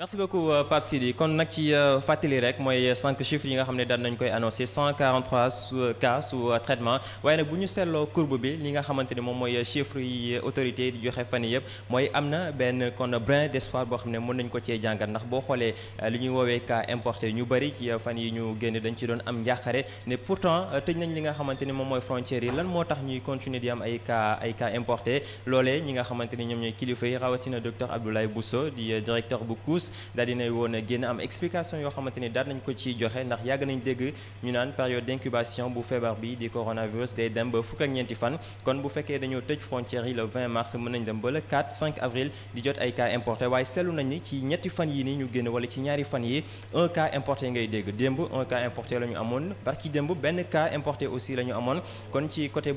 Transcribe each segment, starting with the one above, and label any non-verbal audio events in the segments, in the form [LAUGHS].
merci beaucoup euh, Pape Sidi kon nag ci euh, fàttali rek mooy euh, cinq chiffres yi nga xam ne daan nañ koy annoncé 143 cas sous traitement waaye nag bu ñu seetloo courbe bi li nga xamante ni moom mooy chiffres yi autorité di joxe fan yëpp mooy am na benn kon brin d'espoir boo xam ne mën nañ ko cee jàngat ndax boo xoolee li ñuy woowee cas importé ñu bëri ci fan yi ñu génne dañ ci doon am njàqare ne pourtant tëj nañ li nga xamante ni moom mooy frontières yi lan moo tax ñuy continuer di am ay cas ay cas importé ñi nga xamante ni ñoom ñooy kilifa yi rawatina docteur Abdoulaye Bousso di directeur bu COUS plus daal dinay woon génn am explication yoo xamante ni daal nañ ko ci joxe ndax yàgg nañ dégg ñu naan période d'incubation bu feebar bi di coronavirus day dem ba fukk ak ñeenti fan kon bu fekkee dañoo tëj frontières yi le 20 mars mën nañ dem ba le avril di jot ay cas importé waaye seetlu nañ ci ñetti fan yi ni ñu génn wala ci ñaari fan yi un cas importé ngay dégg démb un cas importé la ñu amoon barki démb benn cas importé aussi la amoon kon ci côté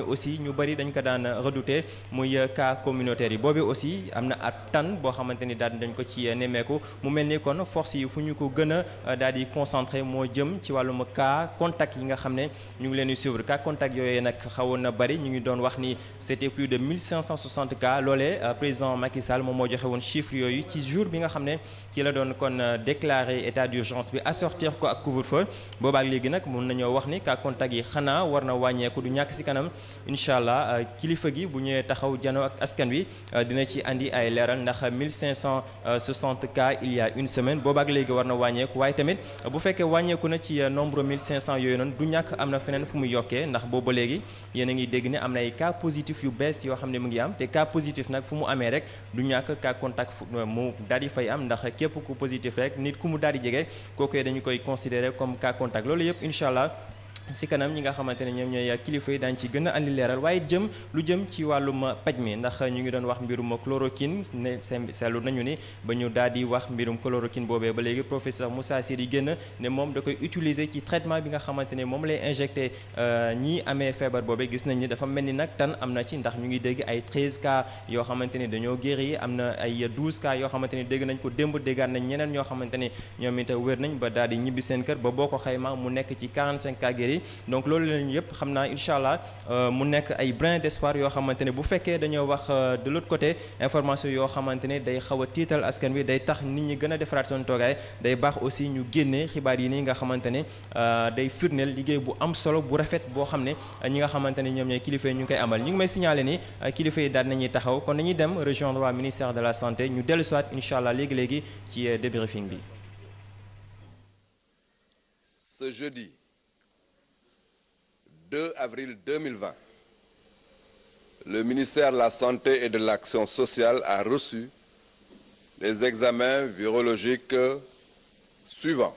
ne aussi ñu bëri dañ ko daan redouter muy cas communautaire yi boobu aussi am na ab tan boo xamante ni daal dañ ko ci nemmeeku mu mel ni kon force yi fu ñu ko gën a euh, daal di concentré moo jëm ci wàllum cas contact yi nga xam ne ñu ngi leen di suivre cas contact yooyu nag xawoon na bëri ñu ngi doon wax ni c'était plus de 1560 cas loolee euh, président Macky Sall moom moo joxe woon chiffre yooyu ci jour bi nga xam ne ci la doon kon euh, déclaré état d'urgence bi assortir ko ak couvre-feu léegi nag mun nañoo wax ni cas contact yi xanaa war na wàññeeku du ñàkk si kanam incha allah euh, kilifa gi bu ñëwee taxaw jano ak askan wi euh, dina ci indi ay leeral ndax 1560 cas il y a une semaine ak léegi war na wàññeeku waaye tamit bu fekkee wàññeeku na ci euh, nombre 1500 yooyu noonu du ñàkk am na feneen fu muy yokkee ndax booba léegi yéen a ngi dégg ne am na ay cas positif yu bees yoo xam ne mu ngi am te cas positif nag fu mu amee rek du ñàkk cas contact mu daal di fay am ndax képp ku positif rek nit ku mu daal di jege kooku dañu koy considérer comme cas loolu yëpp incha allah si kanam ñi nga xamante ne ñoom ñooy kilifa yi daañu ci gën a andi waaye jëm lu jëm ci wàllum paj mi ndax ñu ngi doon wax mbirum chloroquine ne seetlu nañu ni ba ñu daal di wax mbirum chloroquine boobee ba léegi professeur Moussa Seydi génn ne moom da koy ci traitement bi nga xamante ne moom lay injecté euh, ñi amee feebar boobee gis nañ ni dafa mel ni nag tan am na ci ndax ñu ngi dégg ay 13 cas yoo ne dañoo guéri am na ay 12 yoo xamante ne dégg nañ ko démb déggaat nañ ñeneen ñoo xamante ne ñoom it wér nañ ba daal di ñibbi seen kër ba boo ko xayma mu nekk ci 45 cas guéri bi donc loolu lañu yëpp xam naa incha allah euh, mu nekk ay brin d'espoir yoo xamante ne bu fekkee dañoo wax euh, de l'autre côté information yoo xamante ne day xaw a tiital askan wi day tax nit ñi gën a defaraat seen toogaay day baax aussi ñu génnee xibaar yi nii nga xamante ne euh, day firndeel liggéey bu am solo bu rafet boo xam ne ñi nga xamante ne ñoom ñooy kilifa yi ñu koy amal ñu ngi may signaler ni kilifa yi daal nañuy taxaw kon nañuy dem rejoindre waa ministère de la santé ñu dellu si waat incha léegi-léegi ci débriefing bi. 2 avril 2020, le ministère de la Santé et de l'Action sociale a reçu les examens virologiques suivants.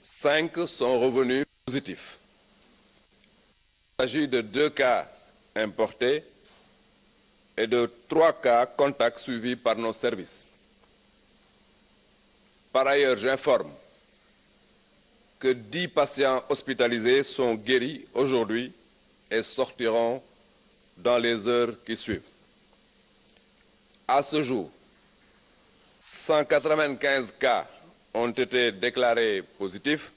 Cinq sont revenus positifs. Il s'agit de deux cas importés et de trois cas contacts suivis par nos services. Par ailleurs, j'informe que 10 patients hospitalisés sont guéris aujourd'hui et sortiront dans les heures qui suivent. À ce jour, 195 cas ont été déclarés positifs.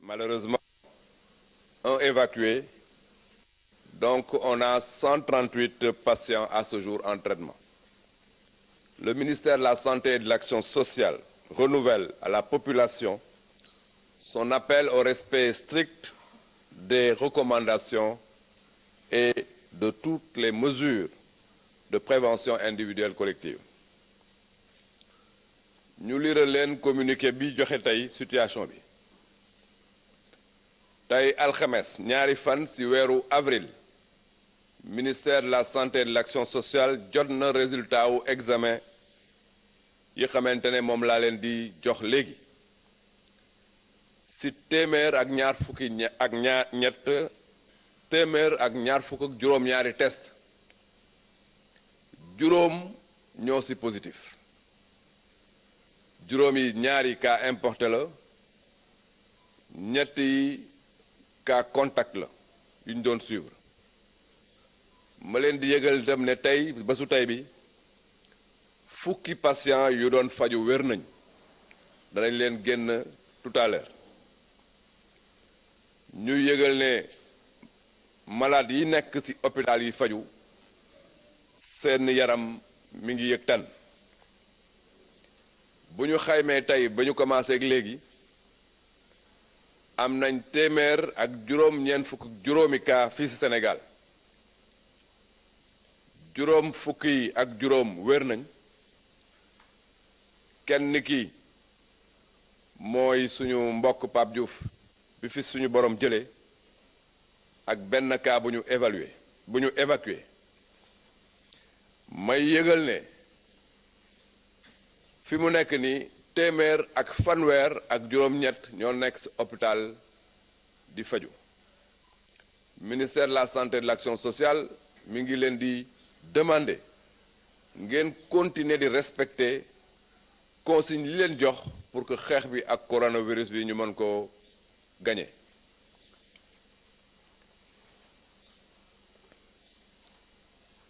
Malheureusement, un évacué Donc, on a 138 patients à ce jour en traitement. Le ministère de la Santé et de l'Action sociale renouvelle à la population son appel au respect strict des recommandations et de toutes les mesures de prévention individuelle collective. ñu lire leen communiqué bi joxe tey situation bi tey alxames ñaari fan si weeru avril ministère de la santé et de l'action sociale jot na résultat wu examen yi xamante ne moom laa leen di jox léegi si téeméer ak ñaar ak ñaar ñett téeméer fukk ak juróom-ñaari test juróom ñoo si positif juróom yi ñaari cas importé la ñett yi cas contact la yu doon suivre ma leen di yëgal itam ne tey bésu tey bi fukki patient yu doon faju wér nañ danañ leen génn tout ñu yëgal ne malade yi nekk ci hôpital yi faju seen yaram mi ngi yëg tan bu ñu xaymee tey ba ñu commencé léegi am nañ téeméer ak juróom ñeent fukk juróomi cas fii ci senegal juróom fukk ak juróom wér nañ kenn ki mooy suñu mbokk Pape Diouf bi fi suñu borom jële ak benn cas bu ñu évaluer bu ñu évacuer may yëgal ne fi mu nekk ni téeméer ak fanweer ak juróom-ñett ñoo nekk si hôpital di faju ministère de la santé et de l'action sociale mi ngi leen di demander ngeen continuer di respecter consigne li leen jox pour que xeex bi ak coronavirus bi ñu mën ko gañe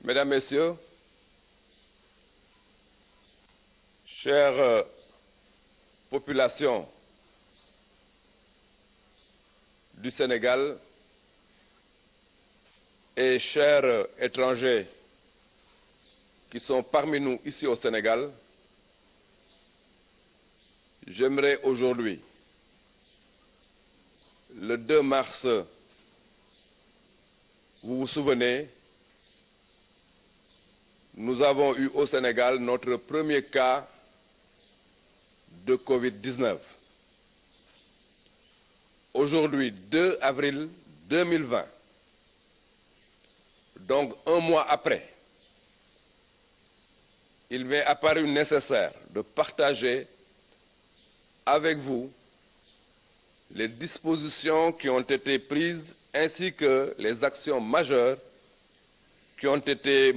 Mesdames, Messieurs, chère euh, population du Sénégal et chers euh, étrangers qui sont parmi nous ici au Sénégal, le 2 mars, vous vous souvenez, au Sénégal notre premier cas de Covid-19. Aujourd'hui, 2 avril 2020, donc un mois après, il m'est apparu nécessaire de partager avec vous les dispositions ont été prises les actions majeures qui ont été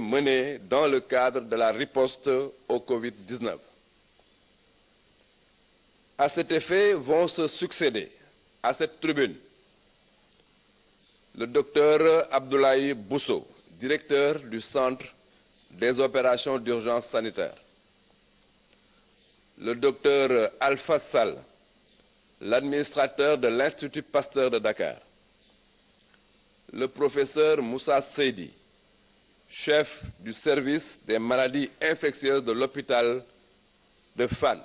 cadre de la riposte au Covid-19. À cet effet vont à cette tribune le docteur Abdoulaye Bousso, directeur du Centre des opérations d'urgence sanitaire. Le docteur Alpha Sall, l'administrateur de l'Institut Pasteur de Dakar. Le professeur Moussa Seydi, chef du service des maladies infectieuses de l'hôpital de Fan.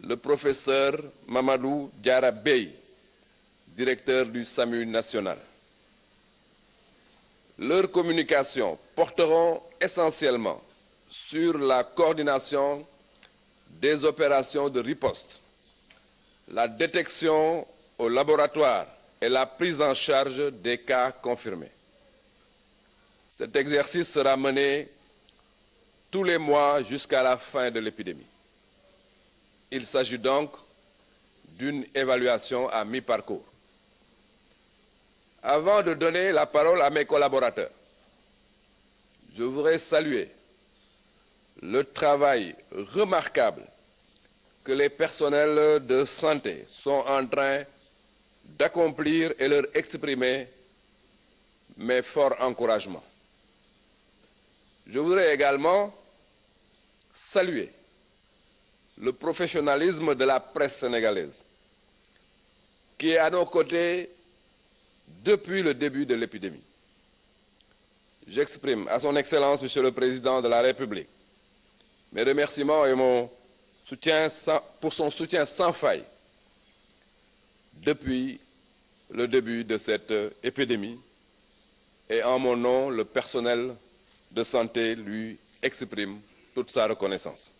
Le professeur Mamadou Diarra Bey, directeur du SAMU national. Leurs communications porteront essentiellement sur la coordination des opérations de riposte, la détection au laboratoire et la prise en charge des cas confirmés. Cet exercice sera mené tous les mois jusqu'à la fin de l'épidémie. Il s'agit donc d'une évaluation à mi-parcours. Avant de donner la parole à mes collaborateurs, je voudrais saluer le travail remarquable que les personnels de santé sont en train d'accomplir et leur exprimer mes forts encouragements. Je voudrais également saluer le professionnalisme de la presse sénégalaise, qui est à nos côtés depuis le début de l'épidémie. J'exprime à son Excellence, Monsieur le Président de la République, mes remerciements et mon soutien sans, pour son soutien sans faille depuis le début de cette épidémie et en mon nom, le personnel de santé lui exprime toute sa reconnaissance.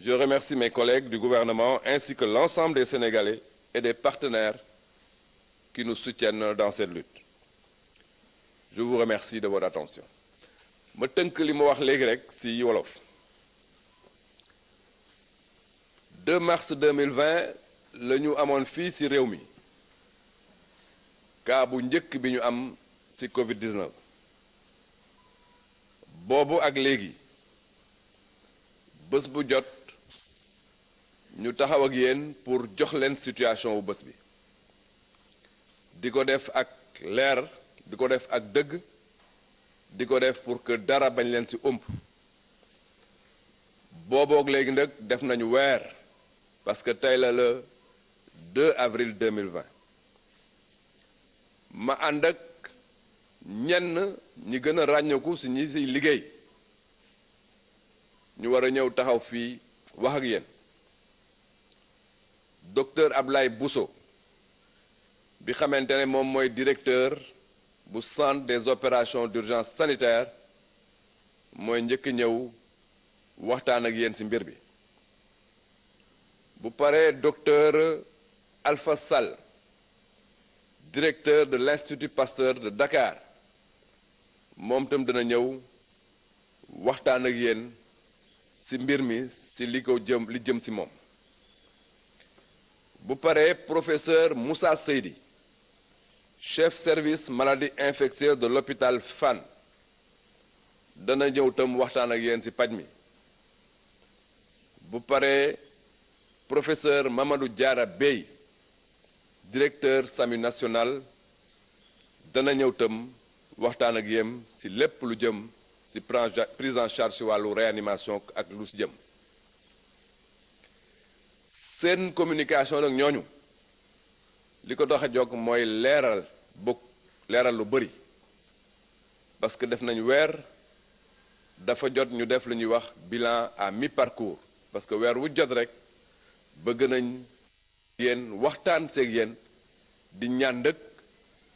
Je remercie mes collègues du gouvernement ainsi que l'ensemble des Sénégalais et des partenaires qui nous soutiennent dans cette lutte je vous de votre attention ma tënk li ma wax léegi rek ci wolof 2 mars 2020 la ñu amoon fii ci réew mi cas bu njëkk bi ñu am ci covid boobu ak léegi bés bu jot ñu taxaw ak yéen pour jox leen situation wu bés bi di ko def ak leer di ko def ak dëgg di ko def pour que dara bañ leen ci ëmp booboog léegi nag def nañu weer parce que tey la le 2 avril 2020 ma ànd ak ñenn ñi gën a ràññeeku ci ñi ci liggéey ñu war a ñëw taxaw fii wax ak yéen docteur Ablaye Bousso bi xamante ne moom mooy directeur bu centre des opérations d'urgence sanitaire mooy njëkk ñëw waxtaan ak yéen ci mbir bi bu paree docteur Alpha Sall directeur de l'Institut Pasteur de Dakar moom tam dana ñëw waxtaan ak yéen ci mbir mi ci li ko jëm li jëm ci moom bu pare professeur Moussa Seydi chef service maladie infectieuse de l'hôpital Fann dana ñëw tam waxtaan ak yéen ci paj mi bu paree professeur Mamadou Diarra Bey directeur SAMU national dana ñëw tam waxtaan ak yéen ci lépp lu jëm ci prise en charge ci wàllu réanimation ak lu ci jëm seen communication nag ñooñu li ko dox a jog mooy leeral bu leeral lu bëri parce que def nañ weer dafa jot ñu def lu ñuy wax bilan à mi parcours parce que weer wu jot rek bëgg nañ yéen waxtaan seeg yéen di ñaan dëkk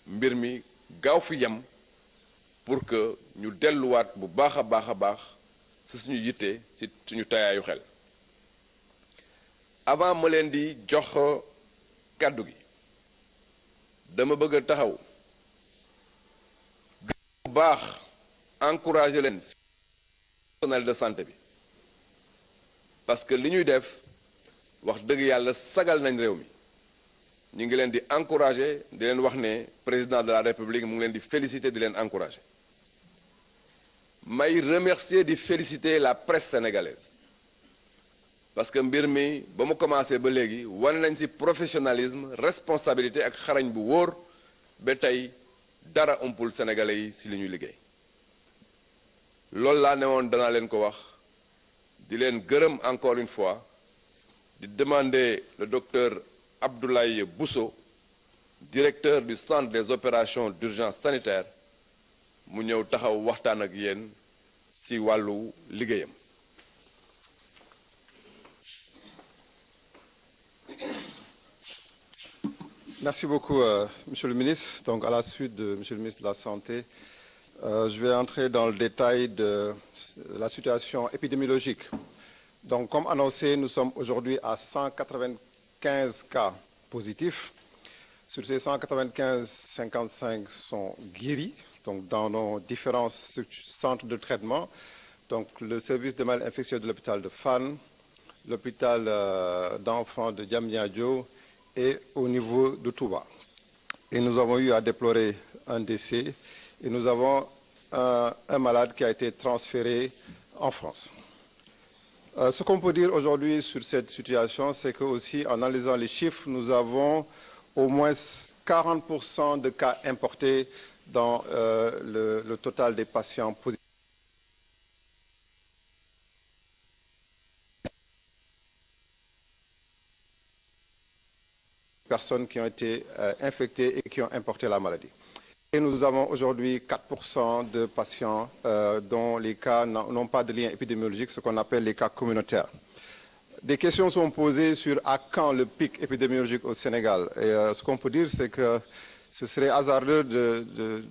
mbir mi gaaw fi yem pour que ñu delluwaat bu baax a baax a baax ci suñu yitte ci suñu tayaayu xel avant ma leen di jox kàddu gi dama bëgg taxaw bu baax encourager leen personnel de santé bi parce que li ñuy def wax dëgg yàlla sagal nañ réew mi ñu ngi leen di encourager di leen wax ne président de la république mu ngi leen di féliciter di leen encourager may remercier di féliciter la presse sénégalaise parce que mbir mi ba mu commencé ba léegi wane nañ ci professionnalisme responsabilité ak xarañ bu wóor ba tey dara umpul sénégalais yi ci li ñuy liggéey loolu laa ne woon danaa leen ko wax di leen gërëm encore une fois di demander le docteur Abdoulaye buso directeur du centre des opérations d'urgence sanitaire mu ñëw taxaw waxtaan ak yéen ci wàllu liggéeyam Merci beaucoup, euh, le ministre. Donc, à la de Monsieur le la Santé, euh, je vais entrer de la situation épidémiologique. Donc, comme annoncé, nous sommes aujourd'hui à 195 cas positifs. Sur ces 195, 55 sont guéris, donc dans nos différents centres de traitement. Donc, le service de mal infectieux de l'hôpital de Fan, l'hôpital euh, d'enfants de Diamniadio, et au niveau de Touba. Et nous avons eu à déplorer un décès et nous avons un, un malade qui a été transféré en France. Euh, ce qu'on peut dire aujourd'hui sur cette situation, c'est que aussi en analysant les chiffres, nous avons au moins 40% de cas importés dans euh, le, le total des patients positifs. personnes qui ont été euh, infectées et qui ont importé la maladie. nous avons aujourd'hui de patients euh, dont les cas n'ont pas de lien épidémiologique, ce qu'on appelle les cas communautaires. Des questions sont posées sur à quand le pic épidémiologique au Sénégal. Et euh, ce qu'on peut dire, c'est que ce serait hasardeux de,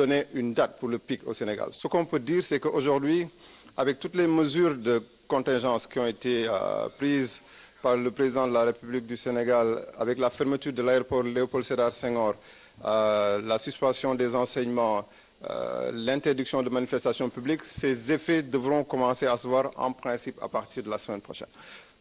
donner une date pour le pic au Sénégal. Ce qu'on peut dire, c'est qu'aujourd'hui, avec toutes les mesures de contingence qui ont été euh, par le président de la République du Sénégal avec la fermeture de l'aéroport Léopold Sédar Senghor, euh, la suspension des enseignements, euh, l'interdiction de manifestations publiques, ces effets devront commencer à se voir en principe à partir de la semaine prochaine.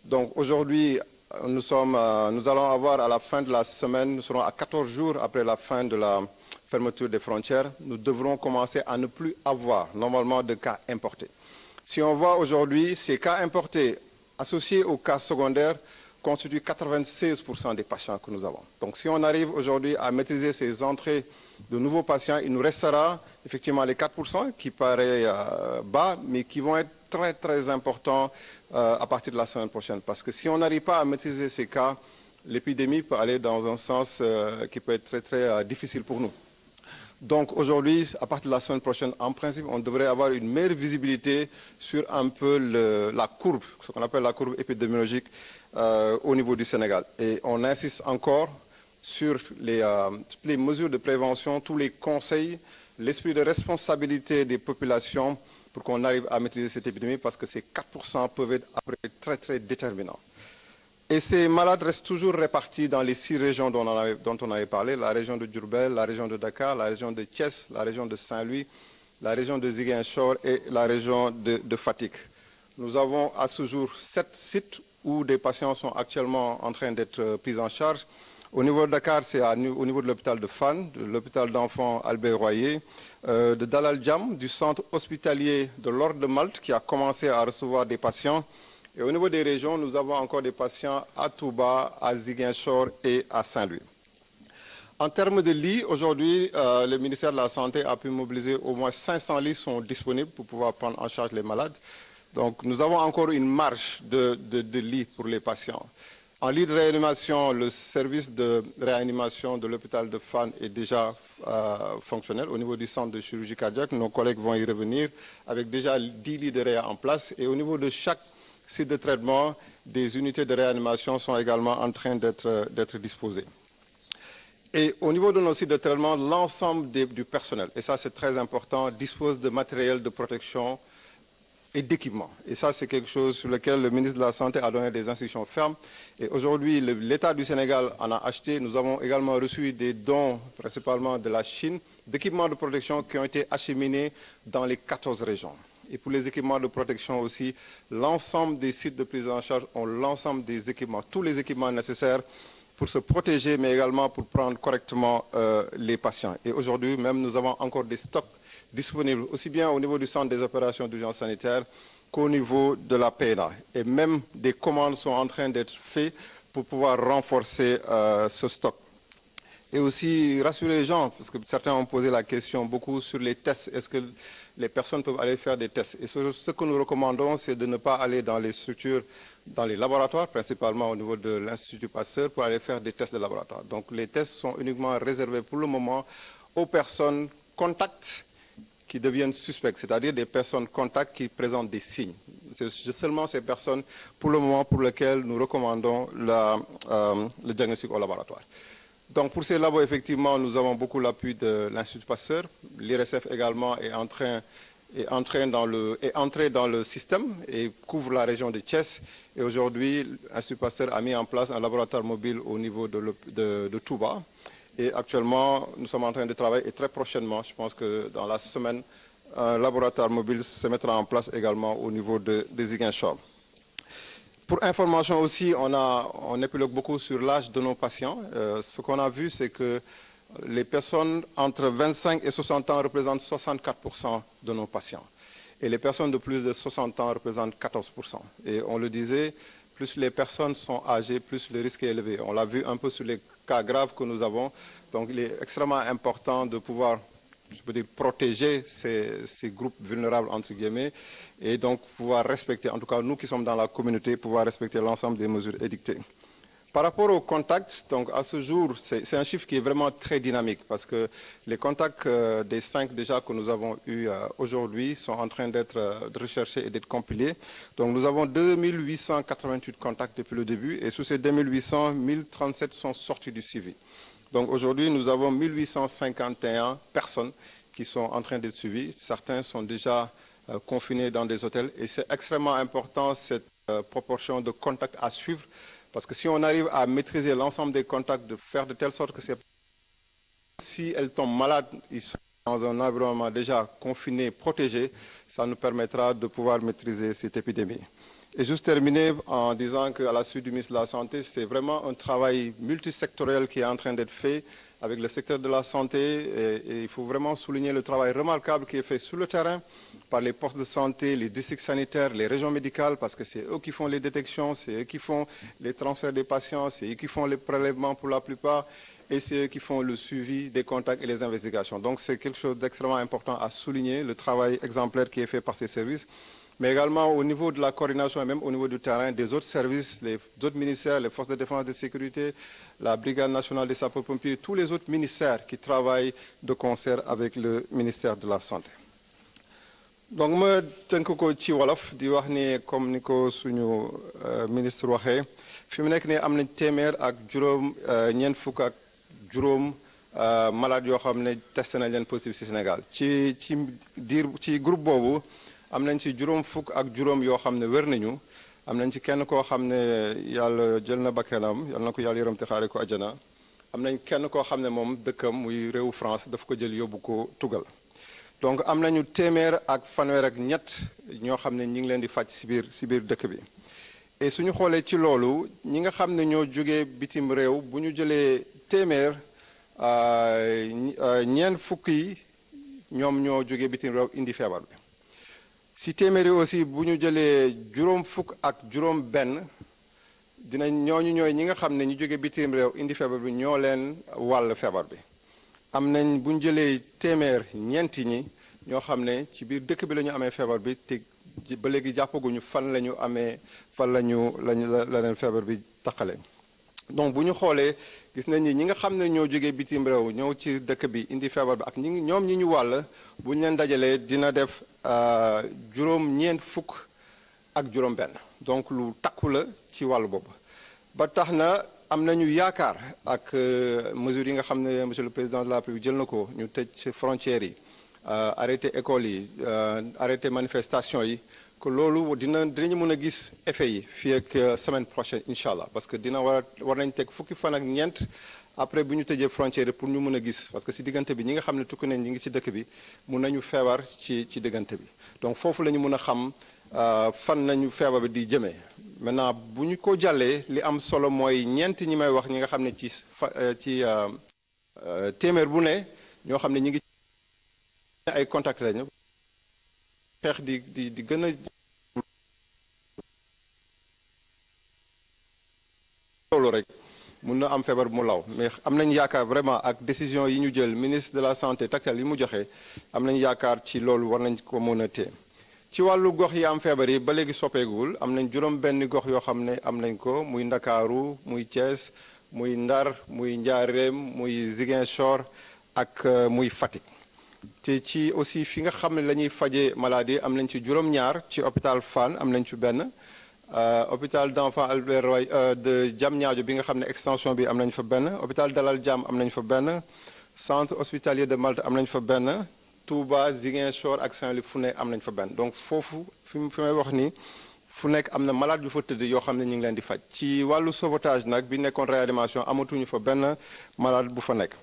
Donc aujourd'hui, euh, nous, sommes, euh, nous allons avoir à la fin de la semaine, nous serons à 14 jours après la fin de la fermeture des frontières, nous devrons commencer à ne plus avoir normalement de cas importés. Si on voit associés aux cas secondaires, constituent 96% des patients que nous avons. Donc si on arrive aujourd'hui à maîtriser ces entrées de nouveaux patients, il nous restera effectivement les 4% qui paraît euh, bas, très très importants euh, à partir la semaine prochaine. Parce que si on n'arrive pas à maîtriser ces cas, l'épidémie peut aller dans un sens euh, euh, pour nous. Donc aujourd'hui, à partir de la semaine prochaine, en principe, on devrait avoir une meilleure visibilité sur un peu le, la courbe, ce qu'on appelle la courbe épidémiologique euh, au niveau du Sénégal. Et on insiste encore sur les, euh, toutes les mesures de prévention, tous les conseils, l'esprit de responsabilité des populations pour qu'on arrive à maîtriser cette épidémie parce que ces peuvent être très très déterminants. Et ces malades restent toujours répartis dans les six régions dont on avait, parlé, la région de Diourbel, la région de Dakar, la région de Thiès, la région de Saint-Louis, la région de Ziguinchor et la région de, de Fatick. Nous avons à ce jour sept sites où des patients sont actuellement en train d'être euh, pris en charge. Au niveau de Dakar, c'est au niveau de l'hôpital de Fann, de l'hôpital d'enfants Albert Royer, euh, de Dalal Jamm, du centre hospitalier de l'Ordre de Malte qui commencé à recevoir des patients Et au niveau des régions, nous avons encore des patients à Touba, à Ziguinchor et à Saint-Louis. En termes de lits, aujourd'hui, euh, le ministère de la Santé a pu mobiliser au moins 500 lits sont disponibles pour pouvoir prendre en charge les malades. Donc nous avons encore une marche de, de, de lits pour les patients. En lit de réanimation, le service de réanimation de l'hôpital de Fan est déjà euh, fonctionnel. Au niveau du centre de chirurgie cardiaque, nos collègues vont y revenir avec déjà en place. Et de chaque sites de traitement, des unités de réanimation sont également en train d'être euh, disposées. Et au niveau de nos sites de traitement, l'ensemble du personnel, et ça c'est très important, dispose de matériel de protection et d'équipement. Et ça, c'est quelque chose sur lequel le ministre de la Santé a donné des instructions fermes. Et aujourd'hui, l'État du Sénégal en a acheté. Nous avons également reçu des dons, principalement de la Chine, d'équipements de protection qui ont été acheminés dans les 14 Et pour les équipements de protection aussi, l'ensemble des sites de prise en charge ont l'ensemble des équipements, tous les équipements nécessaires pour se protéger, mais également pour prendre correctement euh, les patients. Et aujourd'hui, même, nous avons encore des stocks disponibles, aussi bien au niveau du centre des opérations d'urgence sanitaire qu'au niveau de la PNA. E et même des commandes sont en train d'être faites pour pouvoir renforcer euh, ce stock et aussi rassurer que certains ont question beaucoup sur les tests. Est-ce que les personnes peuvent aller faire des tests. Et ce, ce que nous recommandons, c'est de ne pas aller dans les structures, dans les laboratoires, principalement au niveau de l'Institut Pasteur, pour aller faire des tests de laboratoire. Donc les tests sont uniquement réservés pour le moment aux personnes contacts qui deviennent suspects, c'est-à-dire des personnes contacts qui présentent des signes. C'est seulement ces personnes, pour le moment, pour lesquelles nous recommandons la, euh, le diagnostic au laboratoire. Donc pour ces labos, effectivement, nous avons beaucoup l'appui de l'Institut Pasteur. L'IRSF également est, en train, est, en train dans le, est entré dans le système et couvre la région de Thiès. Et aujourd'hui, l'Institut Pasteur a mis en place un laboratoire mobile au niveau de, le, de, de Touba. Et actuellement, nous sommes en train de travailler et très prochainement, je pense que dans la semaine, un laboratoire mobile se mettra en place également au niveau de, des Iguinchor. Pour information aussi, on, a, on épilogue beaucoup sur l'âge de nos euh, vu, les personnes entre 25 et 60 ans représentent 64% de nos patients. Et les personnes de plus de 60 ans représentent 14%. Et on le disait, plus les personnes sont âgées, plus le risque est élevé. On l'a vu un peu sur les cas graves que nous avons. Donc il est important de pouvoir je peux dire, protéger ces, ces, groupes vulnérables, entre guillemets, et donc pouvoir tout cas nous qui sommes dans la communauté, pouvoir respecter l'ensemble des mesures édictées. Par rapport vraiment très parce que les contacts euh, des cinq déjà que nous avons eus euh, aujourd'hui sont en train d'être euh, recherchés et d'être compilés. Donc nous avons 2888 contacts depuis le début et sous Donc aujourd'hui, nous avons 1851 personnes qui sont en train d'être suivies. Certains sont déjà euh, confinés dans des hôtels et c'est extrêmement important cette euh, proportion de contact à suivre parce que si on arrive à maîtriser l'ensemble des contacts, de faire de telle sorte que c'est... Si elles tombent malades, ils sont dans un environnement déjà confiné, protégé, ça nous permettra de pouvoir maîtriser cette épidémie. Et juste terminer en disant qu'à la suite du ministre de la Santé, c'est vraiment un travail multisectoriel qui est en train d'être fait avec le secteur de la santé. Et, et, il faut vraiment souligner le travail remarquable qui est fait sur le terrain par les postes de santé, les districts sanitaires, les régions médicales, parce que c'est eux qui font les détections, c'est eux qui font les transferts des patients, c'est eux qui pour la plupart, et c'est le suivi des Donc c'est quelque chose d'extrêmement important à souligner, le mais également au niveau de la coordination et même au niveau du terrain des autres services, les autres ministères, les forces de défense et de sécurité, la Brigade nationale des sapeurs-pompiers, tous les autres ministères qui travaillent de concert avec le ministère de la Santé. donc ma tënk ko ci wolof di wax ni comme ni ko suñu euh, ministre waxee fi mu nekk nii am nañ téeméer ak juróom euh, ñeent fukk ak juróom euh, malade yoo xam ne testé nañ leen positif Sénégal ci ci diir ci groupe boobu am nañ ci juróom fukk ak juróom yoo xam ne wér nañu am nañ ci kenn koo xam ne yàlla jël na bakkenam yàlla na ko yàlla yërëm te xaare ko ajana am nañ kenn koo xam ne moom dëkkam muy réewu France daf ko jël yóbbu ko tugal donc am nañu téeméer ak fanweer ak ñett ñoo xam ne ñi ngi leen di faj si biir si biir dëkk bi et suñu xoolee ci loolu ñi nga xam ne ñoo jógee bitim réew bu ñu jëlee téeméer euh, euh, ñeent fukk yi ñoom ñoo jógee bitim réew indi feebar bi si téeméeri aussi bu ñu jëlee juróom fukk ak juróom benn ñoo ñu ñooy ñi nga xam ne ñu jóge bitim réew indi feebar bi ñoo leen wàll feebar bi am nañ bu ñu jëlee téeméer ñeenti ñi ñoo xam ne ci biir dëkk bi la ñu amee feebar bi te ba léegi jàppaguñu fan la ñu amee fan la ñu la leen feebar bi taqale donc bu ñu xoolee gis nañ ni ñi nga xam ne ñoo jógee bitim réew ñëw ci dëkk bi indi feebar bi ak ñi ñoom ñi ñu wàll bu ñu leen dajalee dina def euh, juróom-ñeent fukk ak juróom-benn donc lu takku la ci wàll boobu ba tax na am nañu yaakaar ak euh, mesures yi nga xam ne monsieur le président de la plus jël na ko ñu tëj frontières yi euh, arrêté écoles yi arrêté manifestation yi que loolu dina dinañu mën a gis effet yi fii ak euh, semaine prochaine incha allah parce que dina war a war nañ teg fukki fan ak ñeent après bu ñu tëjee frontière pour ñu mën a gis parce que si diggante bi ñi nga xam ne tukki nañ ñi ngi ci dëkk bi mun nañu feebar ci ci diggante bi donc foofu la ñu mën a xam euh, fan nañu feebar bi di jëmee maintenant bu ñu ko jàllee li am solo mooy ñeent ñi may wax ñi nga xam ne ci fa euh, ci téeméer bu ne ñoo xam ne ñi ngi ay contact lañu xeex di di di gën a loolu rek mun na am feebar mu law mais am nañ yaakaar vraiment ak décision yi ñu jël ministre de la santé taktal yi mu joxe am nañ yaakaar ci loolu war nañ ko mën a téye ci wàllu gox yi am feebar yi ba léegi soppeegul am nañ juróom benn gox yoo xam ne am nañ ko muy Ndakaaru muy Thiès muy Ndar muy Njaareem muy Ziguinchor ak euh, muy Fatick te ci aussi fi nga xam ne lañuy ñuy fajee maladie am nañ ci juróom-ñaar ci hôpital Fann am nañ ci benn euh, hôpital d'enfant Albert Roy euh, de Diamniadio bi nga xam ne extension bi am nañ fa benn hôpital Dalal Jamm am nañ fa benn centre hospitalier de Malte am nañ fa benn Touba Ziguinchor ak saint fu ne am nañ fa benn donc foofu fi fi may wax ni fu nekk am na malade yu fa tëdd yoo xam ne ñu ngi leen di faj ci wàllu sauvetage nag bi nekkoon réanimation amatuñu fa benn malade bu fa nekk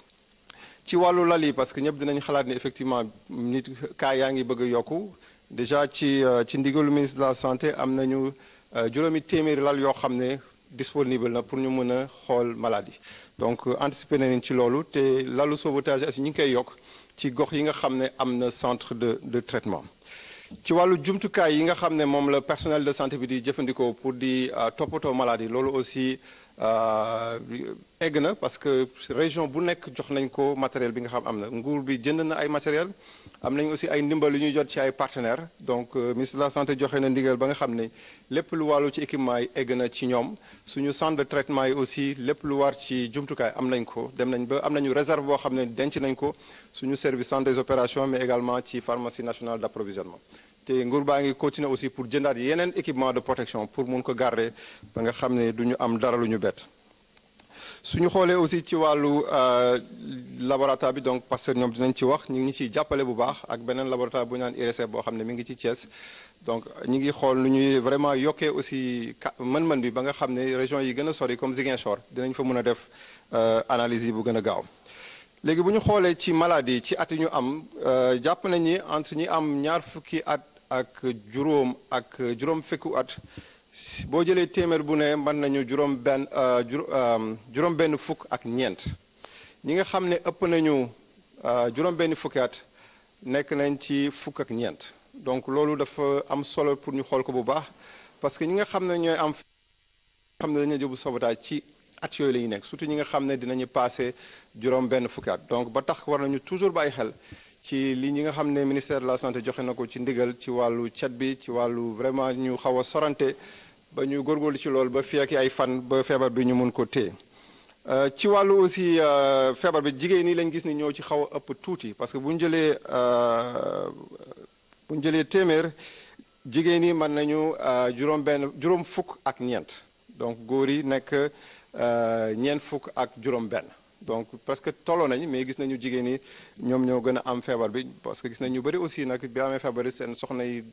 ci wàllu lal yi parce que ñëpp dinañ xalaat ne effectivement nit kaa yaa ngi bëgg a yokku déjà ci euh, ci ndigalu ministre de la santé am nañu euh, juróomi téeméeri lal yoo xam ne disponible na pour ñu mën a xool maladie donc euh, anticiper nañ ci loolu te lalu sauvetage as ñu ngi koy yokk ci gox yi nga xam ne am na centre de de traitement. ci wàllu jumtukaay yi nga xam ne moom la personnel de santé bi di jëfandikoo pour di toppatoo maladie loolu aussi. Euh, egg na parce que région bu nekk jox nañ ko matériel bi nga xam am na nguur bi jënd na ay matériel am nañ aussi ay ndimbal yu ñuy jot ci ay partenaires donc euh, ministre la santé joxe na ndigal ba nga xam ne lépp lu wàllu ci équipement yi egg na ci ñoom suñu centre de traitement yi aussi lépp lu war ci jumtukaay am nañ ko dem nañ ba am nañu réserve boo xam ne denc nañ ko suñu service centre des opérations mais également ci pharmacie nationale d'approvisionnement te nguur baa ngi continuer aussi pour jëndaat yeneen équipement de protection pour mun ko garder ba nga xam ne du ñu am dara lu ñu bett. su ñu xoolee aussi ci wàllu euh, laboratoire bi donc Pasteur ñoom dinañ ci wax ñu ngi ciy jàppale bu baax ak beneen laboratoire bu ñu naan IRSF boo xam ne mi ngi ci Thiès donc ñu ngi xool nu ñuy vraiment yokkee aussi man man bi ba nga xam ne région yi gën a sori comme Ziguinchor dinañ fa mën a def euh, analyse yi bu gën a gaaw ñu am euh, jàpp nañ ni am ñaar fukki at. ak juróom ak juróom fekku at boo jëlee téeméer bu ne mën nañu juróom benn euh, euh, juróom benn fukk ak ñeent ñi nga xam ne ëpp nañu euh, juróom benn fukki at nekk nañ ci fukk ak ñeent donc loolu dafa am solo pour ñu xool ko bu baax parce que ñi nga xam ne ñooy am xam ne bu yóbbu sauvetage ci at yooyu la ñu nekk surtout ñi nga xam ne dinañu passé juróom benn fukki at donc ba tax war nañu toujours bàyyi xel ci li ñi nga xam ne ministère de la santé joxe na ko ci ndigal ci wàllu cat bi ci wàllu vraiment ñu xaw a sorante ba ñu góorgóorlu ci lool ba fi ak ay fan ba feebar bi ñu mun ko téye euh, ci wàllu aussi euh, feebar bi jigéen ñi lañ gis ni ñoo ci xaw a ëpp tuuti parce que bu ñu jëlee euh, jëlee téeméer jigéen ñi mën nañu juróom benn juróom fukk ak ñeent donc góor yi nekk ñeent fukk ak juróom benn donc parce que tolloo nañ mais gis nañu jigéen ñi ñoom ñoo gën a am feebar bi parce que gis nañ ñu bëri aussi nag bi amee feebar seen soxna yi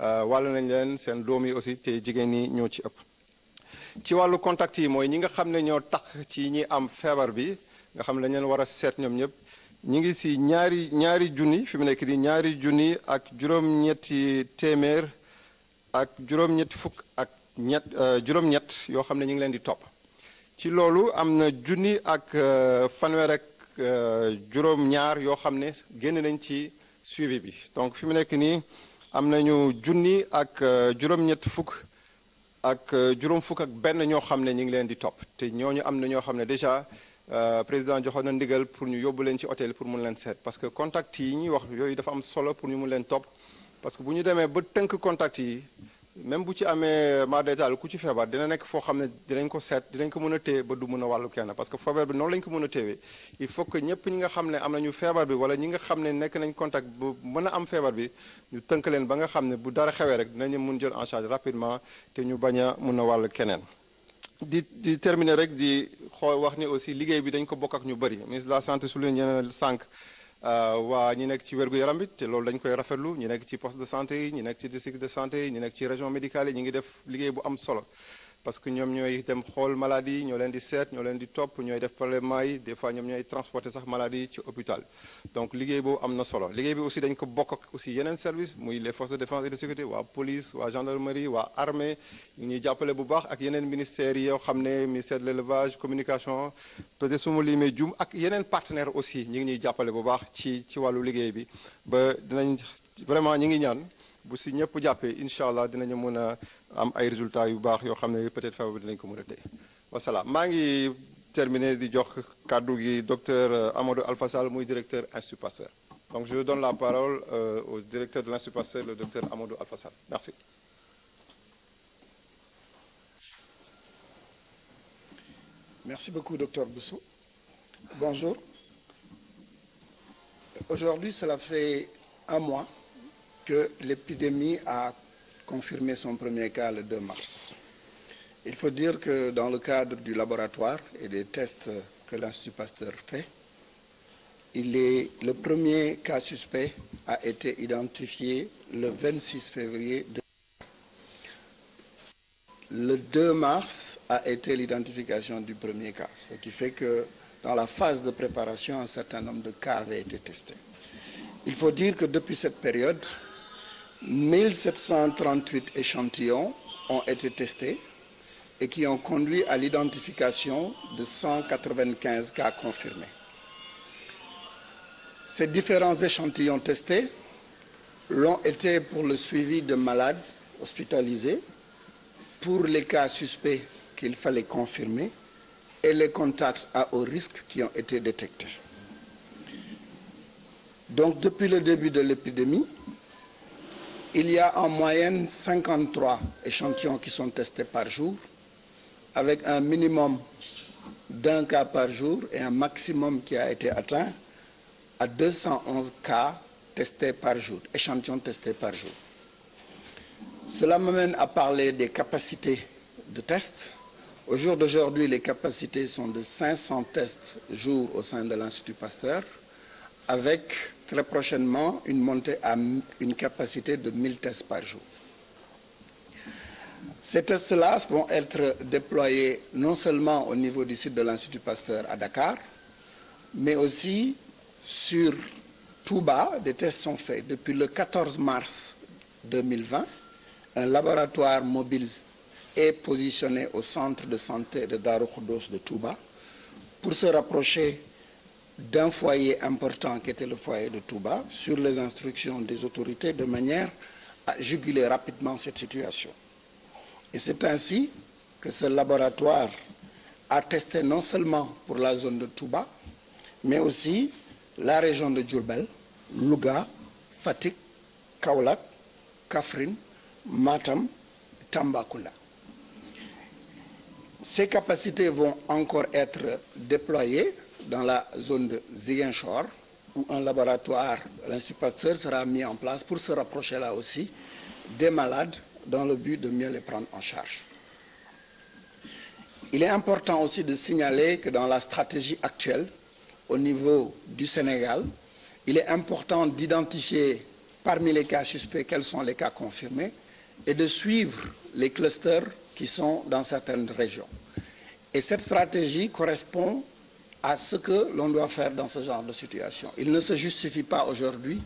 euh, wàll nañ leen seen doom yi aussi te jigéen ñi ñoo ci ëpp. ci wàllu contact yi mooy ñi nga xam ne ñoo tax ci ñi am feebar bi nga xam ne dañ leen war a seet ñoom ñëpp ñu ngi si ñaari ñaari junni fi mu nekk di ñaari junni ak juróom-ñetti téeméer ak juróom-ñetti fukk ak ñett euh, juróom-ñett yoo xam ne ñu ngi leen di topp. ci loolu am na junni ak euh, fanweer ak euh, juróom-ñaar yoo xam ne génn nañ ci suivi bi donc fi mu nekk nii am nañu junni ak euh, juróom-ñett fukk ak juróom fukk ak benn ñoo xam ne ñu ngi leen di topp te ñooñu am na ñoo xam ne déjà président joxoon na ndigal pour ñu yóbbu leen ci hôtel pour mun leen seet parce que contact yi ñuy wax yooyu dafa am solo pour ñu mu leen topp parce que bu ñu demee ba tënk contact yi. même bu ci amee ma détail ku ci feebar dina nekk foo xam ne dinañ ko seet dinañ ko mën a téye ba du mën a wàllu kenn parce que feebar bi noonu lañ ko mën a téewee il faut que ñëpp ñi nga xam ne am nañu feebar bi wala ñi nga xam ne nekk nañ contact bu mën a am feebar bi ñu tënk leen ba nga xam ne bu dara xewee rek dinañu mun jël en charge rapidement te ñu bañ a mën a wàll keneen. di di terminer rek di xool wax ni aussi liggéey bi dañ ko bokk ak ñu bëri ministre de la santé souligné na sànq. Euh, waa ñu nekk ci wérgu yaram bi te loolu dañ koy rafetlu ñu nekk ci poste de santé ñu nekk ci district de santé ñu nekk ci région médicale yi ñi ngi def liggéey bu am solo parce que ñoom ñooy dem xool maladie yi ñoo leen di seet ñoo leen di topp ñooy def prélèvement yi des fois ñoom ñooy transporter sax maladie yi ci hôpital donc liggéey boobu am na solo liggéey bi aussi dañ ko bokk ak aussi yeneen service muy les forces de défense et de sécurité waa police waa gendarmerie waa armée ñu ñuy jàppale bu baax ak yeneen ministère yi yoo xam ne ministère de l'élevage communication peut suma su ma limee jum ak yeneen partenaires aussi ñu ngi ñuy jàppale bu baax ci ci wàllu liggéey bi ba dinañ vraiment ñu ngi ñaan bu si ñëpp jàppee incha allah dinañu mën a am ay résultat yu baax yoo xam ne peut-être feebar bi dinañ ko mën a téye maa ngi terminé di jox kàddu gi docteur euh, Amadou Alpha Sall muy directeur Institut Pasteur donc je donne la parole euh, au directeur de l'Institut Pasteur le docteur Amadou Alpha Sall merci. beaucoup, docteur Boussou. Bonjour. Aujourd'hui, cela fait un mois que l'épidémie a confirmé son premier cas le mars. Il faut dire que dans le cadre du laboratoire et des tests que l'Institut Pasteur fait, le premier cas suspect a été identifié le 26 février. De... Le 2 mars a été l'identification du premier cas, ce qui la phase de préparation, un certain de cas avaient Il faut dire que depuis période, 1738 échantillons ont été testés et qui ont conduit à l'identification de 195 cas confirmés. Ces différents échantillons testés l'ont été pour le suivi de malades hospitalisés, pour les cas suspects qu'il fallait confirmer et les contacts à haut risque qui ont été détectés. depuis le début de l'épidémie, il y a en moyenne 53 échantillons qui sont testés avec un minimum d'un cas par jour et un maximum qui a été atteint à 211 cas testés par jour, échantillons testés par jour. Cela m'amène à parler des capacités de tests. Au jour d'aujourd'hui, les capacités sont de 500 tests jour au sein de l'Institut Pasteur, avec très prochainement une montée à une capacité de 1000 tests par jour. Ces tests-là vont être déployés non seulement au niveau du site de l'Institut Pasteur à Dakar, mais aussi sur tout bas, des tests sont faits. Depuis le 14 mars 2020, un laboratoire mobile est positionné au centre de santé de Darukhdos de Touba pour se rapprocher d'un foyer important qui était le foyer de Touba sur les instructions des autorités de manière à juguler rapidement cette situation. Et c'est ainsi que ce laboratoire a non seulement pour la zone de Touba, mais aussi la région de Djourbel, Louga, Fatick, Kaolack, Kaffrine, Matam, Tambacounda. Ces capacités vont encore être déployées dans la zone de Ziguinchor, où un laboratoire, l'Institut Pasteur, sera mis en place pour se rapprocher là aussi des malades dans le but de mieux les prendre en charge. Il est important aussi de signaler que dans la stratégie actuelle, au niveau du Sénégal, il est important d'identifier parmi les cas suspects quels sont les cas confirmés et de suivre les clusters qui sont dans certaines régions. Et cette stratégie correspond à ce que l'on doit faire dans ce genre de situation. Il ne se justifie pas aujourd'hui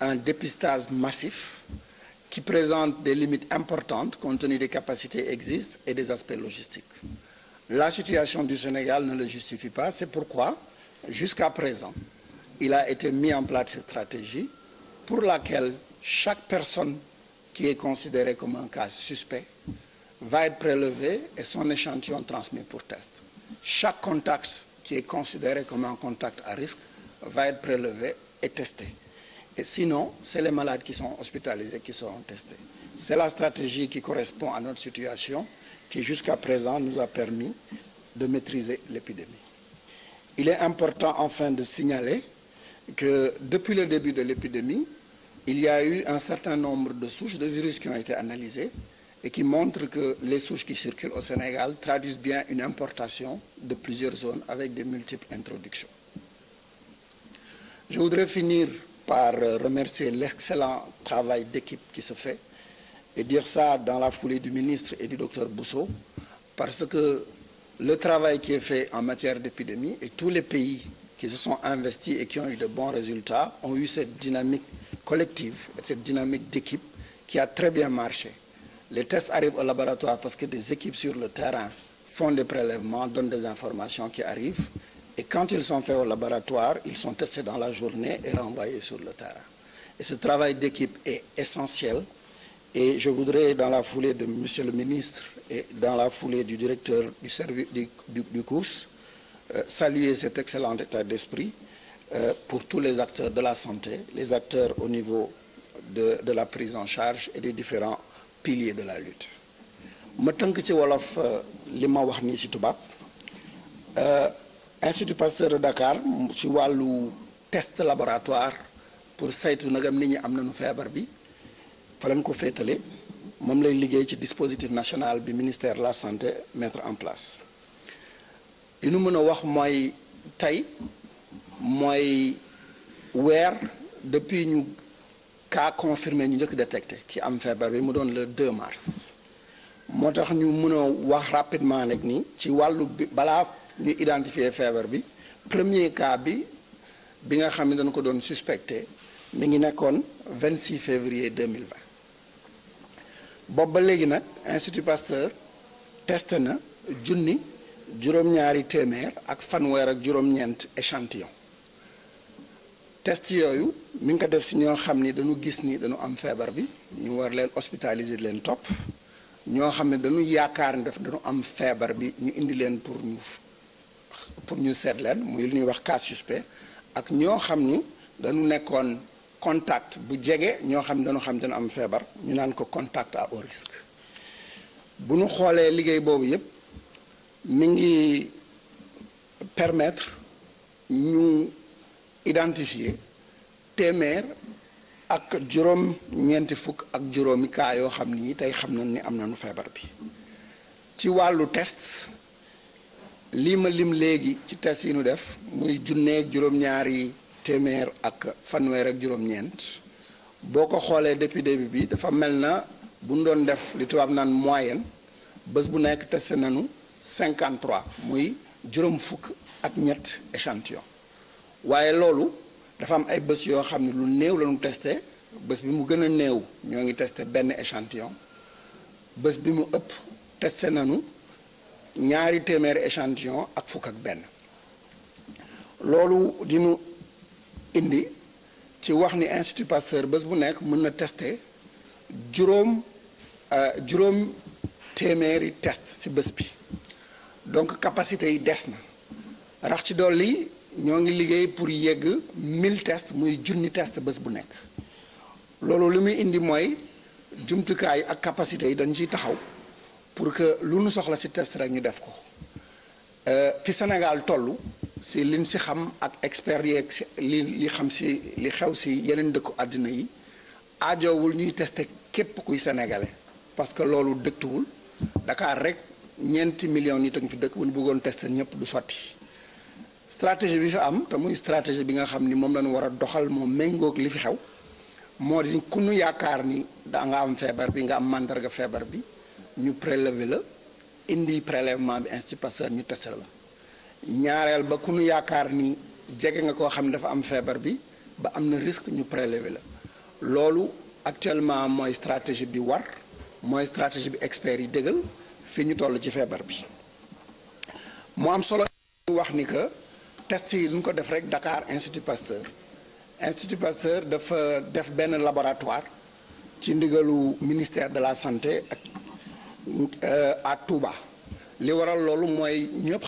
un dépistage massif qui présente des limites importantes compte tenu des capacités existantes et des aspects logistiques. La situation du Sénégal ne le justifie pas, c'est pourquoi, jusqu'à présent, il a été mis en place cette stratégie pour laquelle chaque personne qui est considérée comme un cas suspect va être prélevée et son échantillon transmis pour test. Chaque contact qui est considéré comme un contact à risque va être prélevé et testé. Et sinon, c'est les malades qui sont hospitalisés qui seront testés. C'est la stratégie qui correspond à notre situation qui jusqu'à présent nous a permis de maîtriser l'épidémie. Il est important enfin de signaler que depuis le début de l'épidémie, il y a eu un certain nombre de souches de virus qui ont été analysées et que les souches qui circulent au Sénégal traduisent bien une importation de plusieurs zones avec de multiples introductions. Je voudrais finir par euh, remercier l'excellent travail d'équipe qui se fait et dire ça dans la foulée du ministre et du docteur Bousso parce que le travail qui est fait en matière d'épidémie et tous les pays qui se sont investis et qui ont eu de bons résultats ont eu cette dynamique collective, cette dynamique d'équipe qui a bien marché. Les tests arrivent au laboratoire parce que des équipes sur le terrain font les prélèvements, donnent des informations qui arrivent. Et quand ils sont faits au laboratoire, ils sont testés dans la journée et renvoyés sur le terrain. Et ce travail d'équipe est essentiel. Et je voudrais, dans la foulée de M. le ministre dans la foulée du directeur du, service, du, du, du course, euh, saluer cet excellent état d'esprit euh, pour tous les acteurs de la santé, les acteurs au niveau de, de la prise en charge et des différent pilier de la lutte ma tënk ci wolof euh, li ma wax nii ci tubaab euh, Institut Pasteur de Dakar ci wàllu test laboratoire pour saytu nagam ni ñi am na nañu feebar bi fa lañ ko féetale moom lay liggéey ci dispositif national bi ministère de la santé mettre en place li nu mën a wax mooy tey mooy weer depuis ñu cas confirmé ñu njëkk détecté ki am feebar bi mu doon le 2 mars moo tax ñu mënoo wax rapidement nag ni ci wàllu bi balaa ñu identifier feebar bi premier cas bi bi nga xam ne dañ ko doon suspecté mi ngi nekkoon 26 février 2020 boobu ba léegi nag Institut Pasteur testé na junni juróom-ñaari téeméer ak fanweer ak juróom-ñeent échantillon test yooyu mi ngi ko def si ñoo xam ni dañu gis ni dañu am feebar bi ñu war leen hospitaliser leen topp ñoo xam ne dañu yaakaar ni daf dañu am feebar bi ñu indi leen pour ñu pour ñu seet leen muy lu ñuy wax cas ak ñoo xam ni dañu nekkoon contact bu jege ñoo xam ne dañu xam dañu am feebar ñu naan ko contact à haut risque bu nu xoolee liggéey boobu yépp mi ngi permettre ñu identifié téeméer ak juróom ñeenti fukk ak juróomi cas yoo xam ni tey xam na ni am nañu feebar bi ci wàllu test lii ma lim léegi ci test yi nu def muy junneeg juróom-ñaari téeméer ak fanweer ak juróom-ñeent boo ko xoolee depuis début bi dafa mel na bu ñu doon def li tubaab naan moyenne bés bu nekk testé nañu 53 muy juróom fukk ak ñett échantillon waaye loolu dafa am ay bés yoo xam ne lu néew la ñu testé bés bi mu gën a néew ñoo ngi testé benn échantillon bés bi mu ëpp testé nañu ñaari téeméeri échantillon ak fukk ak benn loolu dinu indi ci wax ni Institut Pasteur bés bu nekk mën na testé juróom euh, juróom téeméeri test ci bés bi donc capacité yi des na rax ci dolli ñoo ngi liggéey pour yegg 1000 tests muy junni test bés bu nekk loolu li muy indi mooy jumtukaay ak capacité yi dañ ci taxaw pour que lu nu soxla ci test rek ñu def ko euh, fi Sénégal toll si li ci xam ak expert yeeg li li xam ci li xew ci yeneen dëkku àddina yi aajowul ñuy tester képp kuy sénégalais parce que loolu dëktuwul ndakaar rek ñeenti millions nit a ngi fi dëkk bu ñu bëggoon tester ñëpp du sotti. stratégie bi fi am te muy stratégie bi nga xam ni moom la ñu war a doxal moo méngoog li fi xew moo di ku yaakaar ni da nga am feebar bi nga am màndarga feebar bi ñu prélever la indi prélèvement bi Institut Pasteur ñu testé la ñaareel ba ku yaakaar ni jege nga koo xam ne dafa am feebar bi ba am na risque ñu prélever la loolu actuellement mooy stratégie bi war mooy stratégie bi experts yi dëggal fi ñu toll ci feebar bi mu am solo wax ni que test yi duñ ko def rek Dakar Institut Pasteur Institut Pasteur dafa def benn laboratoire ci ndigalu ministère de la santé ak euh, à Touba li waral loolu mooy ñëpp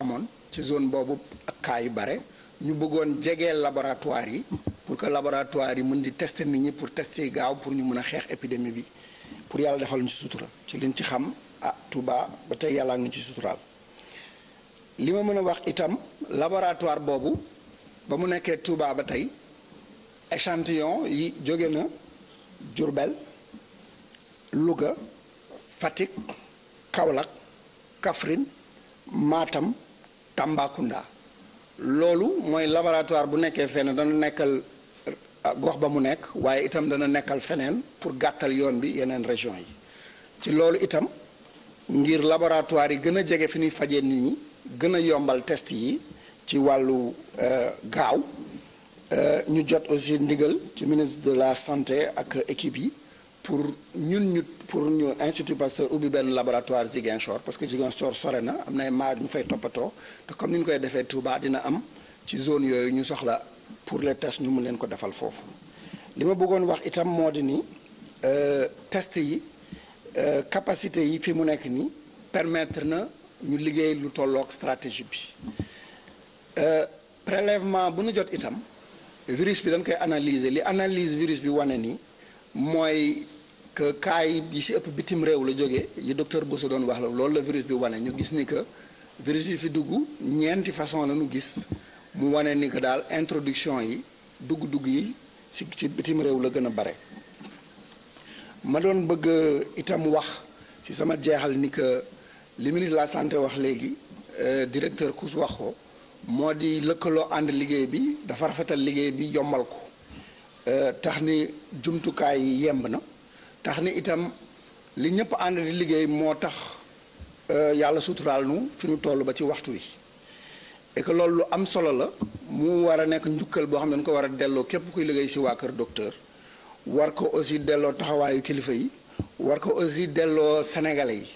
amoon ci zone boobu ak cas yu bare ñu bëggoon jegee laboratoire yi pour que laboratoire yi mën di tester nit ñi pour tester gaaw pour ñu mën a xeex épidémie bi pour yàlla defal ñu sutura ci li liñ ci xam ah Touba ba tey yàlla ngi ci suturaal. li ma mën a wax itam laboratoire boobu ba mu nekkee Touba ba tey échantillon yi jóge na jurbel Louga Fatick Kaolack Kaffrine maatam Tambacounda loolu mooy laboratoire bu nekkee fenn dana nekkal ah, gox ba mu nekk waaye itam dana nekkal feneen pour gàttal yoon bi yeneen région yi ci loolu itam ngir laboratoire yi gën a jege fi ñuy faje nit ñi gën a yombal test yi ci wàllu euh, gaaw euh, ñu jot aussi ndigal ci ministre de la santé ak équipe yi pour ñun ñu pour ñu institut Pasteur ubbi benn laboratoire Ziguinchor parce que Ziguinchor sore na am na ay malade ñu fay toppatoo te comme ni ñu koy defee Touba dina am ci zone yooyu ñu soxla pour le tests ñu mun leen ko defal foofu li ma bëggoon wax itam moo di ni euh, test yi capacité yi fi mu nekk nii permettre na. ñu liggéey lu tolloog stratégie bi euh, prélèvement bu nu jot itam virus bi dañ koy analyser li analyse virus bi wane ni mooy que cas yi ci ëpp bitim réew la jóge yi docteur Bousso doon wax la loolu la virus bi wane ñu gis ni que virus yi fi dugg ñeenti façon la ñu gis mu wane ni que daal introduction yi dugg-dugg yi ci ci bitim réew la gën a bare ma doon bëgg itam wax ci sama jeexal ni que. li ministre la sante wax léegi euh, directeur Kous wax ko moo di lëkkaloo ànd liggéey bi dafa rafetal liggéey bi yombal ko euh, tax ni jumtukaay yi yemb na tax ni itam li ñëpp ànd di liggéey moo tax euh, yàlla suturaal nu fi ñu toll ba ci waxtu wi et que loolu lu am solo la mu war a nekk njukkal boo xam ne dañu ko war a delloo képp kuy liggéey si waa kër docteur war ko aussi delloo taxawaayu kilifa yi war ko aussi delloo sénégalais yi.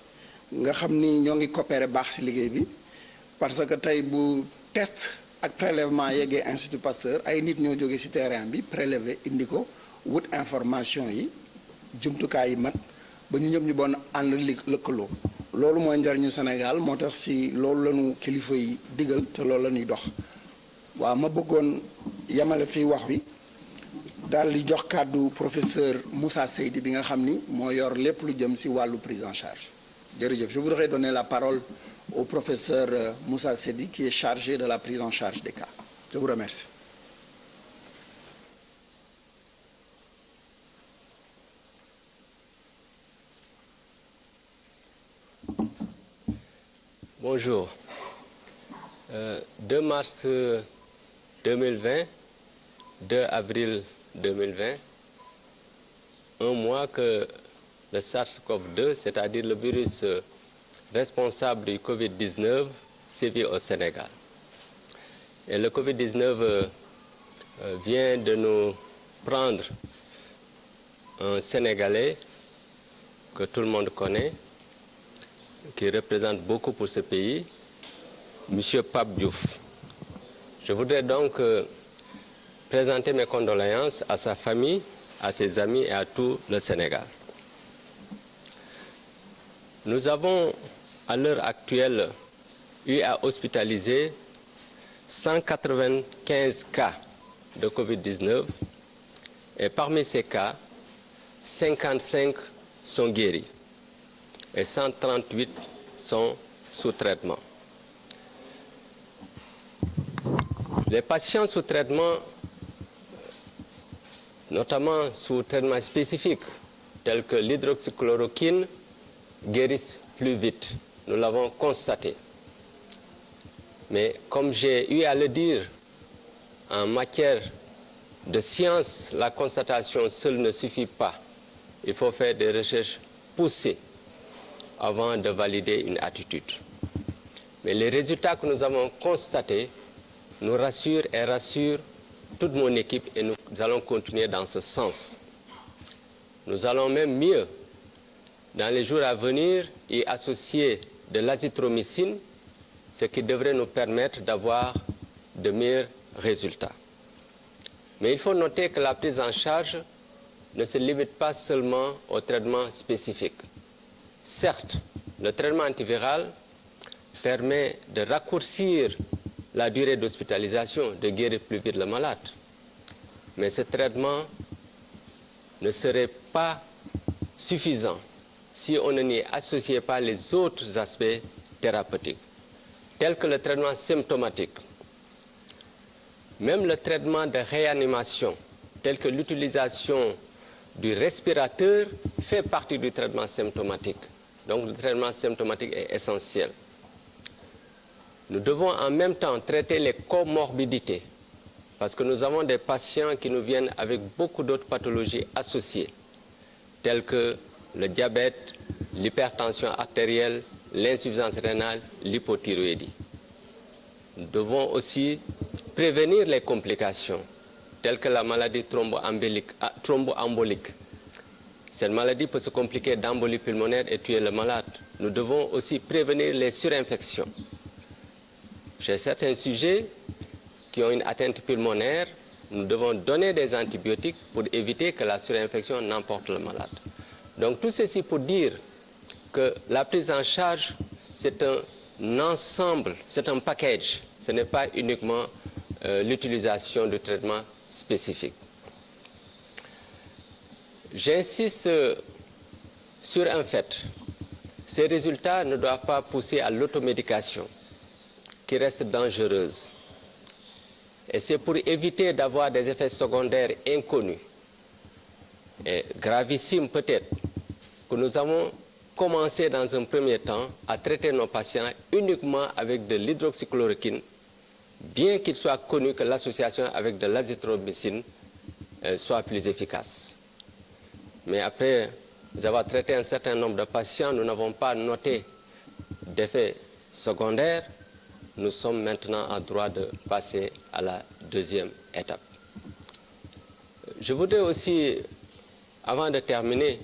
nga xam ni ñoo ngi coopérer baax ci liggéey bi parce que tey bu test ak prélèvement yeggee Institut Pasteur ay nit ñoo jógee ci terrain bi prélever indi ko wut information yi jumtukaay yi mat ba ñu ñëpp ñu bon ànd li lëkkaloo loolu mooy njariñu Sénégal moo tax ci loolu lañu kilifa yi digal te loolu la ñuy dox waaw ma bëggoon yemale fii wax wi daal di jox kàddu professeur Moussa Seydi bi nga xam ni moo yor lépp lu jëm ci wàllu prise en charge jërëjëf je voudrais donner la parole au professeur euh, Moussa Seydi qui est chargé de la prise en charge des cas je vous remercie. Bonjour. Euh, 2 mars 2020, euh, 2 avril 2020, un mois que le SARS-CoV-2, c'est-à-dire le virus euh, responsable du Covid-19, sévit au Sénégal. Et le Covid-19 euh, euh, vient de nous prendre un Sénégalais que tout le monde connaît, qui représente beaucoup pour ce pays, M. Pape Diouf. Je voudrais donc euh, présenter mes à sa famille, à ses amis et à tout le Sénégal. Nous avons, à l'heure actuelle, eu à hospitaliser 195 cas de Covid-19 et parmi ces cas, 55 sont guéris et 138 sont sous traitement. Les patients sous traitement, notamment sous traitement spécifique, tels que l'hydroxychloroquine, guérissent plus vite. Nous l'avons constaté. Mais comme j'ai eu à le dire, en matière de science, la constatation seule ne suffit pas. Il faut faire des recherches poussées avant de valider une attitude. Mais les résultats que nous avons constatés nous rassurent et rassurent toute mon équipe et nous allons continuer dans ce sens. Nous allons même dans les jours à venir, y associer de l'azithromycine, ce qui devrait nous permettre d'avoir de meilleurs résultats. Mais il faut noter que la prise en charge ne se limite pas seulement au traitement spécifique. Certes, le traitement antiviral permet de raccourcir la durée d'hospitalisation, de guérir plus vite le malade. Mais ce traitement ne serait pas suffisant si on n'y associait pas les autres aspects thérapeutiques, tels que le traitement symptomatique, même le traitement de réanimation, tel que l'utilisation du respirateur, fait partie du traitement symptomatique. Donc le traitement symptomatique est essentiel. Nous devons en même temps traiter les comorbidités, parce que nous avons des patients qui nous viennent avec beaucoup d'autres pathologies associées, telles que le diabète, l'hypertension artérielle, l'insuffisance rénale, l'hypothyroïdie. Nous devons aussi prévenir les complications telles que la maladie ah, thromboembolique. Cette maladie peut se compliquer d'embolie pulmonaire et tuer le malade. Nous devons aussi prévenir les surinfections. Chez certains sujets qui ont une atteinte pulmonaire, nous devons donner des antibiotiques pour éviter que la surinfection n'emporte le malade. Donc tout ceci pour dire que la prise en charge, c'est un ensemble, c'est un package. Ce n'est pas uniquement euh, l'utilisation de traitement spécifique J'insiste euh, sur un fait. Ces résultats ne doivent pas pousser à l'automédication, qui reste dangereuse. Et c'est pour éviter d'avoir des effets secondaires inconnus est gravissime peut-être que nous avons commencé dans un premier temps à traiter nos patients uniquement avec de l'hydroxychloroquine, bien qu'il soit connu que l'association avec de l'azithromycine euh, soit plus efficace. Mais après avoir traité un certain nombre de patients, nous n'avons pas noté d'effets secondaires. Nous sommes maintenant en droit de passer à la deuxième étape. Je voudrais aussi avant de terminer,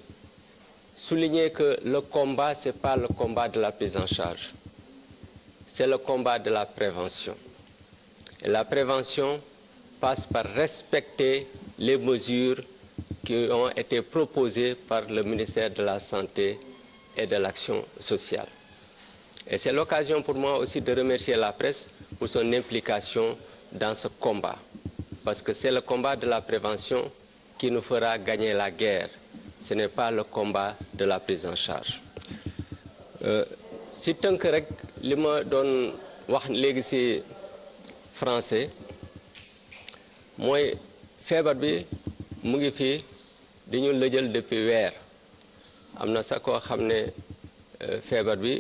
souligner que le combat, ce n'est pas le combat de la prise en charge, c'est le combat de la prévention. Et la prévention passe par respecter les mesures qui ont été proposées par le ministère de la Santé et de l'Action sociale. Et c'est l'occasion pour moi aussi de remercier la presse pour son implication dans ce combat, parce que c'est le combat de la prévention qui nous fera gagner la guerre. Ce n'est pas le combat de la prise en charge. Euh, si tënk rek li ma doon wax léegi ci français mooy feebar bi mu ngi fii di ñu lëjal depuis weer am na sa koo xam ne euh, feebar bi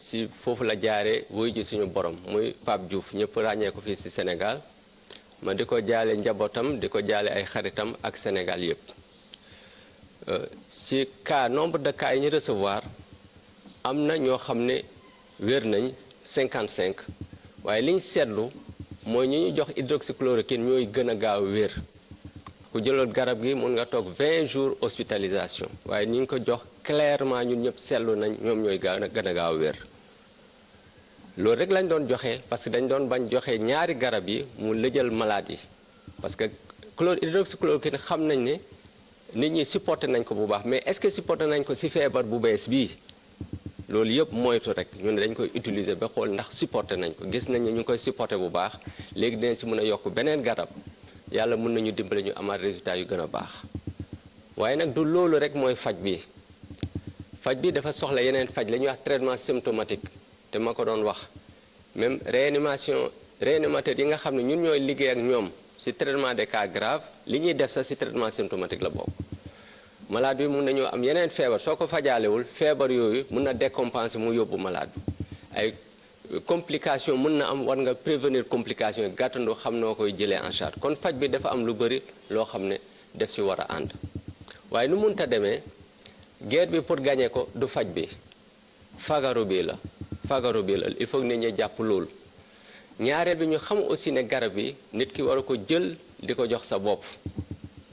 ci euh, foofu la jaare woy ji suñu borom muy Pape Diouf ñëpp ràññee ko fii ci Sénégal ma di ko jaale njabootam di ko jaale ay xaritam ak Sénégal yëpp euh, si ka nombre de cas yi ñu recevoir am na ñoo xam ne wér nañ 55 waaye li ñu seetlu mooy ñu ñu jox hydroxychloroquine ñooy gën a gaaw wér ku jëloon garab gi mun nga toog 20 jours hospitalisation waaye ñu ngi ko jox clairement ñun ñëpp seetlu nañ ñoom ñooy gën a gaaw wér loolu rek lañ doon joxe parce que dañ doon bañ joxe ñaari garab yi mu lëjal malade yi parce que chlore hydroxychloroquine xam nañ ne nit ñi supporté nañ ko bu baax mais est-ce que supporté nañ ko si feebar bu bees bii loolu yëpp moytu rek ñu ne dañ koy utiliser ba xool ndax supporté nañ ko gis nañ ne ñu ngi koy supporté bu baax léegi dinañ ci mun a yokk beneen garab yàlla mun nañu dimbale ñu amaat résultat yu gën a baax waaye nag du loolu rek mooy faj bi faj bi dafa soxla yeneen faj la ñuy wax traitement symptomatique te ma ko doon wax même réanimation réanimateur yi nga xam ne ñun ñooy liggéey ak ñoom ci traitement des cas graves li ñuy def sax ci traitement symptomatique la bokk malade bi mun nañoo am yeneen feebar soo ko fajaalewul feebar yooyu mun na décompenser mu yóbbu malade bi ay euh, complication mun na am war nga prévenir complication yi gàttandoo xam noo koy jëlee en charge kon faj bi dafa am lu bëri loo xam ne def ci war a ànd waaye nu munta demee guerre bi pour gagner ko du faj bi fagaro bi la fagaro bi la il faut que nit ñi jàpp loolu ñaareel bi ñu xam aussi ne garab yi nit ki war a ko jël di ko jox sa bopp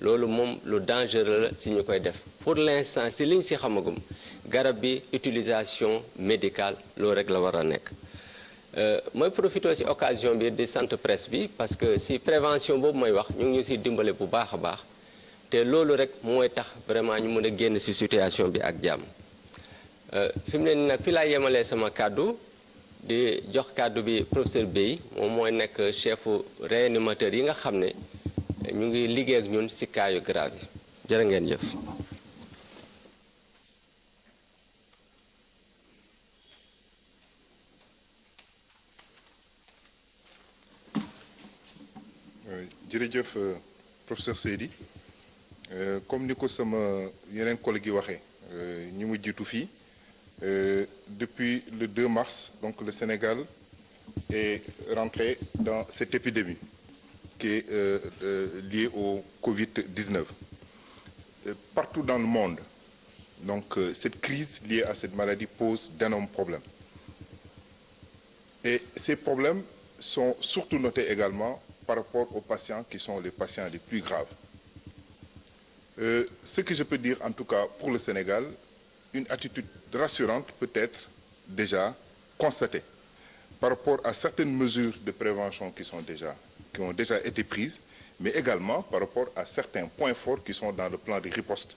loolu moom lu dangereux la si ñu koy def pour l'instant si liñ si xamagum garab bi utilisation médical loolu rek la war a nekk euh, mooy profité si occasion bi di sant presse bi parce que si prévention boobu mooy wax ñu ngi ñu si dimbale bu baax a baax te loolu rek mooy tax vraiment ñu mën a génn si situation bi ak jàmm Euh, fi mu ne nii nag fi laay yemalee sama kàddu di jox kàddu bi professeur Bey moom mooy nekk chefu réanimateur yi nga xam ne ñu ngi liggéey ak ñun si cas yu grave yi ngeen jëf. Euh, jërëjëf euh, professeur Seydi comme ni ko sama yeneen collègue yi waxee ñu mu jiitu fii. Euh, depuis le 2 mars, donc le Sénégal est rentré dans cette épidémie qui est euh, euh, au Covid-19. Partout dans le donc cette crise à cette maladie pose d'énormes problèmes. Et ces problèmes sont surtout notés également par rapport aux patients qui les patients les plus ce que je peux en tout cas pour Sénégal, une attitude rassurante peut être déjà constatée par rapport à certaines mesures de prévention qui, sont déjà, qui ont déjà été prises, mais également par rapport à certains points forts qui sont dans le plan de riposte.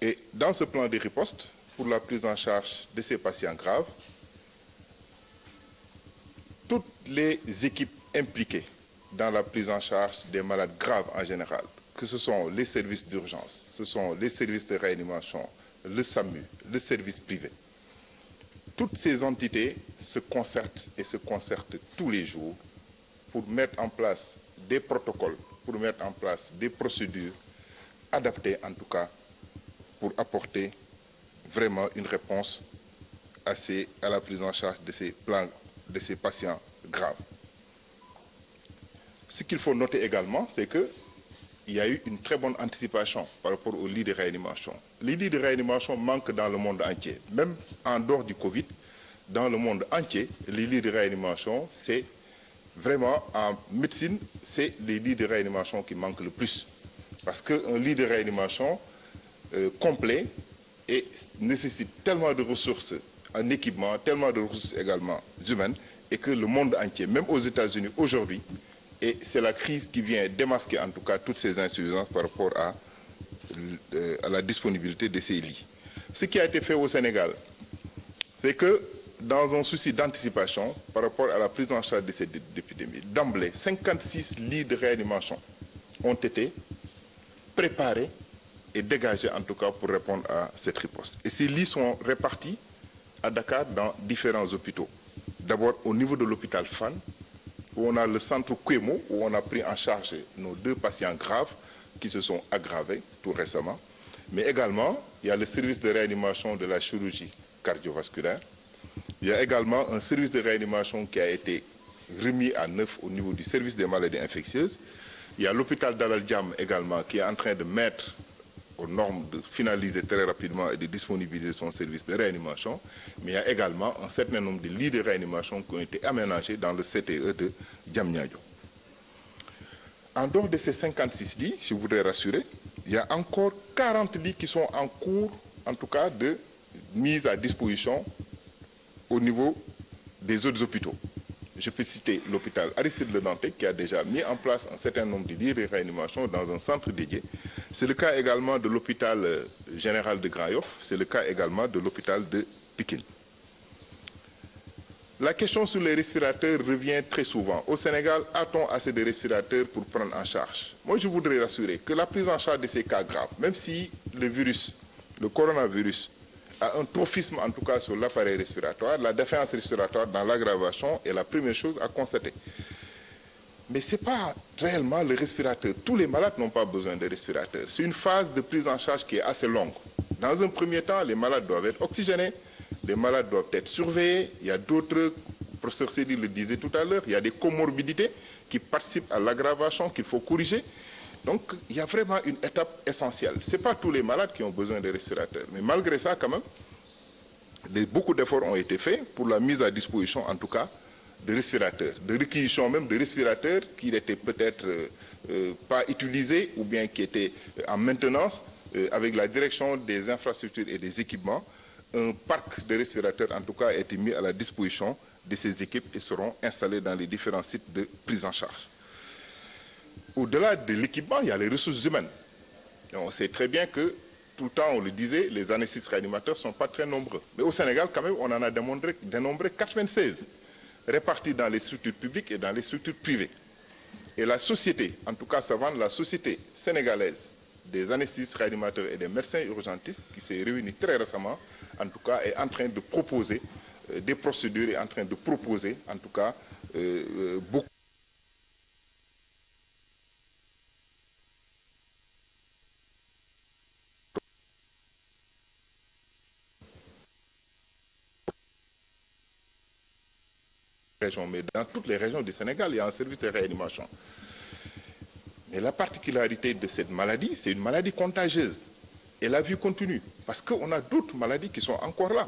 Et dans ce plan de riposte, pour la prise en charge de ces patients graves, toutes les équipes impliquées dans la prise en charge des malades graves en général, que ce sont les services d'urgence, ce sont les services de réanimation, le SAMU, le service privé. Toutes ces entités se concertent et se concertent tous les jours pour mettre en place des protocoles, pour mettre en place des procédures adaptées en tout cas pour apporter vraiment une réponse à, ces, à la prise en charge de ces, plans, de ces patients graves. Ce qu'il faut noter également, c'est que il y a eu une très bonne anticipation par rapport aux lits de réanimation. Les lits de réanimation manquent dans le monde entier. Même en dehors du Covid, dans le monde entier, les lits de réanimation, c'est vraiment en médecine, c'est les lits de réanimation qui manque le plus. Parce qu'un lit de réanimation euh, complet et nécessite tellement de ressources en équipement, tellement de ressources également humaines, et que le monde entier, même aux États-Unis aujourd'hui, Et c'est la crise qui vient démasquer en tout cas toutes ces insuffisances par euh, à, la disponibilité de ces lits. Ce qui a été fait au Sénégal, c'est que par rapport à la prise en charge de cette épidémie, d'emblée, 56 lits de réanimation ont été et dégagés en tout cas pour répondre à cette riposte. à Dakar dans différents hôpitaux. D'abord au niveau de l'hôpital Fan, où on a le centre Quemo, où on a pris en charge nos deux patients graves qui se sont aggravés tout récemment. Mais également, il le service de réanimation de la chirurgie cardiovasculaire. Il y a également un service de réanimation qui a été remis à neuf au niveau du service des maladies infectieuses. Il y a l'hôpital d'Al-Djam également qui est en train de mettre aux normes de finaliser très rapidement et son service de réanimation, mais il y a également un certain de lits de réanimation qui ont été aménagés dans le CTE de Diamniadio. de ces 56 lits, je voudrais rassurer, il y a encore qui sont en cours, en tout cas, de mise à disposition au niveau des autres hôpitaux. Je peux citer l'hôpital Aristide Le Dantec qui a déjà mis en place un certain nombre de lits de dans un centre dédié. C'est le cas également de l'hôpital euh, général de Grand c'est le cas également de l'hôpital de Pikine. La question sur les respirateurs revient très souvent. Au Sénégal, a-t-on assez de respirateurs pour prendre en charge? Moi, je voudrais rassurer que la prise en charge de ces cas graves, même si le virus, le coronavirus à un trophisme en tout cas sur l'appareil respiratoire. La défaillance respiratoire dans l'aggravation est la première chose à constater. Mais ce pas réellement le respirateur. Tous les malades n'ont pas besoin de respirateur. C'est une phase de prise en charge qui est assez longue. Dans un premier temps, les malades doivent être oxygénés, les malades doivent être surveillés. Il y a d'autres, le professeur le disait tout à l'heure, il y a des comorbidités qui participent à Donc, il y a vraiment une étape essentielle. Ce n'est pas tous les malades qui ont besoin de respirateurs. Mais malgré ça, quand même, de, beaucoup d'efforts ont été faits pour la mise à disposition, en tout cas, de respirateurs, de réquisition même de respirateurs qui n'étaient peut-être euh, euh pas utilisés ou bien qui étaient euh, en maintenance euh, avec la direction des infrastructures et des équipements. Un parc de respirateurs, en tout cas, a été mis à la disposition de ces équipes et seront installés dans les de prise en charge. au-delà de l'équipement, que, tout le temps, on le disait, les anesthésistes réanimateurs ne sont pas très nombreux. Mais au Sénégal, quand même, on en a dénombré, dénombré 96, en tout cas savante, la société sénégalaise des anesthésistes réanimateurs et des médecins urgentistes, qui s'est réunie très récemment, en tout cas, est en train de proposer euh, des en tout cas, euh, euh, région, mais dans toutes les régions du Sénégal, il y a un service de réanimation. Mais la particularité de cette maladie, c'est une maladie contagieuse. Et la vie continue, parce qu'on a d'autres maladies qui sont encore là.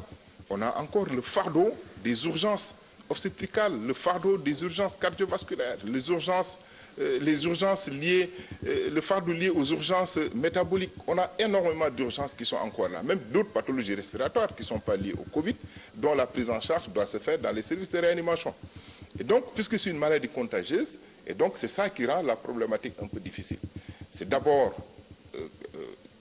On a encore le fardeau des urgences obstétricales, le fardeau des urgences cardiovasculaires, les urgences Euh, les urgences liées, euh, le fardeau lié aux urgences métaboliques. On a énormément d'urgences qui sont encore là. Même d'autres pathologies respiratoires qui ne sont pas liées au Covid, dont la prise en charge doit se faire dans les services de réanimation. puisque c'est une maladie contagieuse, et c'est ça qui rend la problématique un peu difficile. C'est d'abord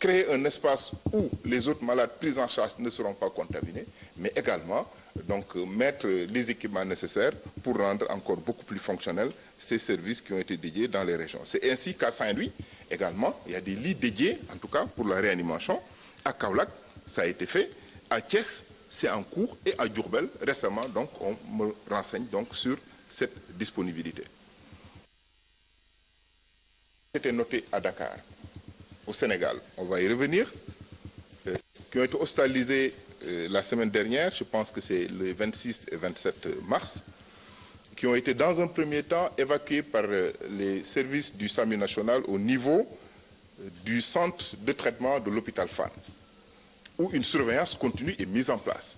créer un espace où les autres malades pris en charge ne seront pas contaminés, mais également donc euh, mettre les équipements nécessaires pour rendre encore beaucoup plus fonctionnels ces services qui ont été dédiés dans les régions. C'est ainsi qu'à Saint-Louis, également, il y a des lits dédiés, en tout cas pour la réanimation. À Kaolack, ça a été fait. À Thiès, c'est en cours. Et à Diourbel, récemment, donc, on me renseigne donc sur cette disponibilité. C'était noté à Dakar. au Sénégal. On revenir. Euh, qui ont euh, la semaine dernière, je pense que c'est le 26 et 27 mars, qui ont été dans un premier temps évacués par euh, les services du SAMU national au niveau euh, du centre de de l'hôpital FAN, où une surveillance continue est mise en place.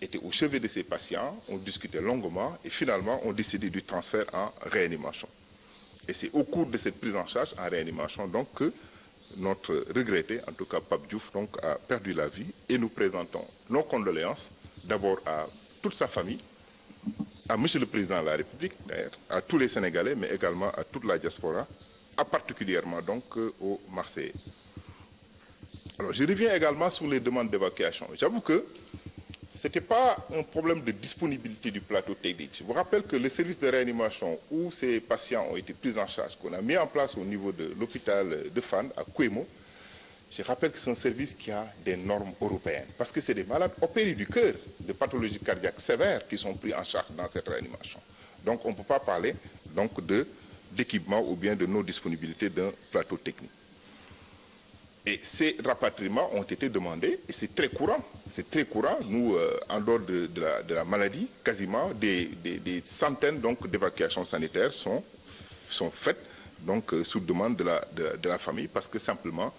était au chevet de ses patients, on discutait longuement et finalement on décidait du transfert en réanimation. Et c'est au cours de cette prise en charge en réanimation donc que notre regretté, en tout cas Pape Diouf, donc, a perdu la vie et nous présentons nos condoléances d'abord à toute sa famille, à Monsieur le Président de la République, à tous les Sénégalais, mais également à toute la diaspora, à particulièrement donc aux Marseillais. Alors je reviens également sur les demandes d'évacuation. ce n'était pas un problème de disponibilité du plateau technique. Je vous rappelle que le service de réanimation où ces patients ont été pris en charge, qu'on a mis en place au niveau de l'hôpital de Fan à Kouemo, je rappelle que c'est un service qui a des normes européennes. Parce que c'est des malades opérés du cœur, de pathologies cardiaques sévères qui sont pris en charge dans cette réanimation. Donc on ne peut pas parler donc d'équipement ou bien de non-disponibilité d'un Et ces rapatriements ont été demandés, et c'est très courant, c'est très courant, nous, euh, en dehors de, de, la, de, la, maladie, quasiment des, des, des centaines d'évacuations sanitaires sont, sont faites donc, euh, sous demande de la, de, de la famille, parce que simplement,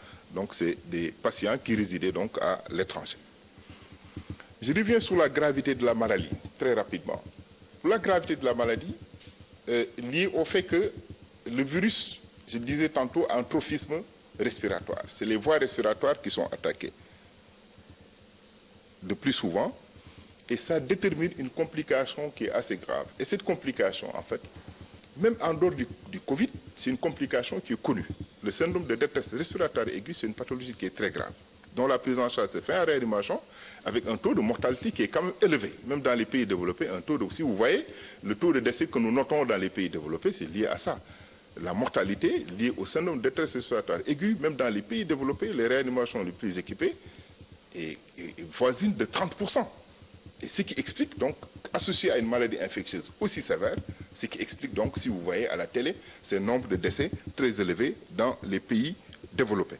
c'est des patients qui résidaient donc à l'étranger. Je reviens sur la gravité de la maladie, très rapidement. La gravité de la maladie euh, au fait que le virus, je le disais tantôt, un trophisme respiratoires. C'est les voies respiratoires qui sont attaquées de plus souvent et ça détermine une complication qui est assez grave. Et cette complication, en fait, même en dehors du, du Covid, c'est une complication qui est connue. Le syndrome de détresse respiratoire aiguë, c'est une pathologie qui est très grave, dont la prise en charge se fait en réanimation avec un taux de mortalité qui est quand même élevé. Même dans les pays développés, un taux de... Si la mortalité liée au syndrome de détresse respiratoire même dans les pays développés, les réanimations les plus équipées, est, est voisine de 30%. Et ce qui explique donc, associé à une maladie infectieuse aussi sévère, ce qui explique donc, si vous voyez à la télé, ce nombre de décès très élevé dans les pays développés.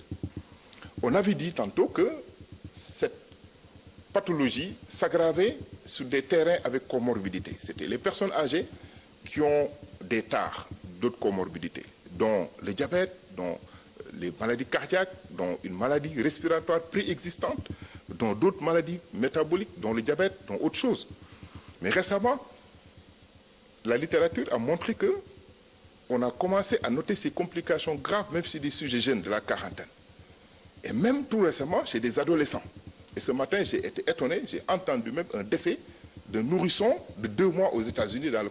On avait dit tantôt que cette pathologie s'aggravait sur des terrains avec comorbidité. C'était les personnes âgées qui ont des tares, d'autres comorbidités, dont le diabète, dont euh, les maladies cardiaques, dont une maladie respiratoire préexistante, dont d'autres maladies métaboliques, dont le diabète, dont autre chose. Mais récemment, la littérature a montré que on a commencé à noter ces complications graves, même chez des sujets jeunes de la quarantaine. Et même tout récemment, chez des adolescents. Et ce matin, j'ai été étonné, j'ai entendu même un décès d'un nourrisson de deux mois aux États-Unis dans le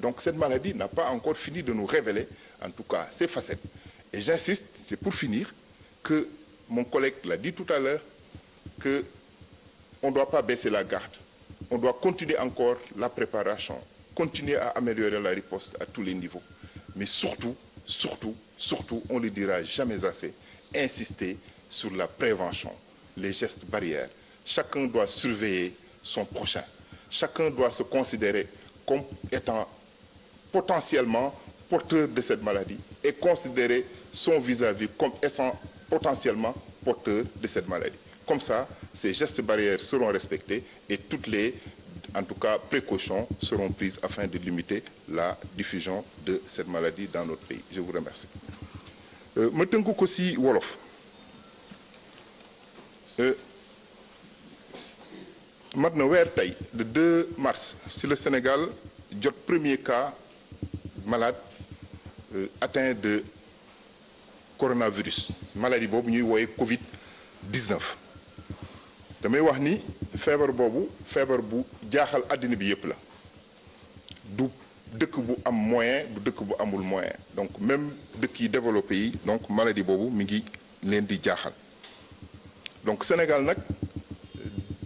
Donc cette maladie n'a pas encore fini de nous révéler, en tout cas, ses facettes. Et j'insiste, c'est pour finir, que mon collègue l'a dit tout à l'heure, qu'on ne doit pas baisser la garde. On doit continuer encore la préparation, continuer à améliorer la riposte à tous les niveaux. Mais surtout, surtout, surtout, on ne le dira jamais assez, insister sur la prévention, les gestes barrières. Chacun doit surveiller son prochain. Chacun doit se considérer comme étant potentiellement porteur de cette maladie et considérer son vis-à-vis -vis comme étant potentiellement porteur de cette maladie. Comme ça, ces gestes barrières seront respectés et toutes les, en tout cas, précautions seront prises afin de limiter la diffusion de cette maladie dans notre pays. Je vous remercie. Euh, ma ko si wolof euh, mat na weer tey le 2 mars si le Sénégal jot premier cas malades euh, atteints de coronavirus maladie boobu ñuy wooye Covid 19 damay wax ni feebar boobu feebar bu jaaxal àddina bi yépp la du dëkk bu am moyen du dëkk bu amul moyen donc même dëkk yi développé yi donc maladie boobu mi ngi leen di jaaxal donc Sénégal nag euh,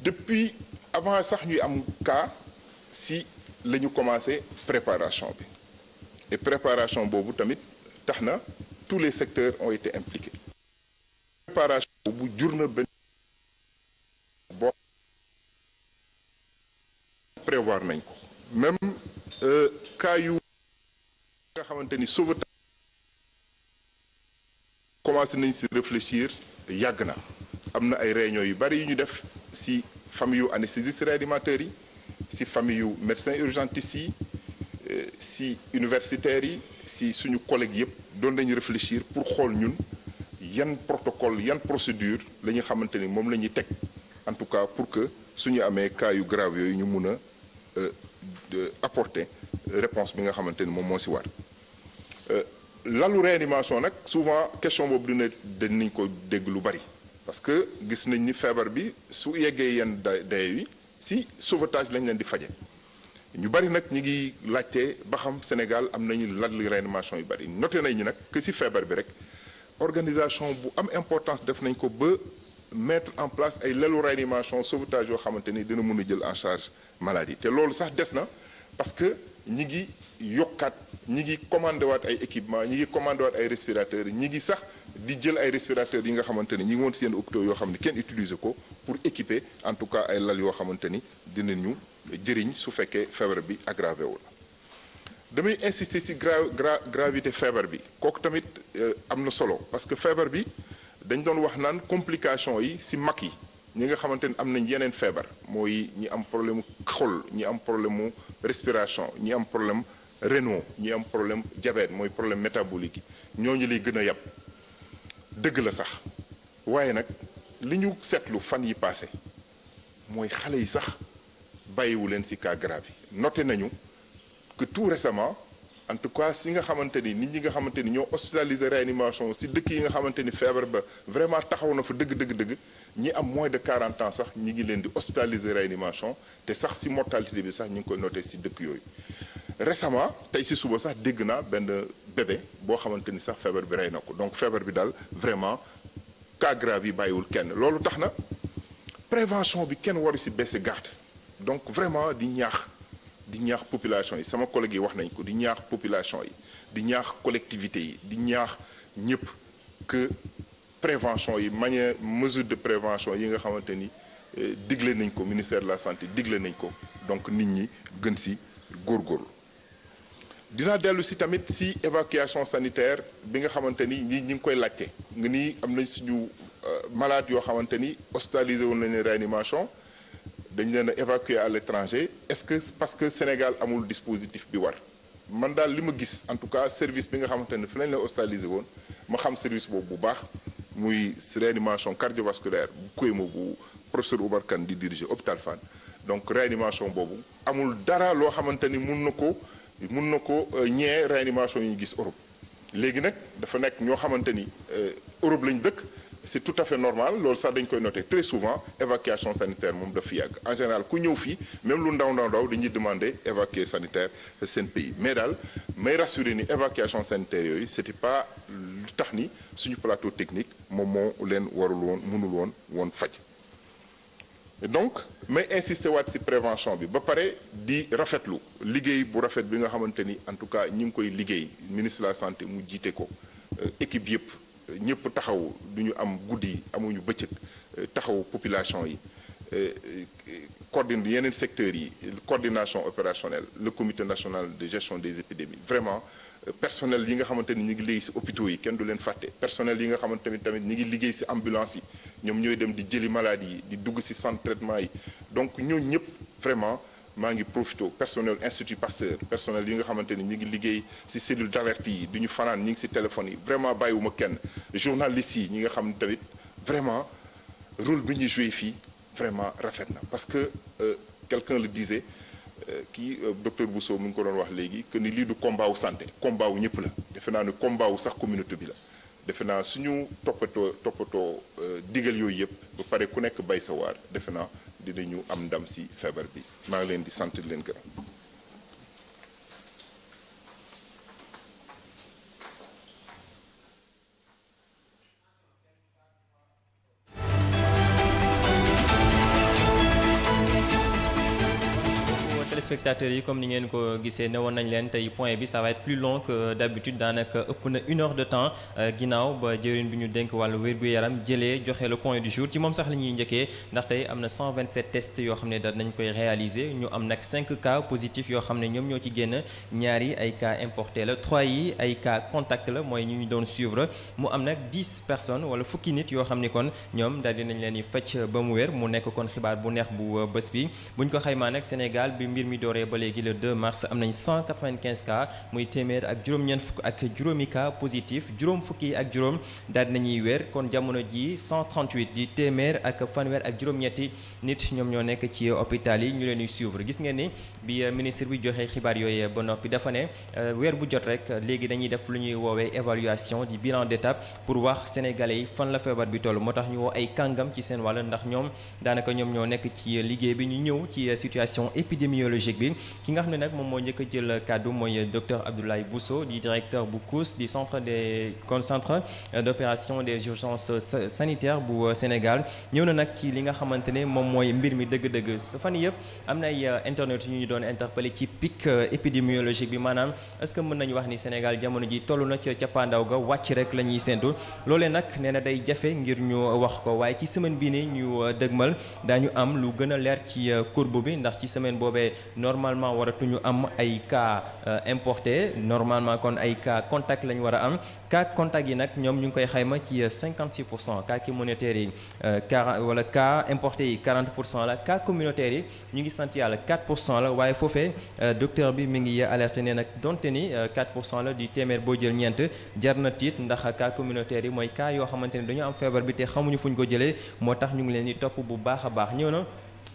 depuis avant sax ñuy am cas si la ñu commencé préparation bi. et préparation boobu tamit tax na tous les secteurs ont été impliqués préparation bu jur na benn boo prévoir nañ ko même euh, cas yu nga xamante ni sauvetage commencé nañ si réfléchir yàgg na am na ay réunions yu bari yu ñu def si famille yu anesthésistes yi si famille yu médecins urgentistes yi Euh, si universitaires yi si suñu collègues yëpp doon nañu réfléchir pour xool ñun yan protocole yan procédure la ñu xamante ni moom la ñuy teg en tout cas pour que suñu amee cas yu grave yooyu ñu mun a euh, apporter réponse bi nga xamante ni moom moo si war euh, lalu réanimation nag souvent question boobu du dina nañ ko dégg lu bari parce que gis nañ ni feebar bi su yeggee yenn day yi si sauvetage lañ leen di faje ñu bari nag ñu ngi laajte ba xam Sénégal am nañu lan li réanimation yu bari nañ ñu nag que feebar bi rek organisation bu am importance def nañ ko ba mettre en place ay lelu réanimation sauvetage yoo xamante ni dina mën a jël en charge maladie te loolu sax des na parce que ñi ngi yokkaat ñi ngi commandé waat ay équipement ñi ngi commandé waat ay respirateurs ñi ngi sax di jël ay respirateurs yi nga xamante ni ñi ngi woon seen hôpitaux yoo xam ne kenn utiliser ko pour équiper en tout cas ay lal yoo xamante ni dinañu jëriñ su fekkee feebar bi aggravé wu na damay insister ci gra gravité feebar bi kooku tamit euh, am na solo parce que feebar bi dañ doon wax naan complication yi si mag yi ñi nga xamante ni am nañ yeneen feebar mooy ñi am problème mu xol ñi am problème mu respiration ñi am problème rénaux ñi am problème diabète mooy problème métabolique ñoo ñooñu lay gën a yàpp dëgg la sax waaye nag li ñu seetlu fan yi passé mooy xale yi sax bàyyiwu leen ci cas grave yi nañu que tout récemment en tout cas si nga xamante ni nit ñi nga xamante ni ñoo hospitalisé réanimation si dëkk yi nga xamante ni feebar ba vraiment taxaw na fa dëgg dëgg dëgg ñi am mois de 40 ans sax ñi ngi leen di hospitalisé réanimation te sax ci mortalité bi sax ñu ngi koy noté si dëkk yooyu. récemment tey si suba sax dégg naa benn bébé boo xamante ni sax feebar bi rey na ko donc feebar bi daal vraiment cas grave yi kenn loolu tax na prévention bi kenn waru ci baisser garde. donc vraiment di ñaax di ñaax population yi sama collègue yi wax nañ ko di ñaax population yi di ñaax collectivité yi di ñaax ñëpp que prévention yi manière mesure de prévention yi nga xamante ni euh, digle nañ ko ministère de la santé digle nañ ko donc nit ñi gën si góorgóorlu dinaa dellu si tamit si évacuation sanitaire bi nga xamante ni ñi ñi ngi koy laajte nga ni am nañ suñu euh, malade yoo xamante ni hospitalisé woon nañ réanimation dañ leen a évacuer à l'étranger est-ce que parce que Sénégal amul dispositif bi war man daal li ma gis en tout cas service bi nga xamante ne fi lañ la hospitalisé woon ma xam service boobu bu baax muy réanimation cardiovasculaire bu Kouéma bu professeur Oumar Kane di diriger hôpital Fann donc réanimation boobu amul dara loo xamante ni mun na ko mun na ko euh, ñee réanimation yi ñu gis Europe léegi nag dafa nekk ñoo xamante ni euh, Europe lañ dëkk c'est tout à fait normal loolu sax dañ koy noter très souvent évacuation sanitaire moom daf fi yàgg en général ku ñëw fii même lu ndaw ndaw ndaw dañuy demander évacuer sanitaire seen pays mais daal may rassurer ni évacuation sanitaire yooyu c'était pas lu tax ni suñu plateau technique moom moo leen warul woon mënul woon woon faj donc may insister waat si prévention bi ba pare di rafetlu liggéey bu rafet bi nga xamante ni en tout cas ñi ngi koy liggéey ministre la santé mu jiite ko euh, équipe yëpp ñëpp taxaw du ñu am guddi amuñu bëccëg euh, taxaw population yi euh, coordine yeneen secteurs yi coordination opérationnelle le comité national de gestion des épidémies vraiment euh, personnel yi nga xamante ni ñu ngi liggéey ci hôpitaux yi kenn du leen fàtte personnel yi nga xamante ni tamit ñu ngi liggéey ci ambulance yi ñoom ñooy dem di jëli maladie yi di dugg ci centre traitement yi donc ñoo ñëpp vraiment maa ngi profité personnel institut Pasteur personnel yi nga xamante ni ñu ngi liggéey si cellule d' yi duñu ñu fanaan ñu ngi si téléphone yi vraiment bàyyiwuma kenn journalistes yi ñi nga xam ne tamit vraiment rôle bi ñu joué fii vraiment rafet na parce que euh, quelqu'un le disait euh, kii euh, docteur Bousso mu ngi ko doon wax léegi que ni lii du combat wu santé combat wu ñëpp la defe naa ne combat sax communauté bi la defe naa suñu toppatoo toppatoo digal yooyu yëpp pare ku nekk bay sa waar defe naa dinañu am ndam si feebar bi maa ngi leen di sant leen gërëm. téléspectateurs yi comme ni ngeen ko gisee newoon nañ leen tey point bi ça va être plus long que d'habitude daanaka ëpp na une heure de temps euh, ginnaaw ba jëwriñ bi ñu dénk wàllu wér-gu-yaram jëlee joxe le point du jour ci moom sax la ñuy njëkkee ndax tey am na 127 tests yoo xam ne da nañ koy réaliser ñu am nag 5 cas positifs yoo xam ne ñoom ñoo ci génn ñaar yi ay cas importés la 3 yi ay cas contact la mooy ñu ñu doon suivre mu am nag 10 personnes wala fukki nit yoo xam ne kon ñoom daal dinañ leen di fecc ba mu wér mu nekk kon xibaar bu neex bu euh, bés bi bi dooree ba léegi le 2 mars am nañ 195 cas muy téeméer ak juróom-ñeent fukk ak juróomi cas positif juróom fukki ak juróom daal dinañuy wér kon jamono ji 138 di téeméer ak fanweer ak juróom-ñetti nit ñoom ñoo nekk ci hôpital yi ñu leen di suivre gis ngeen ni bi euh, ministre bi joxee xibaar yooyu ba noppi dafa ne euh, weer bu jot rek léegi dañuy def lu ñuy woowee évaluation di bilan d'étape pour wax sénégalais yi fan la feebar bi toll moo tax ñu woo ay kàngam ci seen wàll ndax ñoom daanaka ñoom ñoo nekk ci liggéey bi ñu ñëw ci euh, situation épidémiologique logique bi ki nga xam ne nag moom moo njëkk a jël kàddu mooy docteur Abdoulaye Bousso di directeur bu COUS di centre des con centre euh, d'opération des urgences euh, sanitaires bu euh, Sénégal ñëw na nag ci li nga xamante ne moom mooy mbir mi dëgg-dëgg fan yëpp am na ay internet yu ñu doon interpellé ci pic épidémiologique bi maanaam est que mën nañu wax ni Sénégal jamono ji toll na ca cappaandaw ga wàcc rek la ñuy séntu loolee nag nee na day jafe ngir ñu wax ko waaye ci semaine ñu dëgmal daañu am lu gën bi ndax ci semaine boobee normalement waratuñu am ay cas euh, importé normalement kon ay cas contact la ñu war a am cas contact yi nag ñoom ñu ngi koy xayma ci 56 euh, pour cent cas communautaires yi 40 euh, wala cas importé yi 40 pour cent la cas communautaires yi ñu ngi sant yàlla 4 pour cent la waaye foofe docteur bi mi ngi alerte ne nag donte ni 4 pour cent la di téeméer boo jël ñeent jar na tiit ndax cas communautaires yi mooy cas yoo xamante ni dañu am feebar bi te xamuñu fuñ ko jëlee moo tax ñu ngi leen di topp bu baax a baax ñëw na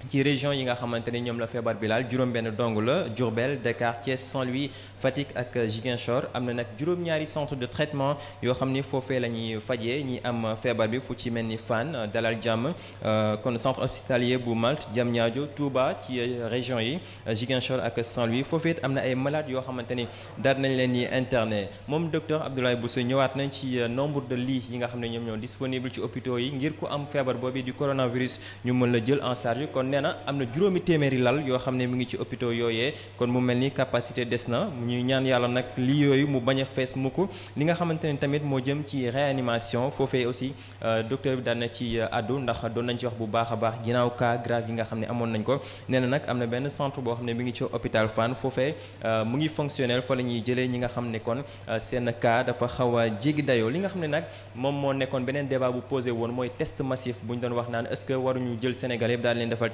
ci région yi nga xamante ne ñoom la feebar bi laal juróom-benn dong la Diourbel Dakar Thiès Saint-Louis Fatick ak Ziguinchor am na nag juróom-ñaari centre de traitement yoo xam ni foofee la ñuy fajee ñi am feebar bi fu ci mel ni Fann Dalal Jàmm euh, kon centre hospitalier bu Malte Diamniadio Touba ci région yi Ziguinchor ak Saint-Louis foofee am na ay malades yoo xamante ni daal nañ leen di interner moom docteur Abdoulaye Bousso ñëwaat nañ ci euh, nombre de lits yi nga xam ne ñoom ñoo disponible ci hôpitaux yi ngir ku am feebar boobu kon nee na am na juróomi téeméeri lal yoo xam ne mu ngi ci hôpitaux yooyee kon mu mel ni capacité des na ñuy ñaan yàlla nag li yooyu mu bañ a fees mukk li nga xamante ne tamit moo jëm ci réanimation foofee aussi euh, docteur bi daan na ci àddu euh, ndax doon nañ ci wax bu baax a baax ginnaaw cas grave yi nga xam ne amoon nañ ko nee na nag am na benn centre boo xam ne mi ngi ci hôpital Fann foofee euh, mu ngi fonctionnel fa la ñuy ñi nga xam ne kon seen cas dafa a jéggi dayoo li nga xam ne nag moom moo nekkoon beneen débat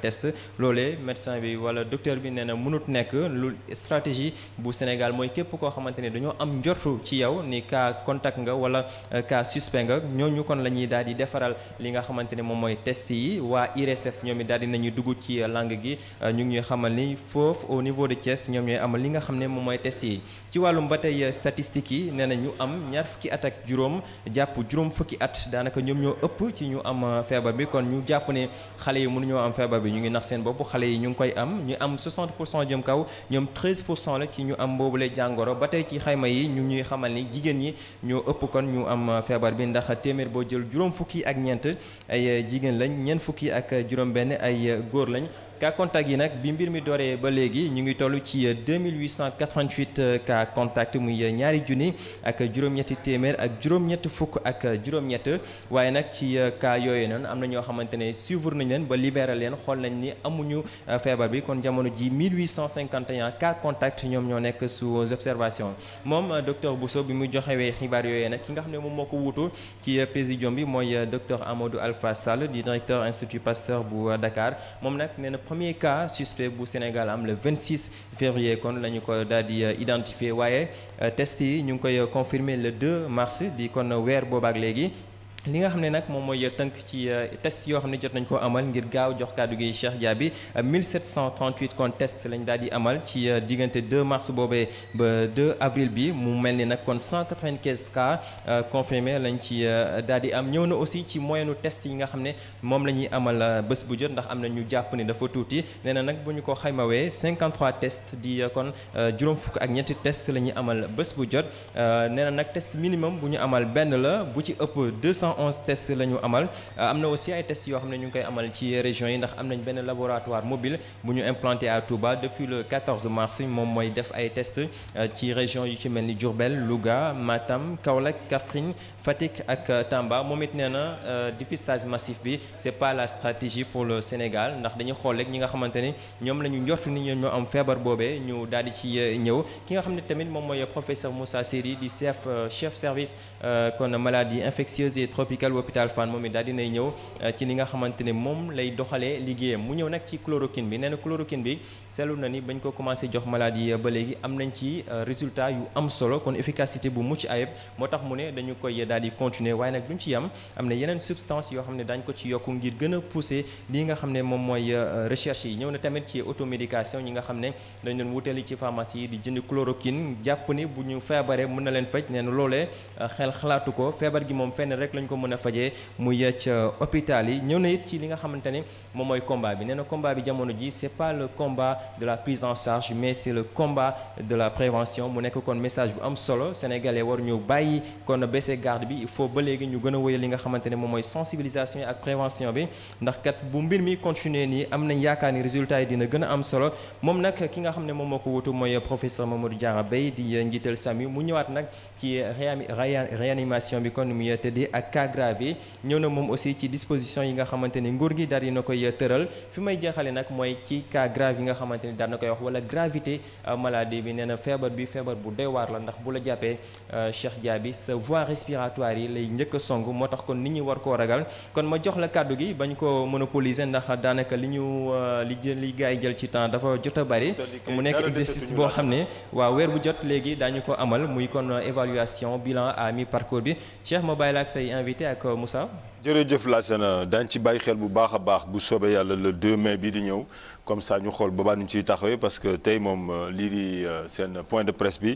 test loole médecin bi wala docteur bi nee na mënut nekk lu stratégie bu Sénégal mooy képp koo xamante ne dañoo am njortu ci yow ni cas contact nga wala cas euh, suspect nga ñooñu kon la ñuy daal di defaral li nga xamante ne moom mooy test yi waa IRSF ñoom it daal di nañu dugg ci euh, langue gi euh, ñu ngi ñuy xamal ni foofu au niveau de Thiès ñoom ñooy amal li nga xam ne moom mooy test yi ci wàllum ba tey statistiques yi nee na ñu am ñaar fukki at ak juróom jàpp juróom fukki at daanaka ñoom ñoo ëpp ci ñu am feebar bi kon ñu jàpp ne xale yi mënuñoo am feebar bi ñu ngi nax seen bopp xale yi ñu ngi koy am ñu am 60 pour cent jëm kaw ñoom pour cent la ci ñu am mboobule jàngoro ba tey ci xayma yi ñu ñuy xamal ni jigéen ñi ñoo ëpp kon ñu am feebar bi ndax téeméer boo jël juróom fukki ak ñeent ay jigéen lañ ñeent fukki ak juróom benn ay góor lañ cas contact yi nag bi mbir mi dooree ba léegi ñu ngi toll ci 2888 euh, cas contact muy ñaari junni ak juróom-ñetti téeméer ak juróom-ñett fukk ak juróom-ñett waaye nag ci euh, cas yooyu noonu am na ñoo xamante ne suivre nañ leen ba libéré leen xool nañ ni amuñu euh, feebar bi kon jamono ji 1851 cas contact ñoom ñoo nekk sous observation moom docteur Bousso bi mu joxewee xibaar yooyu nag ki nga xam ne moom moo ko wutu ci présidium bi mooy docteur Amadou Alpha Sall di directeur institut Pasteur bu Dakar premier cas suspect bu Sénégal am le 26 février kon la ñu ko daal di euh, waaye euh, test yi ñu ngi koy euh, confirmer le 2 mars di kon weer ak léegi li nga xam ne nag moom mooy tënk ci euh, test yoo xam ne jot nañ koo amal ngir gaaw jox kàddu gi Cheikh Diaby 1738 euh, kon test lañ daal di amal ci euh, diggante 2 mars boobee ba 2 avril bi mu mel ni nag kon 195 cas confirmé lañ ci daal di am ñëw na aussi ci moyenu test yi nga xam ne moom lañuy ñuy amal bés bu jot ndax am na ñu jàpp ni dafa tuuti nee nag bu ñu ko xaymawee 53 test di kon juróom fukk ak ñetti test la ñuy amal bés bu jot nee na nag test minimum bu ñu amal benn la bu ci ëpp 111 tests la ñu amal euh, am na aussi ay tests yoo xam ne ñu ngi koy amal ci régions yi ndax am nañ benn laboratoire mobile bu ñu implanté à Touba depuis le mars moom mooy def ay test euh, ci région yu ci mel ni Diourbel Louga Matam Kaolack Kaffrine Fatick ak euh, Tamba moom it nee na dépistage massif bi c'est pas la stratégie pour le Sénégal ndax dañu xool rek ñi nga xamante ni ñoom la ñu njortu ni ñoo am feebar boobe ñu daal di ci ñëw ki nga xam ne tamit moom mooy professeur Moussa Seri di chef chef service kon tropical hôpital Fann moom it daal dinay ñëw euh, ci ni nga xamante ne moom lay doxalee liggéeyam mu ñëw nag ci chloroquine bi nee na bi seetlu na ni bañ ko commencé jox maladie ba léegi am nañ ci euh, résultat yu am solo kon efficacité bu mucc ayib moo tax mu ne dañu koy daal di continuer waaye nag duñ ci yam am na yeneen substance yoo xam ne dañ ko ci yokku ngir gën a pousser lii nga xam ne moom mooy euh, recherche yi ñëw na tamit ci automédication ñi nga xam ne dañ doon wutali ci pharmacie di jënd chloroquine jàpp ni bu ko mën a fajee mu yecc euh, hôpital yi ñëw na it ci li nga xamante ne moom mooy combat bi nee na combat bi jamono ji c'est pas le combat de la prise en charge mais c'est le combat de la prévention mu nekk kon message bu am solo sénégalais war ñu bàyyi kon baisser garde bi il faut ba léegi ñu gën a wéyal li nga xamante ne moom mooy sensibilisation yi ak prévention bi ndax kat bu mbir mi continuer ni am nañ yaakaar ni résultat yi dina gën a am solo moom nag ki nga xam ne moom moo ko wutu mooy professeur Mamadou Diarra Bèye di njiital SAMU cas grave yi ñëw na moom aussi ci disposition yi nga xamante ni nguur gi daal dina koy tëral fi may jeexale nag mooy ci cas grave yi nga xamante ni daal na koy wax wala gravité euh, maladie bi nee na feebar bi feebar bu doy la ndax bu la jàppee euh, Cheikh Diaby sa voie respiratoire yi lay njëkk song moo tax kon nit ñi war koo ragal kon ma jox la kàddu gi bañ ko monopoliser ndax daanaka li ñu euh, li jël li gars yi jël ci temps dafa jot a bari mu nekk exercice boo xam ne waaw weer bu jot léegi ko amal muy kon bi invité ak euh, Moussa. jërëjëf Lassana daañu ci bàyyi xel bu baax a baax bu soobee yàlla le 2 mai bii di ñëw comme ça ñu xool boobaa ñu ciy taxawee parce que tey moom euh, lii di euh, seen point de presse bi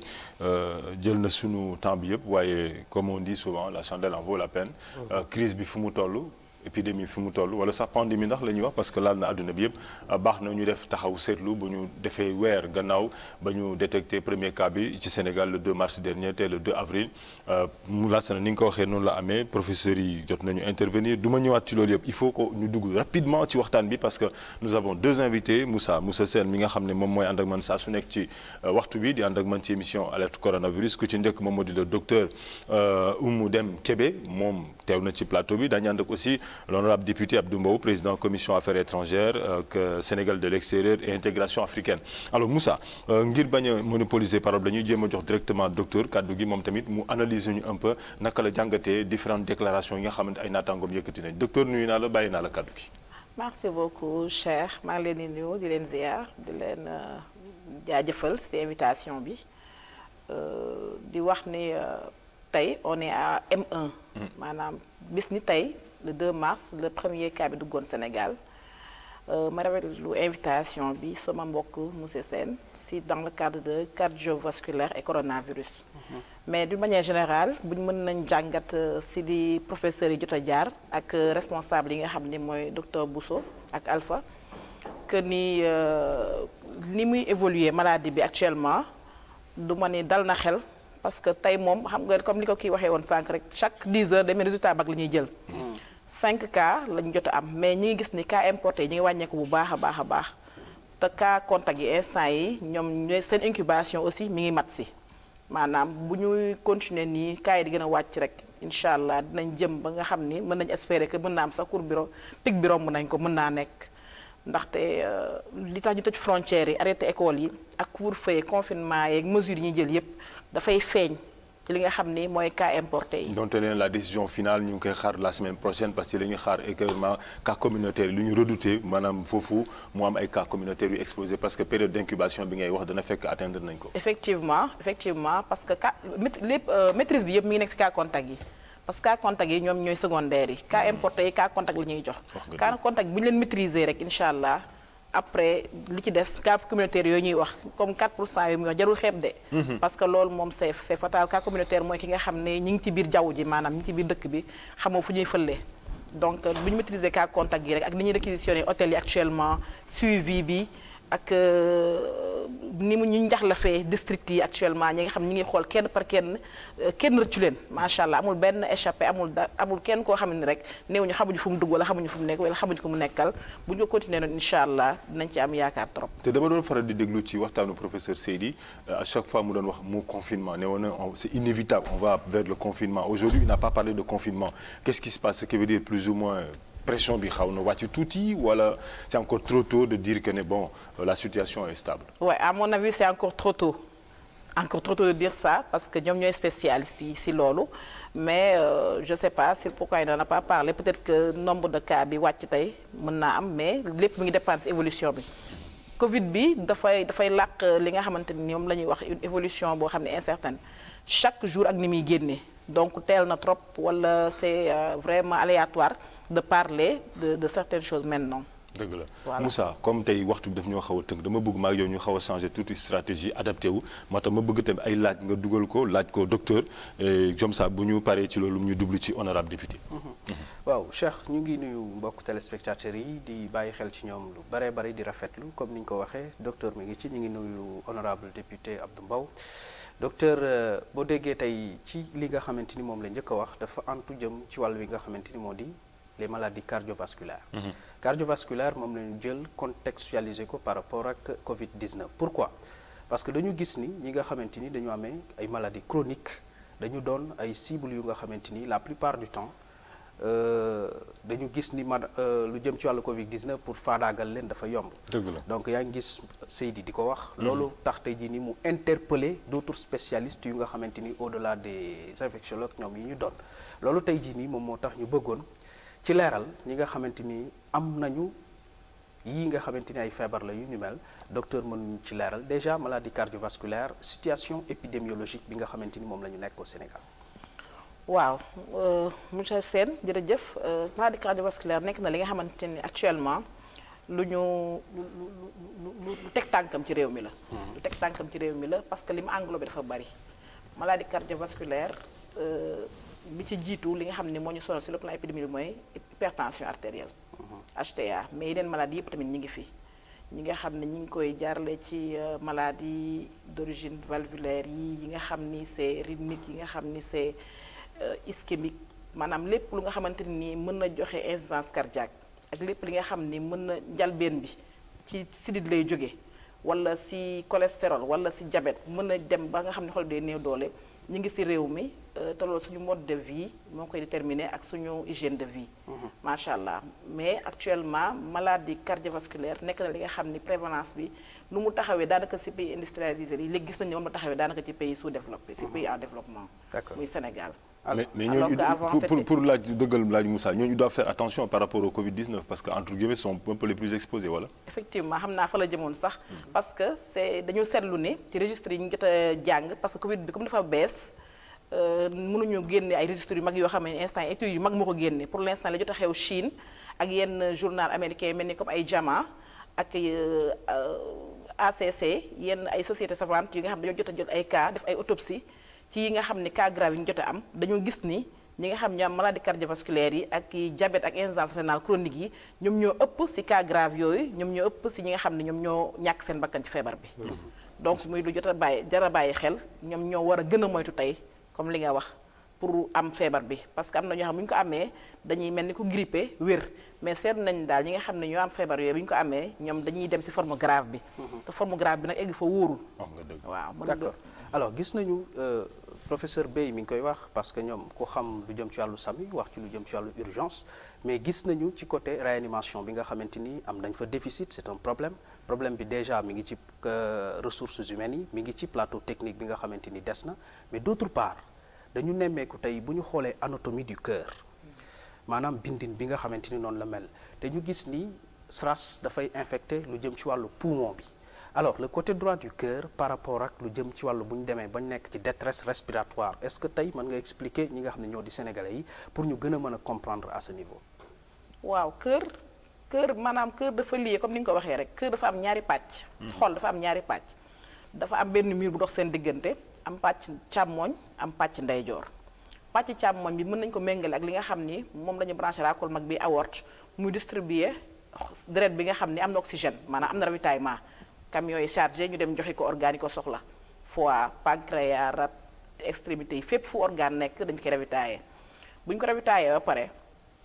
jël na sunu temps bi yëpp waaye comme on dit souvent la chandelle en vaut la peine. Mm. crise bi fu mu toll. épidémie fi mu toll wala sax pandémie ndax la wax parce laal na àdduna bi yëpp euh, baax na ñu def taxaw seetlu bu ñu defee weer gannaaw ba ñu détecté premier cas bi ci Sénégal le 2 mars dernier te le 2 avril euh, mu laas ni nga ko waxee noonu la amee professeurs yi jot nañu intervenir du ma ñëwaat ci loolu yëpp il faut que ñu dugg rapidement ci waxtaan bi parce que nous avons deux invités Moussa Moussa Sène mi nga xam ne moom mooy ànd ak man saa su nekk ci euh, waxtu bi di ànd ak man ci émission alerte coronavirus ku ci njëkk moom moo di le docteur moom teew na ci plateau bi daañu ànd ak aussi l'honorable député Abdou Mbow président commission affaires étrangères ak euh, Sénégal de l'extérieur et intégration africaine alors Moussa euh, ngir bañ a monopoliser parole dañuy jéem a jox directement docteur kaddu gi moom tamit mu analyser ñu un peu naka la jàngatee différentes déclarations yi nga xamante ay naataangoom yëkkati nañ docteur nuyu naa la bàyyi naa la kaddu gi. merci beaucoup cher maa ngi nuyu di leen ziar di leen euh, bi di wax ni. tey on est à m mm. maanaam bis ni tey le 2 mars le premier cas bi duggoon Sénégal euh, ma lu invitation bi sama mbokk monsieur Sène si dans le cadre de cardiovasculaire et coronavirus. Mm-hmm. mais d'une manière générale buñ mën nañ jàngat euh, si di professeurs yi jot a jaar ak euh, responsable yi nga xam ni mooy docteur Bousso ak Alpha que ni ni muy évoluer maladie bi actuellement du ma ni dal na xel. parce que tey moom xam nga comme ni ko kii waxee woon sànq rek chaque 10 heures demee résultat bac la ñuy jël. cinq cas lañ jot a am mais ñi ngi gis ni cas importé yi ñu wàññeeku bu baax baax baax te cas contact yi instant yi ñoom seen incubation aussi mi ngi mat si maanaam bu ñuy continuer nii cas yi di gën a wàcc rek incha allah dinañ jëm ba nga xam ni mën nañ espérer que mën naa am sa cour biro pic bi romb nañ ko mën naa nekk. ndaxte euh, li tax ñu tëj frontières yi arrêté école yi ak couvre-feu confinement yeeg mesures ñuy jël yépp dafay feeñ ci li nga xam ni mooy cas importé yi. donte leen la décision finale ñu ngi koy xaar la semaine prochaine parce que li ñuy xaar également cas communautaire lu ñu redouté maanaam foofu mu am ay cas communautaire yu exposé parce que période d'incubation bi ngay wax dana fekk atteindre nañ ko. effectivement effectivement parce que cas lépp euh, maîtrise bi yëpp mi ngi nekk ci cas contact yi. ñoom ñooy secondaire yi. cas mm-hmm. importé yi cas contact la jox. cas contact bu ñu leen maîtriser rek après li ci des cas communautaire yooyu ñuy wax comme 4 pour cent yu muy wax jarul xeeb de. Mhm. parce que loolu moom c'est c'est fatal communautaire mooy ki nga xam ne ñi ngi ci biir jaww ji maanaam ñi ngi ci biir dëkk bi xamoo fu ñuy fële. donc bu ñu maîtriser cas contact yi rek ak ni ñuy réquisitionner hôtel yi actuellement suivi bi. ak euh, ni mu ñu la njaxlafee district yi actuellement ñi nga xam ñu ngi xool kenn par kenn euh, kenn rëccu leen macha allah amul benn échappé amul da amul kenn koo xam ne rek néew ñu xamuñu fu mu dugg wala xamuñu fu mu nekk wala xamuñu ko mu nekkal bu ñu ko continuer noonu incha allah dinañ ci am yaakaar trop. te dama doon faral di déglu ci waxtaanu professeur Seydi euh, à chaque fois mu doon wax mu confinement ne woon na c'est inévitable on va vers le confinement aujourd'hui pression bi xaw na wàcc tuuti wala c'est encore trop tôt de dire que ne bon euh, la situation est waaye amoon à mon avis c'est encore trop tôt. de dire ça parce que ñoom ñooy spécialiste yi si loolu mais euh, je sais pas c'est pourquoi il a pas parlé peut-être que nombre de cas bi wàcc tey mën naa am mais lépp mi ngi dépendre si évolution bi Covid bi dafay dafay làq euh, li nga xamante ni ñoom la ñuy wax une évolution boo xam ne incertaine chaque jour ak ni muy génnee donc teel na trop wala c'est euh, vraiment aléatoire de parler de de certaines choses maintenant. dëgg la voilà. Moussa comme tey waxtu bi daf ñoo xaw a tënk dama bëgg maa yow ñu xaw a changé toute stratégie adapté wu moo tax ma bëgg tamit ay laaj nga dugal ko laaj ko docteur comme eh, ça bu ñu paree ci loolu ñu dublu ci honorable député. Mhm. waaw Cheikh ñu ngi nuyu mbokk téléspectateurs yi di bàyyi xel ci ñoom lu bare bare di rafetlu comme ni ñu ko waxee docteur mi ngi ci ñu ngi nuyu honorable député Abdou mbaw docteur euh, boo déggee tey ci li nga xamante ni moom la njëkk a wax dafa antu jëm ci wàll wi nga xamante ni moo di. les maladies cardiovasculaires. Mm -hmm. cardiovasculaire moom la ñu jël contextualiser ko par rapport ak Covid 19. pourquoi parce que dañu gis ni ñi nga xamante ni dañu amee ay maladies chroniques dañu doon ay cibles yu nga xamante ni la plupart du temps euh, dañu gis ni ma euh, lu jëm ci wàllu Covid 19 pour faadaagal leen dafa yomb. dëgg donc yaa ngi gis Seydi di ko wax. Mhm. loolu tax tey jii ni mu interpeller d' autres spécialistes yu nga xamante ni au delà des infectiologues ñoom yi ñu doon loolu tey jii nii moom moo tax ñu bëggoon. ci leeral ñi nga xamante ni am nañu yi nga xamante ni ay feebar la yu ñu mel docteur mën ci leeral déjà maladie cardiovasculaire situation épidémiologique bi nga xamante ni moom la ñu nekk au Sénégal. waaw euh, monsieur Sène jërëjëf euh, maladie cardiovasculaire nekk na li nga xamante ni actuellement. lu ñu lu lu lu teg tànkam ci réew mi la. Hmm. lu teg tànkam ci réew mi la parce que li mu englobé dafa bari maladie cardiovasculaire. Euh, bi ci jiitu li nga xam ne moo ñu sonal si le plan épidémique mooy hypertension artérielle. HTA mhm. mais yeneen maladies yëpp tamit ñi ngi fi. ñi nga xam ne ñi ngi koy jaarale ci euh, maladie d'origine valvulaire yi yi nga xam ni c'est rythmique yi nga xam ni c'est euh, ischémique maanaam lépp lu nga xamante ni mën na joxe insuffisance cardiaque ak lépp li nga xam ni mën na njalbeen bi ci sidit lay jóge wala si cholestérol wala si jabet mën na dem ba nga xam ne xol day néew doole ñi ngi si réew mi Euh, te loolu suñu mode de vie moo koy déterminer ak suñu hygiène de vie. Mhm. macha allah mais actuellement maladie cardiovasculaire nekk na li nga xam ni prévalence bi nu mu taxawee daanaka ci pays industrialisés yi gis nañu moom la taxawee daanaka ci pays sous-développé. ci mhm. pays en développement. muy Sénégal. alors mais que entre guillemets sont un peu fa la jëmoon sax. Mhm. parce que c' dañu seetlu ne ci registre yi ñu jàng parce que Covid bi comme dafa bees. Euh, mënuñoo génne ay registres yu mag yoo xam ne instant études yu mag moo ko génne pour l' instant la jot a xew Chine ak yenn journal américain mel ni comme ay JAMA ak euh, ACC yenn ay sociétés savantes yi nga xam dañoo jot a jot ay cas def ay autopsie ci yi nga xam ne cas grave yi ñu jot am dañoo gis ni ñi nga xam ñoo am maladie cardiovasculaire yi ak diabète ak insuffisance rénale chronique yi ñoom ñoo ëpp si cas grave yooyu ñoom ñoo ëpp si ñi nga xam ne ñoom ñoo ñàkk seen bakkan ci bi mm-hmm. donc muy lu jot a bàyyi jar a bàyyi xel ñoom ñoo war a gën a moytu tey comme li nga wax pour am feebar bi parce que am na ñoo xam bu ñu ko amee dañuy mel ni ku grippé wér mais seetlu nañ daal ñi nga xam ne ñoo am feebar yooyu bu ñu ko amee ñoom dañuy dem ci forme grave bi mm-hmm. te forme grave bi nag egg fa wóorul waaw mën nga alors gis nañu euh, professeur Bey mi ngi koy wax parce que ñoom ku xam lu jëm ci wàllu SAMU wax ci lu jëm ci wàllu urgence mais gis nañu ci côté réanimation bi nga xamante ni am nañ fa déficit c'est un problème problème bi déjà mu ngi ci euh, ressources humaines yi mi ngi ci plateau technique bi nga xamante ni des na mais d'autre part dañu nemmeeku tey bu ñu xoolee anatomie du cœur maanaam bindin bi nga xamante ni noonu la mel te ñu gis ni SRAS dafay infecté lu jëm ci wàllu poumon bi alors le côté droit du cœur par rapport ak lu jëm ci wàllu bu ñu demee ba ñu nekk ci détresse respiratoire est-ce que tey mën nga expliquer ñi nga xam ne ñoo di sénégalais yi pour ñu gën a mën a comprendre à ce niveau. waaw kër kër maanaam kër dafa lié comme ni nga ko waxee rek cœur dafa am ñaari pàcc. Hmm. xol dafa am ñaari pàcc. dafa am benn mur bu dox seen diggante am pàcc càmmooñ am pàcc ndeyjoor pàcc càmmooñ bi mën nañ ko méngale ak li nga xam ni moom la ñu branché racole mag bi aorte muy distribuer deret bi nga xam ni am na oxygène maanaam am na ravitaillement camions yi chargé ñu dem joxe ko organes yi ko soxla fois pancréas rat extrémité yi fépp fu organe nekk dañ koy ravitaillé bu ñu ko ravitaillé ba pare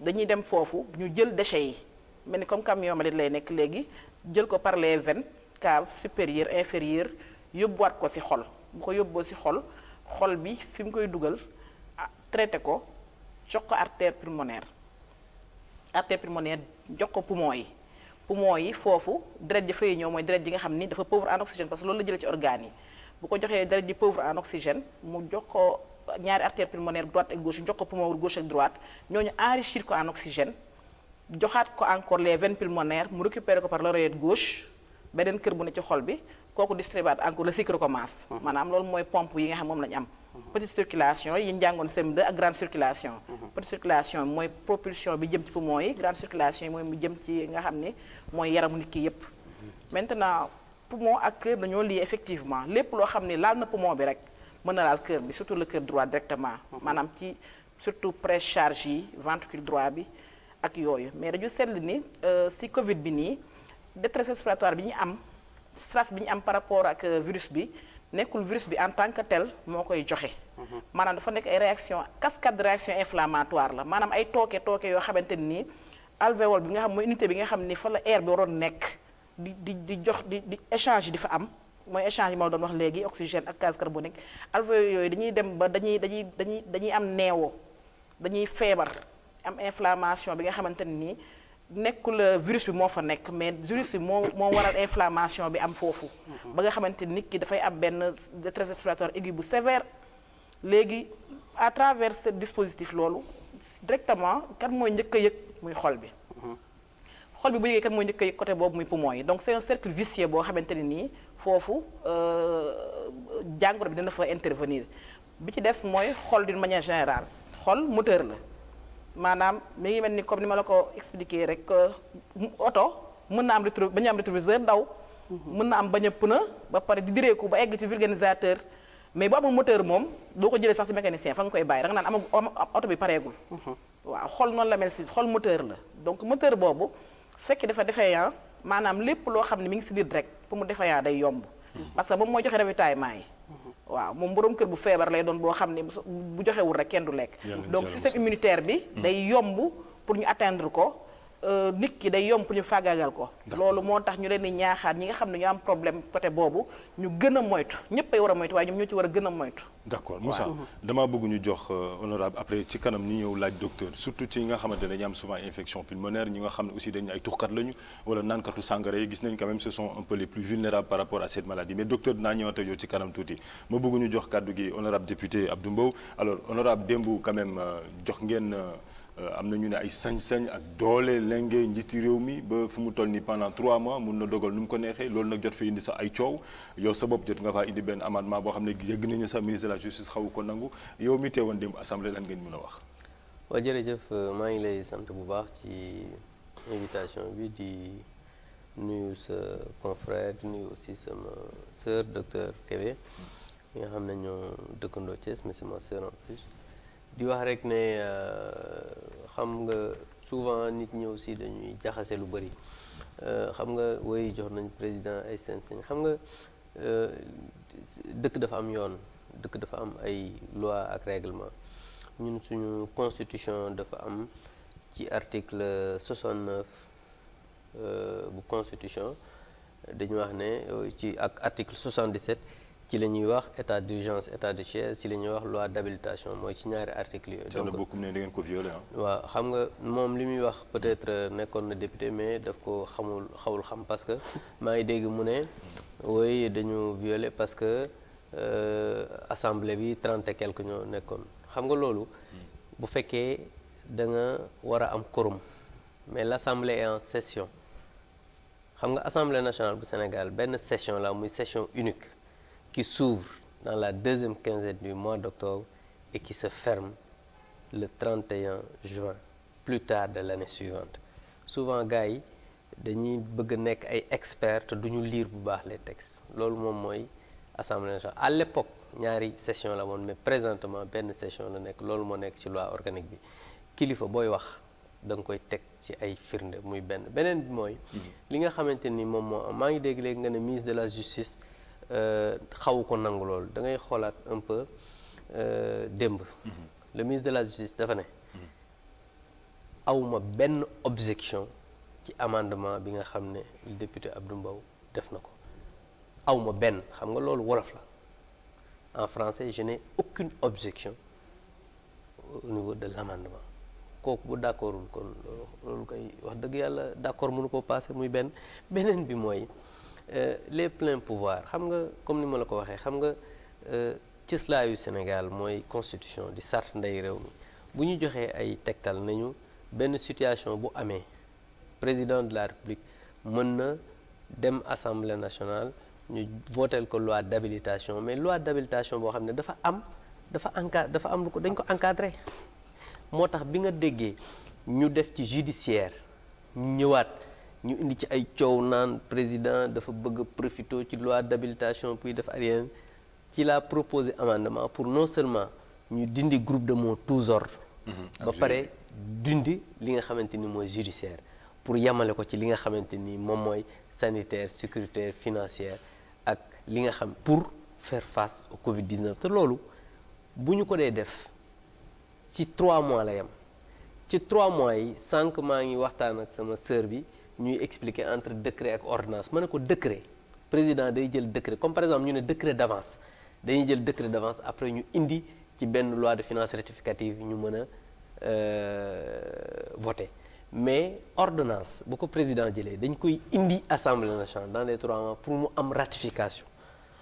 dañuy dem foofu ñu jël déchets yi mel ni comme camion malit lay nekk léegi jël ko par les veines cave supérieure inférieure yóbbuwaat ko ci xol bu ko yóbboo ci xol xol bi fi mu koy dugal ah, traité ko jox ko artère pulmonaire artère pulmonaire jox ko poumon yi poumon yi foofu deret ji fay ñëw mooy deret ji nga xam ni dafa pauvre en oxygène parce que loolu la jëlee ci organes yi bu ko joxee deret ji pauvre en oxygène mu jox ko ñaari artère pulmonaire droite ak gauche jox ko poumon gauche ak ñoo ñooñu enrichir ko en oxygène joxaat ko encore les veines pulmonaires mu récupérer ko par l'oreillette gauche beneen kër bu ne ci xol bi kooku distribuer encore le sucre commence maanaam loolu mooy pompe yi nga xam moom la ñu am petite circulation yi ñu jàngoon CM2 ak grande circulation. Mhm. petite circulation mooy propulsion bi jëm ci poumon yi grande circulation yi mooy mu jëm ci nga xam ne mooy yaramu nit ki yépp mhm. maintenant poumon ak cœur dañoo lii effectivement lépp loo xam ne laal na poumon bi rek mën na laal cœur bi surtout le kër droit directement. Mhm. maanaam ci surtout charge yi ventricule droit bi ak yooyu mais dañu seetlu ni euh, si Covid bi nii détresse respiratoire bi ñu am stress bi ñu am par rapport ak euh, virus bi. nekkul virus bi en tant que tel moo koy joxe. maanaam dafa nekk ay réaction cascade de réaction inflammatoire la maanaam ay tooke tooke yoo xamante nii alvéole bi nga xam mooy unité bi nga xam ni fa la air bi waroon nekk di di di jox di di échange di fa am. mooy échange yi ma doon wax léegi oxygène ak gaz carbonique alvéole yooyu dañuy dem ba dañuy dañuy dañuy dañuy am neewoo dañuy feebar am inflammation bi nga xamante ni. nekkul euh, virus bi moo fa nekk mais virus bi moo moo waral inflammation bi am foofu. Mm-hmm. ba nga xamante nit ki dafay am benn détresse respiratoire aiguë bu sévère. léegi à travers ce dispositif loolu directement kan mooy njëkk a yëg muy xol bi. Mm-hmm. xol bi bu yëgee kan mooy njëkk a yëg côté boobu muy poumon yi donc c'est un cercle vicieux boo xamante ne nii foofu euh, jàngoro bi dana fa intervenir bi ci des mooy xol d'une manière général xol moteur la. maanaam mi ngi mel ni comme ni ma la ko expliqué rek oto mën na am rétro bañ am rétroviseur daw. Mhm. mën na am ba a pneu ba pare di direeku ba egg ci vulcanisateur mais bu amul moteur moom doo ko jëlee sax ci mécanicien fa nga koy bàyyi da nga naan am oto bi pareegul. Mhm. waaw xol noonu la mel ci xol moteur la donc moteur boobu su dafa défaillant maanaam lépp loo xam ne mu ngi si dir rek pour mu défaillant day yomb. Mhm. parce que moom mooy joxe ravitaillement yi. waaw moom borom kër bu feebar lay doon boo xam ne bu joxewul rek kenn du lekk donc système immunitaire bi hmm. day yomb pour ñu attendre ko Euh, nit ki day yomb ñu fàggaagal ko loolu moo tax ñu leen di ñaaxaat ñi nga xam ne ñu am problème côté boobu ñu gën a moytu ñëpp ay war a moytu waaye ñoom ñoo ci war a gën a moytu d'accord jox euh, honorable après ci ñu ñëw laaj docteur surtout ci nga xamante dañu am souvent infection pulmonaire ñi nga xam ne aussi dañu ay tuxkat lañu wala naankatu sàngara yi gis nañ quand même ce sont un peu les plus vulnérables par rapport à cette maladie mais docteur dinaa ñëwaat yow ci kanam tuuti ma bëgg jox kàddu gi honorable euh, jox ngeen Euh, am na ñu ne ay sañ-sañ ak doole lenge njiiti réew mi ba fu mu toll nii pendant trois mois mun na dogal nu mu ko neexee loolu nag jot fa indi sax ay coow yow sa bopp jot nga faa indi benn amendement boo xam ne yëgg nañu sax ministre de la justice xaw ko nangu yow mi teewoon démb assemblée lan ngeen mën a wax. waa waaw jëf euh, maa ngi lay sant bu baax ci invitation bi di nuyu sa confrère di nuyu aussi sama sœur docteur Kébé. nga xam ne ñoo dëkkandoo Thiès mais c'est di wax rek ne euh, xam nga souvent nit ñi aussi dañuy jaxase lu bëri euh, xam nga woy jox nañ président ay sañ xam nga euh, dëkk dafa am yoon dëkk dafa am ay loi ak règlement ñun suñu constitution dafa am ci article 69 bu constitution dañu wax ne ci ak article 77 ci la ñuy wax état d'urgence état de siège ci la ñuy wax loi d'habilitation mooy ci ñaari articles yooyu. donc bokkum ne da ko violé waaw xam nga moom li muy wax peut-être euh, nekkoon na député mais daf ko xamul xawul xam parce que [LAUGHS] maa ngi dégg mu ne woy dañu violé parce que euh, assemblée bi trente et quelque ñoo nekkoon xam nga loolu. bu fekkee da nga war a am quorum mais l'assemblée est en session xam nga assemblée nationale bu Sénégal benn session la muy session unique. qui s'ouvre dans la deuxième quinzaine du mois d'octobre et qui se ferme le 31 juin plus tard de l'année suivante souvent gars yi dañuy bëgg a nekk ay experts duñu liir bu baax les textes loolu moom mooy assemblée nationale à l'époque ñaari session la woon mais présentement benn session la nekk loolu moo nekk ci loi organique bi kilifa booy wax da koy teg ci ay firnde muy benn beneen bi mooy. Mm-hmm. li nga xamante ni moom moo am maa ngi dégg léegi nga ne ministre de la justice. Euh, xaw ko nangu loolu da ngay xoolaat un peu euh, démb. Mhm. le ministre de la justice dafa ne. Mhm. awma benn objection ci amendement bi nga xam ne le député Abdou Mbow def na ko awma benn xam nga loolu wolof la en français je n'ai aucune objection au niveau de l'amendement kooku bu d'accordul kon loolu koy wax dëgg yàlla d'accord mënu ko passé muy benn beneen bi mooy. Euh, les pleins pouvoir xam nga comme ni ma la ko waxee xam nga euh, cëslaayu Sénégal mooy constitution di charte ndey réew mi bu ñu joxee ay tegtal nañu benn situation bu amee président de la République mën na dem assemblée nationale ñu votel ko loi d'habilitation mais loi d'habilitation boo xam ne dafa am dafa encad dafa am lu ko dañ ko encadré moo tax bi nga déggee ñu def ci judiciaire ñëwaat ñu indi ci ay coow naan président dafa bëgg a profité ci loi d'habilitation puis def arrière ci la proposé amendement pour non seulement ñu dindi groupe de mots tous ordres mhm, ba pare dindi li nga xamante ni mooy judiciaire pour yemale ko ci li nga xamante ni moom mooy sanitaire sécuritaire financière ak li nga xam pour faire face au Covid 19 te loolu bu ñu ko dee def ci trois mois la yam ci trois mois yi sànq maa ngi waxtaan ak sama sœur bi. ñuy expliquer entre décret ak ordonnance ma ne ko décret président day jël décret comme par exemple ñu ne décret d'avance dañuy jël décret d'avance après ñu indi ci benn loi de finance rectificative ñu mën a euh, voter mais ordonnance bu ko président jëlee dañ koy indi assemblée nationale dans les trois mois pour mu am ratification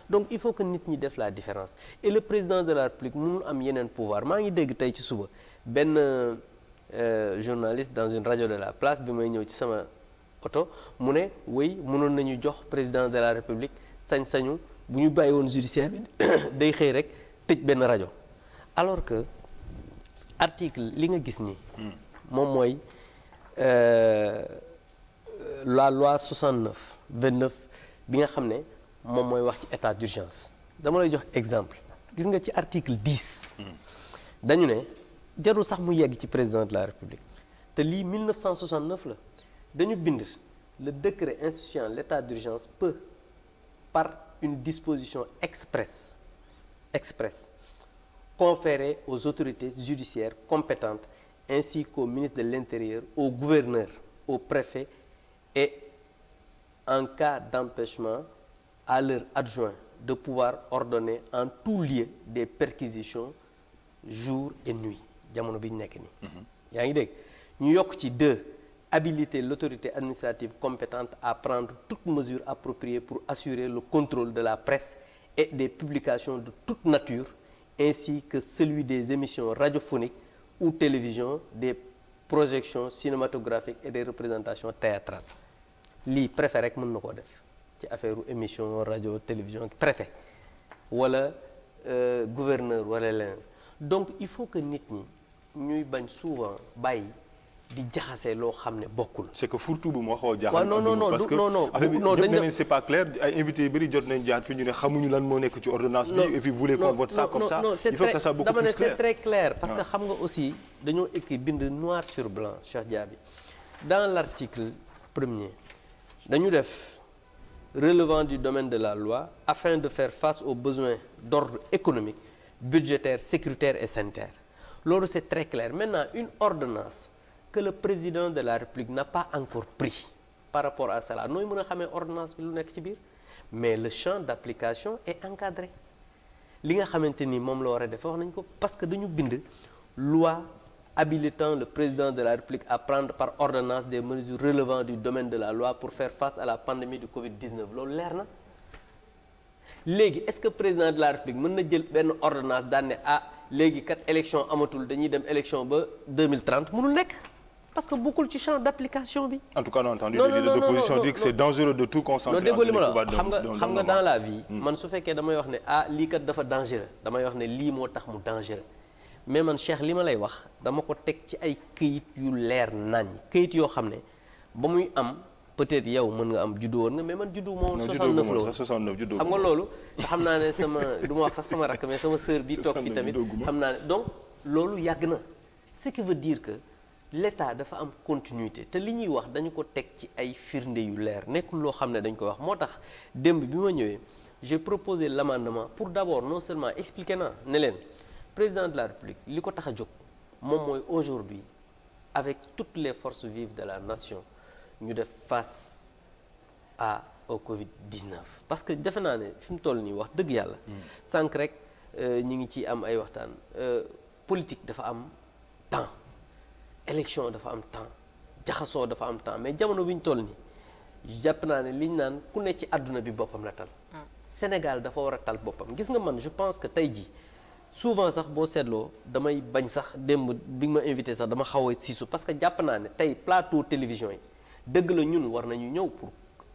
donc il faut que nit ñi def la différence et le président de la république mënul am yeneen pouvoir maa ngi dégg tey ci suba benn euh, journaliste dans une radio de la place bi may ñëw ci sama oto mu ne wéy mënoon nañu jox président de la république sañ-sañu bu ñu bàyyi woon judiciaire bi [COUGHS] day xëy rek tëj benn rajo alors que article li nga gis ni hmm. moom mooy euh, la loi 69 29 bi nga xam ne moom mooy wax ci état d'urgence dama lay jox exemple gis nga ci article 10. Hmm. dañu ne jarul sax mu yegg ci président de la république te lii 1969 la. dañu bind le décret instituant l'état d'urgence peut par une disposition expresse expresse conférée aux autorités judiciaires compétentes ainsi qu'au ministre de l'Intérieur au gouverneur au préfet et en cas d'empêchement à leur adjoint de pouvoir ordonner en tout lieu des perquisitions jour et nuit jamono bi nekk nii. Mm-hmm. yaa ngi dégg ñu yokk ci habiliter l'autorité administrative compétente à prendre toute mesure appropriée pour assurer le contrôle de la presse et des publications de toute nature, ainsi que celui des émissions radiophoniques ou télévisions des projections cinématographiques et des représentations théâtrales. lii préfet rek mën na ko def ci affaire émissions radio télévision préfet wala euh, gouverneur wala leneen donc il faut que nit ñi ñuy bañ souvent bàyyi. di jaxase loo xam ne bokkul. c'est que furtu bu moo xaw a jaaxal. non non non parce que affaire bi ñëpp ne c'est pas clair ay invités yu bëri jot nañ jaar fi ñu ne xamuñu lan moo nekk ci ordonnance bi. et puis vous voulez qu'on vote ça comme ça il faut que ça beaucoup plus clair c'est très clair parce que xam nga aussi dañoo écrit bind noir sur blanc Cheikh Diaby dans l'article premier dañu def relevant du domaine de la loi afin de faire face aux besoins d'ordre économique budgétaire sécuritaire et sanitaire loolu c'est très clair maintenant une ordonnance. que le président de la République n'a pas encore pris par rapport à cela nooy mën a xamee ordonnance bi lu nekk ci biir mais le champ d'application est encadré li nga xamante ni moom la war a def wax nañ ko parce que dañu bind loi habilitant le président de la République à prendre par ordonnance de mesures relevant du domaine de la loi pour faire face à la pandémie du Covid-19 loolu leer na léegi est-ce que président de la République mën na jël benn ordonnance daan ne ah léegi kat dañuy dem élection ba 2030 mënul nekk parce que bokkul ci champ d' application bi. en a entendu le déggoo li ma la xam nga xam la vie. Hmm. man su fekkee damay wax ne ah lii kat dafa dangereux damay wax ne lii moo tax mu dangereux mais man Cheikh li ma lay wax dama ko teg ci ay këyit yu leer naññ këyit yoo xam ne ba muy am. peut-être yow mën nga am juddu woon nga mais man juddu moom 69 la woon 69 juddu xam nga loolu xam naa ne sama du ma wax sax sama rakk mais sama sœur bi toog fi tamit xam naa ne donc loolu yàgg na ce qui veut que l'État dafa am continuité te li ñuy wax dañu ko teg ci ay firnde yu leer nekkul loo xam ne dañ ko wax moo tax démb bi ma ñëwee j'ai proposé l'amendement pour d'abord non seulement expliquer na ne leen président de la République li ko tax a jóg moom mooy aujourd'hui avec toutes les forces vives de la nation ñu def face à au Covid-19 parce que defe naa ne fi mu toll nii wax dëgg yàlla hmm. sànq rek euh, ñu ngi ci am ay waxtaan euh, politique dafa am temps élection dafa am temps jaxasoo dafa am temps mais jamono bi ñu toll nii jàpp naa ne liñ naan ku nekk ci àdduna bi boppam la tal. Ah. Sénégal dafa war a tal boppam gis nga man je pense que tey jii souvent sax boo seetloo damay bañ sax démb bi ma invité sax dama xaw a siisu parce que jàpp naa ne tey plateau télévision yi dëgg la ñun war nañu ñëw pour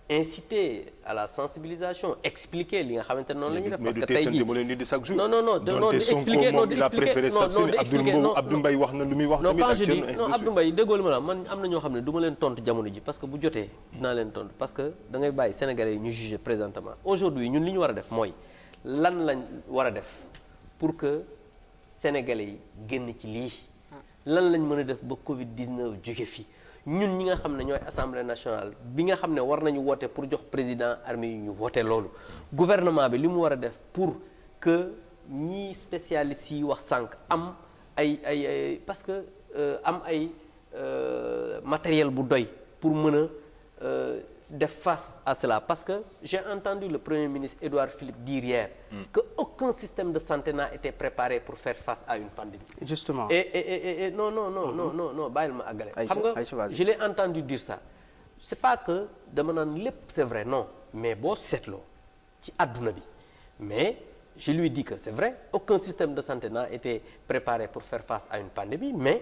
inciter à la sensibilisation expliquer li nga xamante ne noonu la ñuy def. parce que tey jii mais du tey jour. non non non non di expliquer non di expliquer non non di expliquer non Abdou Mbaye wax na lu muy wax. non pas je dis non ma la man am na ñoo xam ne du leen tontu jamono ji parce bu jotee dinaa leen tontu parce que bàyyi Sénégalais yi ñu juger présentement. aujourd'hui ñun li ñu war a def mooy lan lañ war a def pour que Sénégalais yi génn ci lii ah. lan lañ mën a def ba Covid 19 jóge fi. ñun ñi nga xam ne ñooy assemblée nationale bi nga xam ne war nañu woote pour jox président armée yi ñu woote loolu gouvernement bi li mu war a def pour que ñi spécialistes yi wax sànq am ay ay parce que euh, am ay euh, matériel bu doy pour mën a euh, def face à cela parce que j'ai entendu le Premier ministre Édouard Philippe dire hier mm. que aucun système de santé n'a été préparé pour faire face à une pandémie. Justement. Et, et, et, et non non non mm -hmm. non non non bàyyil ma àggale xam nga je l'ai entendu dire ça c'est pas que dama naan lépp c'est vrai non mais boo seetloo ci àdduna bi mais je lui dis que c'est vrai aucun système de santé n'a été préparé pour faire face à une pandémie mais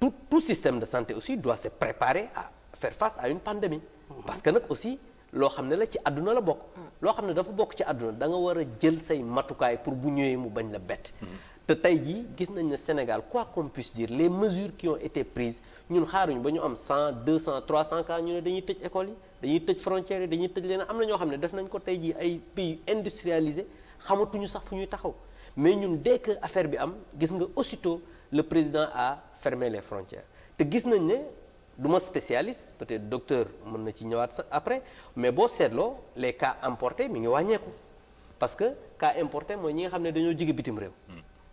tout tout système de santé aussi doit se préparer à faire face à une pandémie parce que nag aussi loo xam ne la ci àdduna la bokk. loo xam ne dafa bokk ci àdduna da nga war a jël say matukaay pour bu ñëwee mu bañ la bett. Hmm. te tey jii gis nañ ne Sénégal quoi qu'on puisse dire les mesures qui ont été prises ñun xaaruñu ba ñu am cent 100 200 300 cas ñu ne dañuy tëj école yi dañuy tëj frontières yi dañuy tëj leneen am na ñoo xam ne def nañ ko tey jii ay pays industrialisés xamatuñu sax fu ñuy taxaw mais ñun dès que affaire bi am gis nga aussitôt le président a fermé les frontières te gis nañ ne. du spécialiste peut-être docteur mën na ci ñëwaat sax après mais boo seetloo les cas importés mi ngi wàññeeku parce que cas importé mooy ñi nga xam ne dañoo jige bitim réew.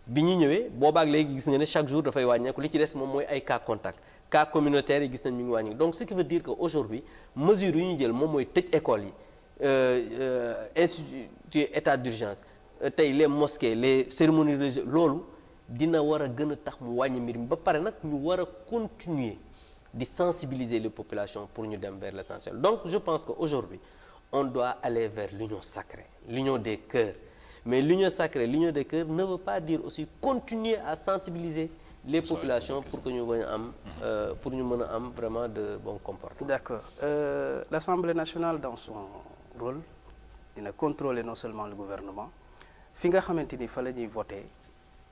bi ñu ñëwee boobaak léegi gis nga ne chaque jour dafay wàññeeku li ci des moom mooy ay cas contact cas communautaire yi gis nañ ñu ngi wàññeeku donc ce qui veut dire que aujourd'hui mesure yu ñu jël moom mooy tëj école yi euh, euh, institut état d'urgence euh, tey les mosquées les cérémonies religieuses loolu dina war a gën a tax mu wàññi mbir mi ba pare nag ñu war a continuer. di sensibiliser les populations pour ñu dem vers l'essentiel donc je pense que aujourd'hui on doit aller vers l'union sacrée l'union des cœurs mais l'union sacrée l'union des cœurs ne veut pas dire aussi continuer à sensibiliser les populations pour que ñu mën a am euh, pour ñu mën a am vraiment de bon comporte d'accord euh, l'Assemblée nationale dans son rôle dina contrôler non seulement le gouvernement fi nga xamante ni fa la ñuy voter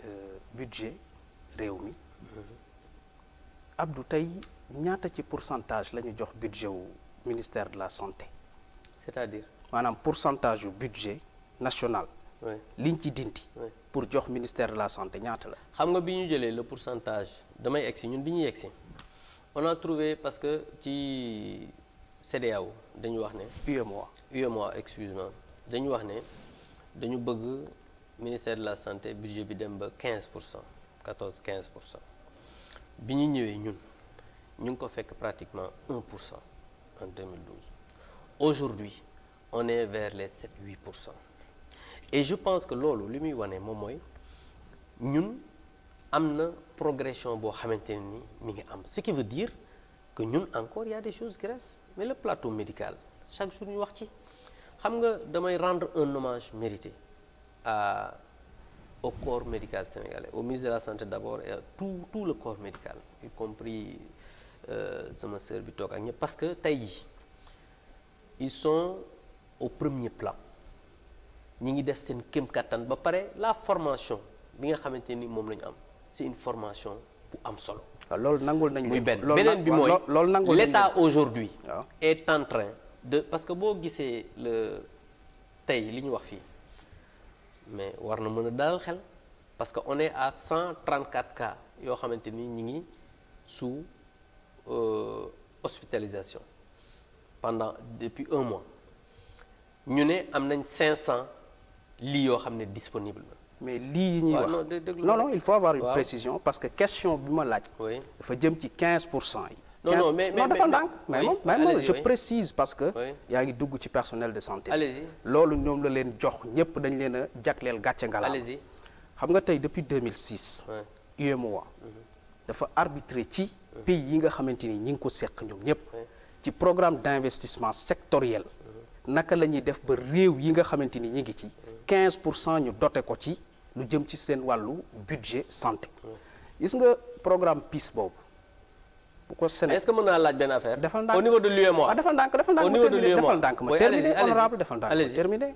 euh, budget réew mi mm-hmm. Abdou ñaata ci pourcentage la ñu jox budget wu ministère de la santé. c'est-à-dire maanaam pourcentage yu budget national. liñ ci dindi. pour jox ministère de la santé ñaata la. xam nga bi ñu jëlee le pourcentage damay egg si ñun bi ñuy egsi on a trouvé parce que ci CEDEAO dañu wax ne. UEMOA UEMOA excuse-moi dañu wax ne dañu bëgg ministère de la santé budget bi dem ba 15 pour cent 14 pour cent bi ñu ñëwee ñun. ñu ngi ko fekk pratiquement 1 pour cent en 2012 aujourd'hui on est vers les 7 8 pour cent et je pense que loolu li muy wane moom mooy ñun am na progression boo xamante ne ni mi ngi am ce qui veut dire que ñun encore y a des choses qui mais le plateau médical chaque jour ñu wax ci xam nga damay rendre un hommage mérité à au corps médical sénégalais au ministre de la santé d'abord et tout tout le corps médical y compris Euh, sama sœur bi toog ak ñëpp parce que tey jii ils sont au premier plan ñi ngi def seen kéem kattan ba pare la formation bi nga xamante ni moom la ñu am c'est une formation bu am solo. waaw loolu nangul nañ muy benn beneen bi mooy loolu nangul l'état aujourd'hui est en train de parce que boo gisee le tey li ñu wax fii mais war na mën a dalal xel parce que on est à 134 cas yoo xamante ni ñi ngi sous. Euh, hospitalisation pendant depuis un mois ñu ne am nañ 500 lits yoo xam ne disponible mais lii yi ñuy wax non non il faut avoir une ouais. précision parce que question bi ma laaj. oui dafa jëm ci 15 pour cent yi. non non mais mais dafa ndànk mais moom mais moom je précise parce que. yaa ngi dugg ci personnel de santé. loolu ñoom la leen jox ñëpp dañ leen a jagleel gàcce ngalaam. xam nga tey depuis 2006. UEMOA mhm. dafa arbitré ci. pays yi nga xamante ni ñi ngi ko seq ñoom ñëpp ci programme d'investissement sectoriel naka la ñuy def ba réew yi nga xamante ni ñi ngi ci 15 pour cent ñu dote ko ci lu jëm ci seen wàllu budget santé gis nga programme PIS boobu bu ko Sénégal est-ce que mën naa laaj benn affaire. defal ndànk au niveau de l'UEMOA ah, defal ndànk defal ndànk. au niveau de l'UEMOA defal ndànk ma terminé honorable defal ndànk ma terminé.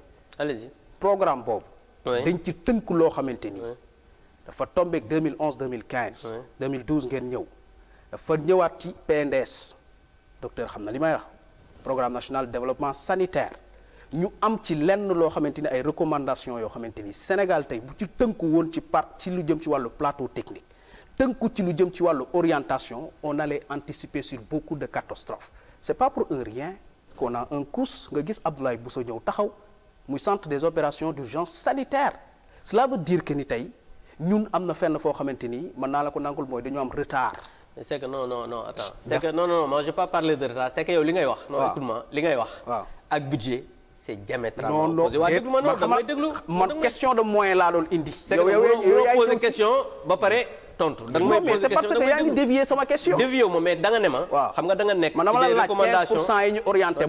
programme boobu. dañ ci tënk loo xamante ni. dafa tombeek 2011 2015. 2012 ngeen ñëw. fa ñëwaat ci PNDS docteur xam na li may programme national développement sanitaire ñu am ci lenn loo xamante ni ay recommandation yoo xamante ni Sénégal tey bu ci tënku woon ci par ci lu jëm ci wàllu plateau technique tënku ci lu jëm ci wàllu orientation on allait anticiper sur beaucoup de catastrophes c'est pas pour un rien qu'on a un COUS nga gis Abdoulaye Bousso ñëw taxaw muy centre des opérations d'urgence sanitaire cela veut dire que ni tey ñun am na fenn foo xamante ni mën naa la ko nangul mooy dañu am retard c'est que non non non attends c'est que non non non moi j'ai pas parlé de retard c'est que yow li ngay wax. non écoute-moi li ngay wax. waaw ak budget. c'est diamétralement non waaye déglu ma noonu damay déglu man question de moyen laa doon indi. yow yow yow posé question ba pare tontu. da ma may posé question c'est parce que yaa ngi dévier danga ne ma. waaw xam nga danga nekk. ci des recommandations man dama la laaj 15 ñu orienté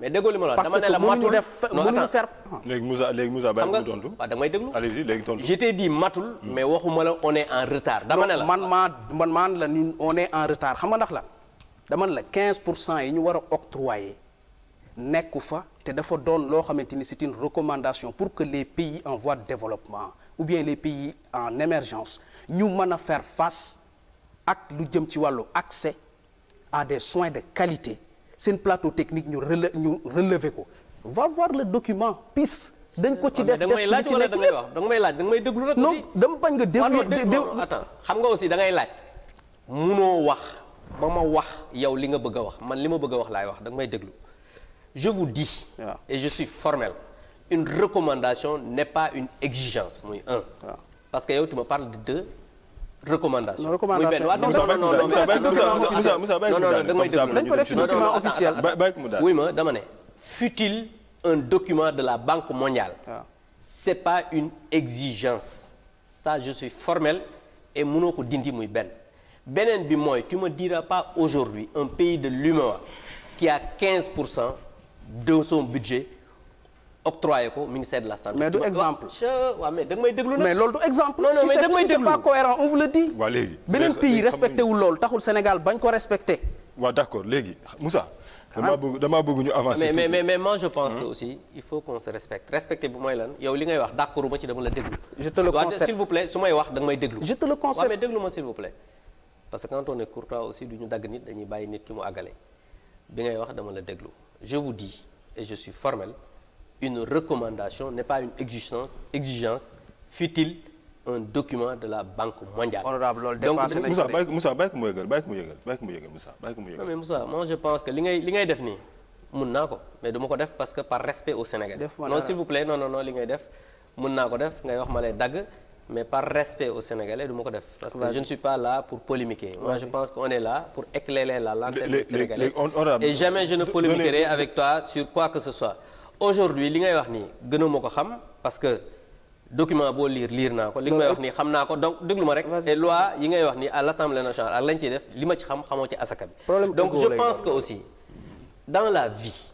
mais déggoo li ma la wax dama ne la matul def mënuñu faire ah. léegi Moussa léegi Moussa bàyyi déglu allez-y matul hmm. mais waxuma la on en retard dama ne la man maa man maan la ni on est en xam nga ndax la la 15 pour cent yi ñu war a octroyer nekku fa te dafa doon loo xamante ni c'est une recommandation pour que les pays en voie de développement ou bien les pays en émergence ñu mën a faire face ak lu jëm ci wàllu accès à des soins de qualité seen plateau technique ñu rele ñu relever ko va voir document PIS. dañ ko ci def def nga may laaj wala da may wax da nga may laaj da nga may déglu rek. non dama bañ nga déglu attends xam nga aussi dangay ngay laaj. munoo wax ba ma wax yow li nga bëgg a wax man li ma bëgg a wax laay wax da nga may déglu je vous dis. et je suis formel. une recommandation ne pas une exigence muy un. parce que yow tu me parles de deux. recommandation muy benn waaw non non non non non ma dama ne fut-il un document de la Banque mondiale ah. c'est pas une exigence ça je suis formel et mënoo ko dindi muy benn beneen bi mooy tu me diras pas aujourd'hui un pays de l'UEMOA qui a 15 pour cent de son budget octroyé ko ministère de la santé. du exemple mais da may déglu nag. mais loolu du may déglu si c'est pas cohérent on vous le dit. waaw léegi beneen pays respecté wul loolu taxul Sénégal bañ ko ah. mais mais mais moi je pense que aussi il faut qu'on se respecte respecter bu mooy lan wax d'accord ma déglu. je su may wax da nga may déglu. je te le conseille waaw mais déglu ma s'il vous plaît. parce que quand on est courtois aussi du ñu dagg nit dañuy bàyyi nit ki mu àggale bi ngay wax dama la déglu je vous dis et je suis formel une recommandation n'est pas une exigence exigence un document de la Banque mondiale. honorable loolu dépassé nañu donc Moussa bàyyi ko mu yëgal bàyyi ko mu yëgal bàyyi ko mu yëgal Moussa bàyyi ko mu yëgal. non je pense que li ngay def nii mun naa ko mais du ma def par respect au Sénégal. non s'il vous plaît non non non li ngay def mun naa ko def ngay wax ma lay mais par respect aux Sénégalais du ma def. parce que je ne suis pas là pour polémiquer. moi je pense qu'on est là pour éclairer la lanterne des Sénégalais. jamais je ne aujourd'hui li ngay wax ni gënuma ko xam parce que document boo liir liir naa ko li nga may wax nii xam naa ko donc déglu ma rek te loi yi ngay wax nii à l'Assemblée nationale ak lañ ciy def li ma ci xam xamoo ci asaka bi donc je pense que aussi dans la vie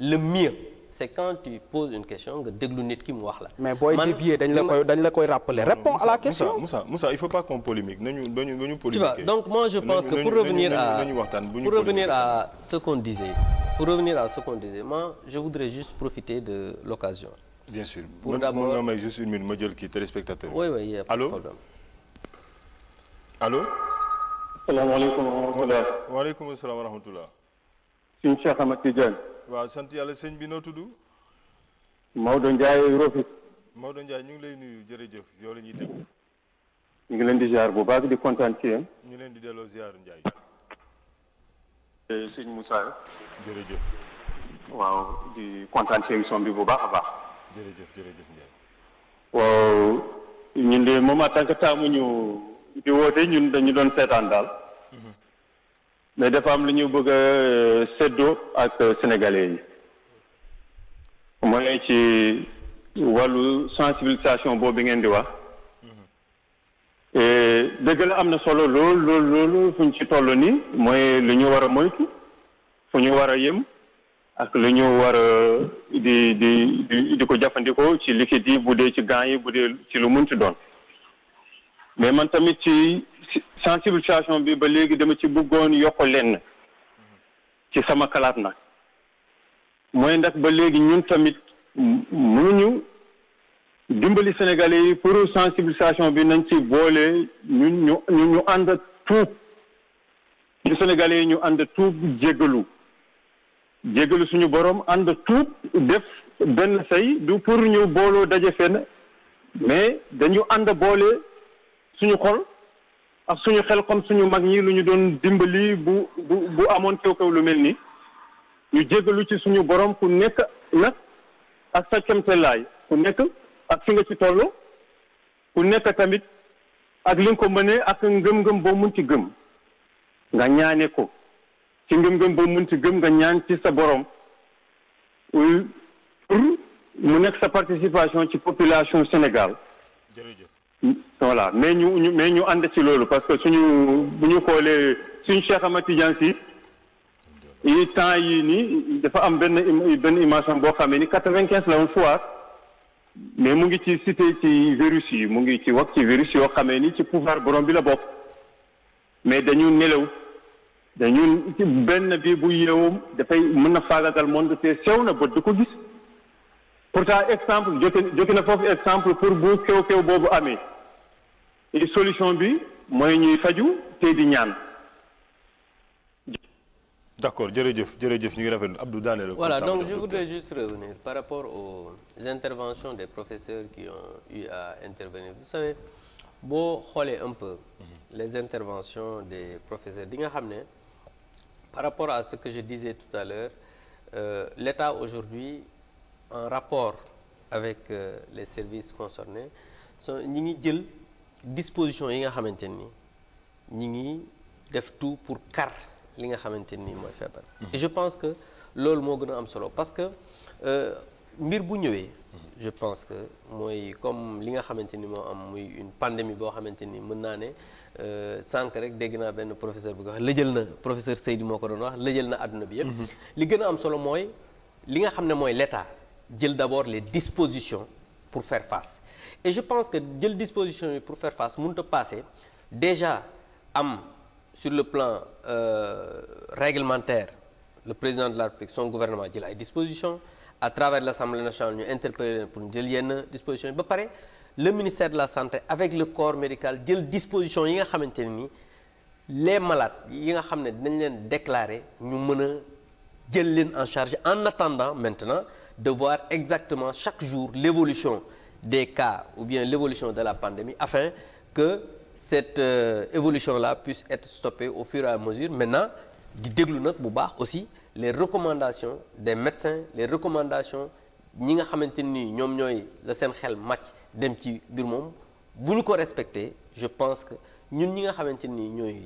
le mieux c'est quand tu poses une question nga déglu nit ki mu wax la. mais booy dévier dañ la koy dañ la koy rappeler. réponds à la question Moussa Moussa il faut pas qu'on polémique nañu nañu nañu polémiquer. tu vois donc moi je pense que pour revenir à pour revenir à ce qu'on disait pour revenir à ce qu'on disait moi je voudrais juste profiter de l'occasion pour d'abord nga may juste une minute ma jël kii téléspectateur. oui oui y a pas de problème allo allo. salaamaaleykum wa rahmatulah. suñ Cheikh Ahmad Tidiane. waaw sant yàlla sëñ bi noo tudd. Maodo Ndiaye Rofis. Maodo Ndiaye ñu ngi lay nuyu jërëjëf yow la ñuy déglu. ñu ngi leen di jaar bu baax di kontaan ci ñu leen di delloo ziar Ndiaye. Eh, sëñ Moussa. jërëjëf. waaw di kontaan ci émission bi bu baax a baax. jërëjëf jërëjëf Ndiaye. waaw ñun de moom en tant que taamu ñu di woote ñun dañu doon seetaan daal. Mhm. mais dafa am lu ñu bëgg a euh, séddoo ak euh, sénégalais yi mooy ci wàllu sensibilisation boobu ngeen di wax mm-hmm. dëgg la am na solo lool lool loolu fu ñu ci toll nii mooy lu ñu war a moytu fu ñu war a yëm ak lu ñu war a di di di ko jëfandikoo ci liquide yi bu dee ci gants yi bu dee ci lu munti doon mais man tamit ci sensibilisation bi ba léegi dama ci bëggoon yokk lenn ci sama kalaat nag mooy ndax ba léegi ñun tamit mënuñu dimbali Sénégalais yi pour sensibilisation bi nañ ci boole ñu ñu ñu ànd tuub ñu Sénégalais yi ñu ànd tuub jéggalu jéggalu suñu boroom ànd tuub def benn say du pour ñu booloo daje fenn mais dañu ànd boole suñu xol. ak suñu xel comme suñu mag ñi lu ñu doon dimbali bu bu bu amoon kaw-kaw lu mel ni ñu jéggalu ci suñu borom ku nekk nag ak sa kemtelaay ku nekk ak si nga ci toll ku nekk tamit ak li nga ko mënee ak ngëm-ngëm boo mun ci gëm nga ñaane ko ci ngëm-ngëm boo mun ci gëm nga ñaan ci sa borom mu nekk sa participation ci population Sénégal. jërëjëf voilà mais ñu ñu mais ñu ànd ci loolu parce que suñu bu ñu xoolee suñu Cheikh Ahmed Tidiane Sy yi temps yii nii dafa am benn benn image boo xamee ni quatre-vingt-quinze la woon fois mais mu ngi ci cité ci virus yi mu ngi ci wax ci virus yoo xamee ni ci pouvoir borom bi la bokk mais dañu nelew dañu benn bi bu yeewum dafay mën na faagagal monde te sew na bët du ko gis pourtant exemple jote jote na foofu exemple pour bu kew kew boobu amee li solution bi mooy ñuy faju tey di ñaan. d'accord jërëjëf jërëjëf ñu ngi rafetlu Abdou Daane la. voilà donc je voudrais juste revenir par rapport aux interventions des professeurs qui ont eu à intervenir boo xoolee un mhm. les interventions des professeurs di nga xam ne par rapport à ce que je disais tout à l'heure euh, l'État aujourd'hui en rapport avec euh, les services concernés so ñi ngi jël. disposition yi nga xamante ni ñi ngi def tout pour kar li nga xamante ni mooy feebar. Mhm. je pense que loolu moo gën a am solo parce que euh, mbir bu ñëwee. Mhm. je pense que mooy comme li nga xamante ni moo am muy une pandémie boo xamante ni mën naa ne euh, sànq rek dégg naa benn professeur bi ko wax lëjël na professeur Seydi moo ko doon wax lëjël na àdduna bi yëpp. Mhm. li gën a am solo mooy li nga xam ne mooy l'État jël d'abord les dispositions. pour faire face et pense que jël disposition yi pour faire face mënut a passé déjà am sur le plan euh, réglementaire le président de la République son gouvernement jël ay disposition à travers l'Assemblée nationale ñu interpellé leen pour ñu jël yenn disposition yi ba pare le ministère de la santé avec le corps médical jël disposition yi nga xamante ne nii les malaat yi nga xam ne dinañ leen déclarer ñu mën a jël leen en charge en attendant maintenant de voir exactement chaque jour l'évolution des cas ou bien l'évolution de la pandémie afin que cette euh, évolution-là puisse être stoppée au fur et à mesure maintenant di déglu nag bu baax aussi les recommandations des médecins les recommandations ñi nga xamante ni ñoom ñooy la seen xel màcc dem ci mbir moom bu ñu ko respecter je pense que ñun ñi nga xamante ni ñooy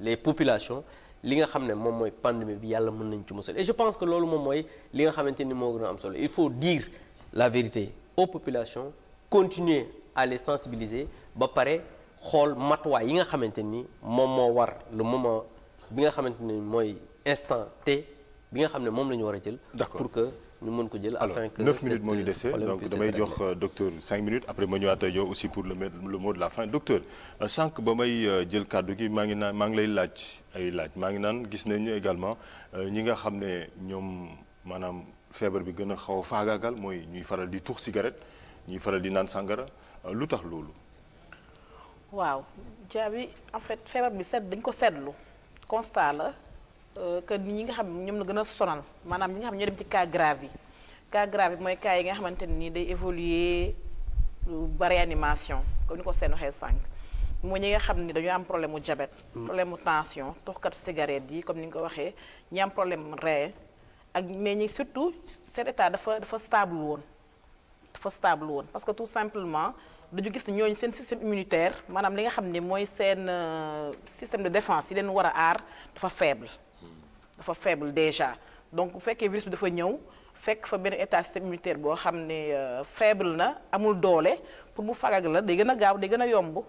les populations li nga xam ne moom mooy pandémie bi yàlla mën nañ ci musal et je pense que loolu moom mooy li nga xamante ni moo gën a am solo il faut dire la vérité aux population continuer à les sensibiliser ba pare xool matuwaay yi nga xamante ni moom moo war le moment bi nga xamante ni mooy instant te bi nga xam ne moom la ñu war a jël. pour que. ñu mën ko jël afin que neuf minutes moo ñu dese donc damay jox euh, docteur cinq minutes après ma ñëwaat yow aussi pour le le la fin docteur euh, sànq ba may euh, jël kàddu gi maa ngi naan maa ngi lay laaj ay laaj maa ngi naan gis nañu également ñi nga xam ne ñoom maanaam feebar bi gën a xaw a faagaagal mooy ñuy faral di tuux cigarette ñuy faral di naan sàngara lu tax loolu. waaw jaabi en fait feebar bi seet dañ ko seetlu constat la. Euh, que ñi nga xam ñoom la gën a sonal maanaam ñi nga xam ñoo dem ci cas grave yi cas grave mooy cas yi nga xamante ne nii day évoluer ba réanimation comme ni ko seen waxee sànq mooy ñi nga xam ni dañoo am problème mu diabète mm. problème mu tension toxkatu cigarette yi comme ni nga ko waxee ñi am problème ree ak mais ñi surtout seen état dafa dafa stable woon dafa stable woon parce que tout simplement dañu gis ne ñooñu seen système immunitaire maanaam li nga xam ne mooy seen euh, système de défense yi leen war a aar dafa faible dafa faible déjà donc bu fekkee virus bi dafa ñëw fekk fa benn état système immunitaire boo xam ne euh, faible na amul doole mu fagag la day gën a gaaw day gën a yomb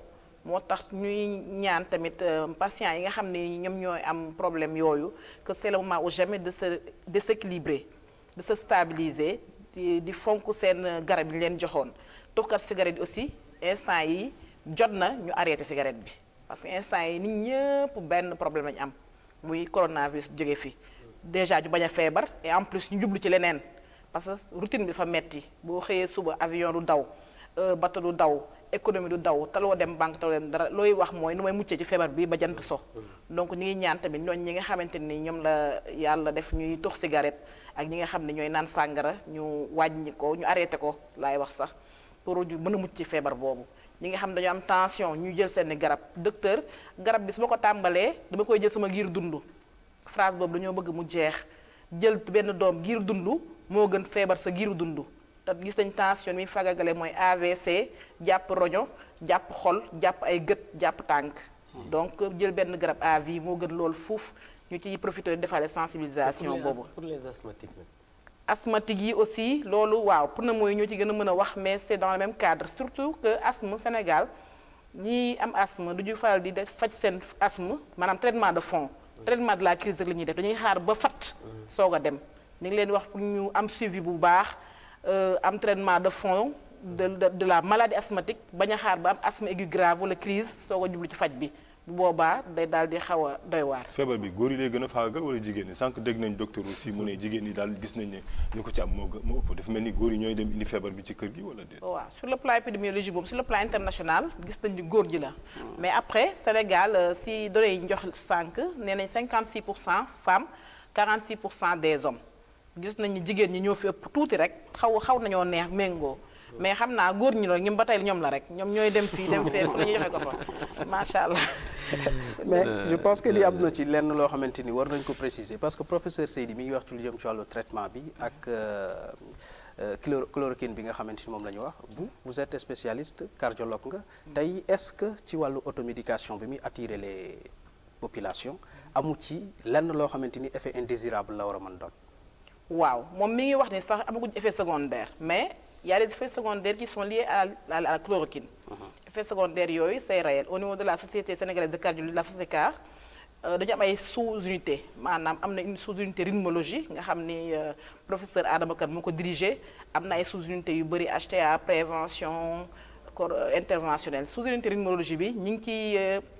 moo tax ñuy ñaan tamit euh, patients yi nga xam ne ñoom ñooy am problème yooyu que c'est ou jamais de se de stabiliser di fonk seen garab yi ñu leen joxoon tukkat cigarette aussi instant yi jot na ñu arrêter cigarette bi parce que instant yi nit ñëpp benn problème lañu am muy coronavirus bu jógee fi déjà ñu bañ a feebar et en plus ñu jublu ci leneen parce que routine bi dafa metti boo xëyee suba avion du daw euh, bato du daw économie du daw taloo dem banque taloo dem dara looy wax mooy nu may muccee ci feebar bi ba jant so donc ñi ngi ñaan tamit ñooñ ñi nga xamante ni ñoom la yàlla def ñuy tox cigarette ak ñi nga xam ne ñooy naan sàngara ñu wàññi ko ñu arrêté ko laay wax sax pour ñu mën a mucc ci feebar boobu ñi nga xam dañu am tension ñu jël seen garab docteur garab bi su ma ko tàmbalee dama koy jël sama giir dundu phrase boobu dañoo bëgg mu jeex jël benn doom giir dundu moo gën feebar sa giiru dundu te gis nañ tension mi fagagale mooy AVC jàpp roño jàpp xol jàpp ay gët jàpp tànk hmm. donc jël benn garab à vie moo gën loolu fuuf ñu ci profité defaale sensibilisation boobu pour les asthmatiques asthmatique yi aussi loolu waaw pour na mooy ñoo ci gën a mën a wax mais c'est dans même cadre surtout que asthme Sénégal ñi am asthme du ñu faral di def faj seen asthme maanaam traitement de fond traitement de la crise rek la ñuy def dañuy xaar ba fat soog a dem ñu ngi leen wax pour ñu am suivi bu baax euh, am traitement de fond de de la maladie asthmatique bañ a xaar ba am asthme aigu grave wala crise soog a jublu ci faj bi bu boobaa day daal di xaw a doy waar. feebar bi góor yi lay gën a faagal wala jigéen ñi sànq dégg nañ docteur aussi mu ne jigéen ñi daal gis nañ ne ñu ko moo moo ëpp dafa mel ni góor feebar bi ci kër gi wala déet. waaw sur le plan épidémiologie boobu sur le plan international gis nañ ni góor ji la. mais après Sénégal euh, si données yi ñu jox sànq nee nañ 56 pour cent femmes 46 pour cent des hommes gis nañ ni jigéen ñi ñoo fi ëpp tuuti rek xaw xaw nañoo neex méngoo. mais xam naa góor ñi la ñoom ba tey ñoom la rek ñoom ñooy dem fii dem fee fu ñu joxe ko fa macha allah. [LAUGHS] mais je pense que li ab na ci lenn loo xamante ni war nañ ko préciser parce que professeur Seydi mi ngi wax ci lu jëm ci wàllu traitement bi ak. Euh, euh, chloro bi nga xamante ni moom la ñu wax bu vous êtes spécialiste cardiologue nga tey est-ce que ci wàllu automédication bi muy attirer les population amu ci lenn loo xamante ni effet indésirable la war a man doon waaw moom mi ngi wax ni sax amaguñ effet secondaire mais il y a des effets secondaires qui sont liés à la, à la chloroquine. Uh -huh. effets secondaires yooyu c'est réel au niveau de la société sénégalaise de cardiologie la SOSECAR euh, dañu am ay sous maanaam am na une sous-unité rythmologie nga xam ni euh, professeur Adama Kane moo ko dirigé am na ay sous-unité yu bëri HTA prévention corps euh, interventionnel sous-unité rythmologie bi ñu ngi ciy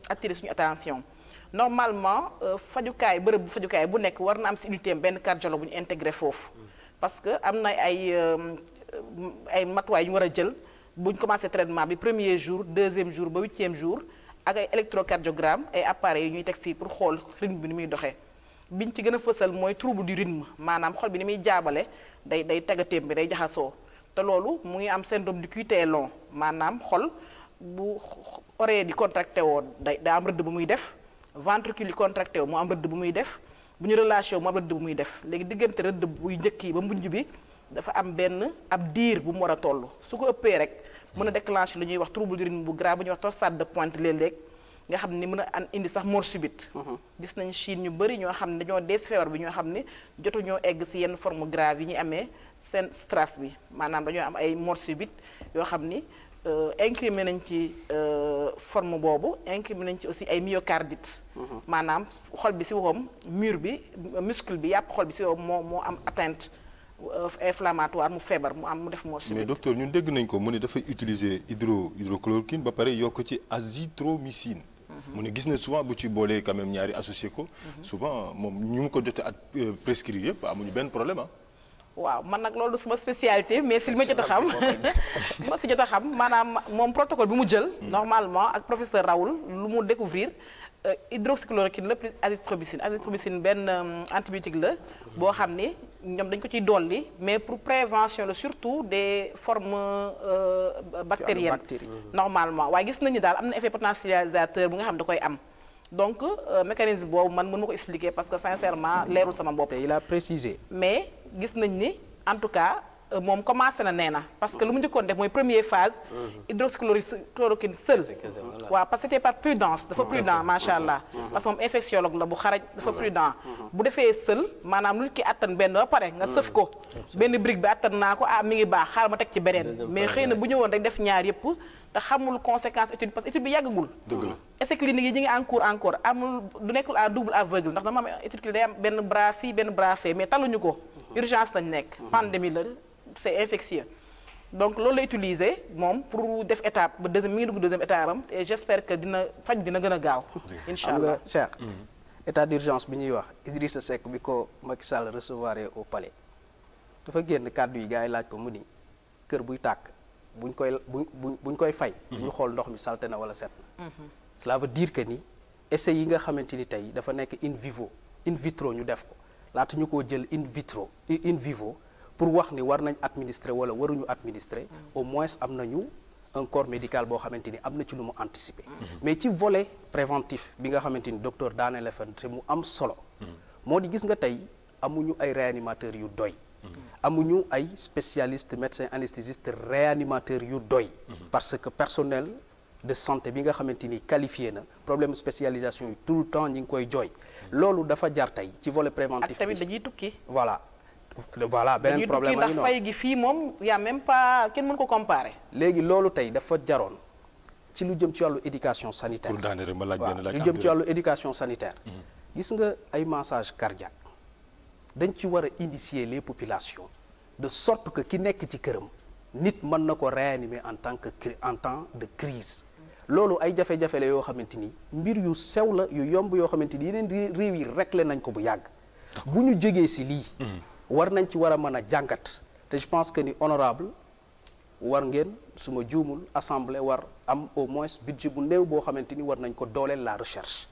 attirer suñu attention normalement fajukaay bërëb bu fajukaay bu nekk war na am si unité benn cardiologue bu ñu intégré foofu mm. parce que am na ay ay matuwaay yu ñu war a jël bu ñu commencé traitement bi premier jour deuxième jour ba huitième jour ak ay électrocardiogramme ay appareils yu ñuy teg fii pour xool rythme bi nu muy doxee biñ ci gën a fësal mooy trouble du rythme maanaam xol bi ni muy jaabale day day tegatéem bi day jaxasoo te loolu mu ngi am syndrome du QT long maanaam xol bu oreille di contracté woo day daa am rëdd bu muy def ventricule yi contracté mu am rëdd bu muy def bu ñu relâché wu mu muy def léegi diggante rëdd buy njëkk yi ba mujj bi. dafa am benn ab diir bu mu war a toll su ko ëppee rek mën a déclencher lu ñuy wax trouble d'urine bu grave bu ñuy wax torsade de pointe léeg-léeg nga xam ni mën a indi sax mort subite mhm. gis nañ Chine ñu bëri ñoo xam ne dañoo dee si feebar bi ñoo xam ne jotu ñoo egg si yenn forme grave yi ñu amee seen stress bi maanaam dañoo am ay mort subite yoo xam ni euh, incriminé nañ ci euh, forme boobu incriminé nañ ci aussi ay myocardite mhm. maanaam xol bi si waxam mur bi muscle bi yàpp xol bi si moo am atteinte Euh, inflammatoire mu feebar mu am mu def moo subite mais docteur ñun dégg nañ ko mu ne dafay utiliser hydro hydrochloroquine ba pare yokk ci azithromycine mhm. mu ne gis na souvent bu ci boolee quand ñaari associé ko mhm. souvent moom ñu ngi ko jotee ak euh, prescrire yëpp amuñu benn problème ah. waaw man nag loolu suma spécialité mais si li ma jot a xam li [LAUGHS] ma si jot a xam maanaam moom protocole bi mu jël mhm. normalement ak professeur Raoul lu mu découvrir euh, hydroxychloroquine la plus azithromycine azithromycine benn antibiotique la boo xam ni ñoom dañ ko ciy dolli mais pour prévention la surtout des formes euh, bactériennes mm-hmm. normalement waaye gis nañu daal am na effet potentialisateur bu nga xam da koy am donc euh, mécanisme boobu man mënu ma ko expliquer parce que sincèrement leerul sama bopp. il a précisé. mais gis nañ ni en tout cas Euh, moom commencé na neena na parce que lu mu njëkkoon def mooy première phase. Mhm. hydroxychloroquine seul. waa parce que c'était par prudence. dafa prudent macha allah. parce que moom infectiologue la bu xaraj dafa prudent. Mhm. bu defee seul maanaam lu ki attan benn ba pare nga sëf ko. benn brique bi attan naa ko ah mi ngi baax xaaral ma teg ci beneen. mais xëy na bu ñëwoon rek def ñaar yëpp. te xamul conséquence étude parce que bi yàggagul. dëgg la essai clinique yi ñu ngi en cours encore amul du nekkul à double aveugle ndax dama am étude clinique fii benn bras fee mais taluñu ko. Mhm. urgence lañ nekk. pandémie la. c'est infectieux donc loolu la utiliser moom pour def état ba deuxième mi ngi dugg deuxième étape am et j'espère que dina faj dina gën a gaaw incha allah Cheikh état d'urgence bi ñuy wax Idrissa Seck bi ko Macky Sall recevoir au palais dafa génn kàddu yi gaa yi laaj ko mu ni kër buy tàkk buñ koy buñ buñ koy fay mhm. ñu xool ndox mi salte na wala set na mhm. cela veut dire que ni essais yi nga xamante ni tey dafa nekk une vivo une vitro ñu def ko laata ñu koo jël in vitro une vivo pour wax ni war nañ administrer wala waruñu administrer au moins am nañu encore corps médical boo xamante ni am na ci lu mu anticiper. Mhm. mais ci volet préventif bi nga xamante ni docteur daane la fan te mu am solo. Mhm. moo di gis nga tey amuñu ay réanimateurs yu doy. Mhm. amuñu ay spécialiste médecin anesthésiste réanimateur yu doy. parce que personnel de santé bi nga xamante ni qualifié na problème spécialisation yi tout le temps ñi ngi koy jooy. loolu dafa jar tey ci volet préventif. ak tamit dañuy tukki voilà. voilà beneen problème la ñu ndax gi fii moom yaa même pas kenn mën ko comparer. léegi loolu tey dafa jaroon ci lu jëm ci wàllu éducation sanitaire. pour daaneel ma laaj benn laaj lu jëm ci wàllu éducation sanitaire. Mhm. gis nga ay massage cardiaque dañ ci war a initier les population de sorte que ki nekk ci këram nit mën na ko réanimer en tant que en temps de crise loolu ay jafe-jafe la yoo xamante ni mbir yu sew la yu yomb yoo xamante ni yeneen réew yi réglé nañ ko bu yàgg bu ñu jógee si lii. Mhm. war nañ ci war a mën a jàngat te je pense que ni honorable war ngeen su ma juumul assemblée war am au moins budget bu néew boo xamante ni war nañ ko dooleel la recherche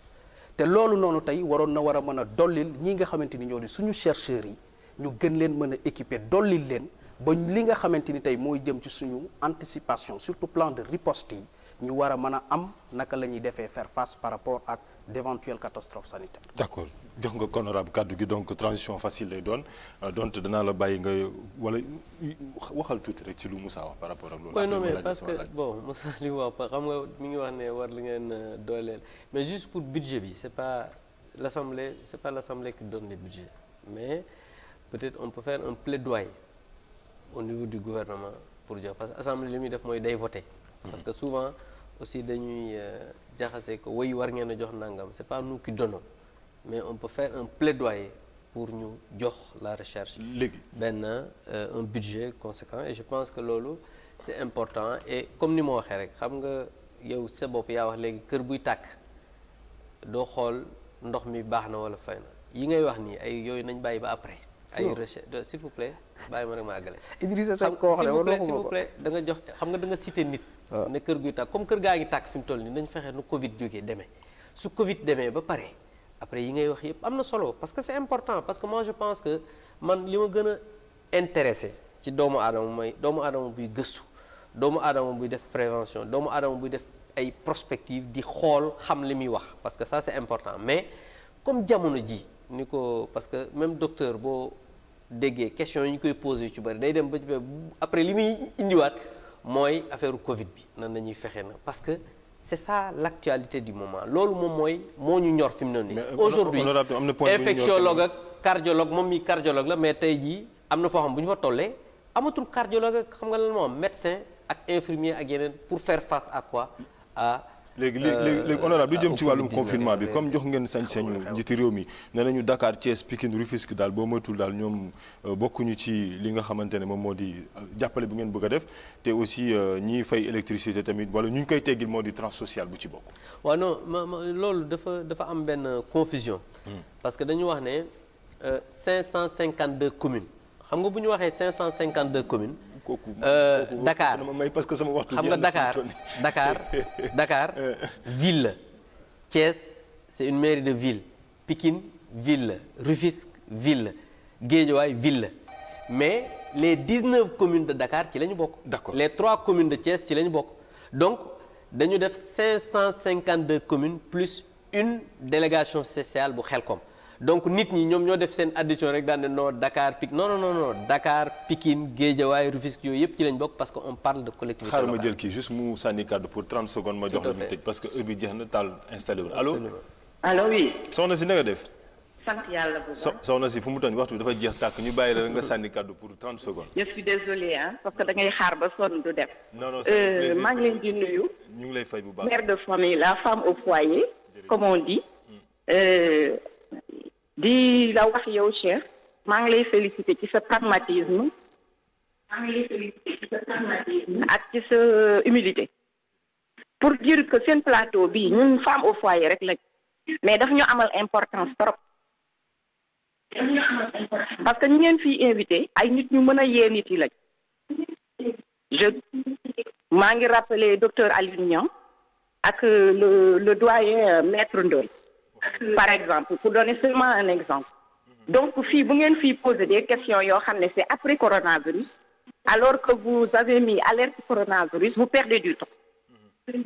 te loolu noonu tey waroon na war a mën a dollil ñii nga xamante ni ñoo di suñu chercheurs yi ñu gën leen mën a équiper dollil leen ba li nga xamante ni tey mooy jëm ci suñu anticipation surtout plan de riposte yi ñu war a mën a am naka la ñuy defee faire face par rapport ak d'éventuelles catastrophes sanitaires. D'accord. jox nga honorable kàddu gi donc transition facile lay doon euh, donc danaa la bàyyi nga wala waxal tuuti rek ci lu Moussa wax par rapport ak loolu. mais parce que bon Moussa li mu wax xam nga mi ngi wax ne war la ngeen euh, dooleel mais juste pour budget bi c' est pas l' assemblée c' pas l' assemblée qui donne les budgets mais peut-être on peut faire un plaidoyer au niveau du gouvernement pour jox parce que assemblée li muy def mooy day voter. Hmm. parce que souvent aussi dañuy euh, jaxase ko woy war ngeen jox nangam c' est pas nous mais on peut faire un plaidoyer pour ñu jox la recherche. léegi benn euh, un budget conséquent et je pense que loolu c'est important et comme ni ma waxee rek xam nga yow sa bopp yaa wax léegi kër buy tàkk doo xool ndox mi baax na wala fay na yi ngay wax nii ay yooyu nañ bàyyi ba après. ay recherche s'il vous plaît bàyyi ma rek ma àggale. Idrissa Seck koo xam nga jox xam nga da nga cité nit. Ah. ne kër guy tàkk comme kër gaa ngi tàkk fi mu toll nii nañ fexee nu Covid jógee deme su Covid demee ba pare. après yi ngay wax yëpp am na solo parce que c'est important parce que moi je pense que man li ma gën a intéressé ci doomu aadama mooy doomu adama buy gëstu doomu aadama buy def prévention doomu aadama buy def ay prospective di xool xam li muy wax parce que ça c'est important mais comme jamono ji ni ko parce que même docteur boo déggee question yi ñu koy posé ci bëri day dem ba après li muy indiwaat mooy affaire Covid bi nan la ñuy fexe na parce que c'est ça l'actualité du moment loolu moom mooy moo ñu ñor fi mu ne nii. aujourd'hui infectiologue ak cardiologue moom mi cardiologue la mais tey jii am na foo xam bu ñu fa tollee amatul cardiologue ak xam nga lan moo am médecin ak infirmier ak yeneen pour faire face à quoi léegi euh, léegi léegi honorable lu jëm ah, ci wàllum confinement bi comme jox ngeen sañ-sañu njiiti réew mi nee nañu Dakar Thiès Pikine Rufisque daal boo moytul daal ñoom euh, bokkuñu ci li nga xamante ne moom moo di euh, jàppale bu ngeen bëgg a def te aussi ñiy fay électricité tamit wala ñu ngi koy teggil moo di tranche sociale bu ci bokk waaw non ma loolu dafa dafa am benn confusion hmm. parce que dañu wax ne 552 communes xam nga bu ñu waxee 552 communes kooku euh, Dakar parce que sama waxtu xam nga Dakar Dakar [LAUGHS] Dakar euh. ville la Thiès c'est une mairie de ville Pikine ville la Rufisque ville la Guédiawaye ville la mais les 19 communes de Dakar ci la ñu bokk. d'accord les 3 communes de Thiès ci lañu bokk donc dañu def 552 communes plus une délégation spéciale bu xel Xelkom. donc nit ñi ñoom ñoo def seen addition rek daan ne non Dakar Pikine non non non non Dakar Pikine Guédiawaye yooyu yëpp ci lañ bokk parce que on parle de collectivité la mu tëj parce que heure bi na si na def. yàlla bu baax soxna si fu mu toll nii waxtu bi jeex tàkk ñu bàyyi la nga sànni kàddu pour 30 secondes. je suis désolé ah parce que euh, ñu ngi lay fay bu baax la femme comme on dit. Mm. Euh, di la wax yow Cheikh maa ngi lay féliciter ci sa pragmatisme maa ak ci sa humilité pour dire que seen plateau bi ñun femme au foyer rek lañ mais daf ñu amal importance trop parce que ñu ngeen fii invité ay nit ñu mën a yee nit yi lañ je maa ngi rappeler docteur Alioune Niang ak euh, le le doyen euh, maître Ndoye par exemple pour donner seulement un exemple mhm. donc fii bu ngeen fii poser des questions yoo xam ne c'est après coronavirus alors que vous avez mis alerte coronavirus vous perdez du temps mhm.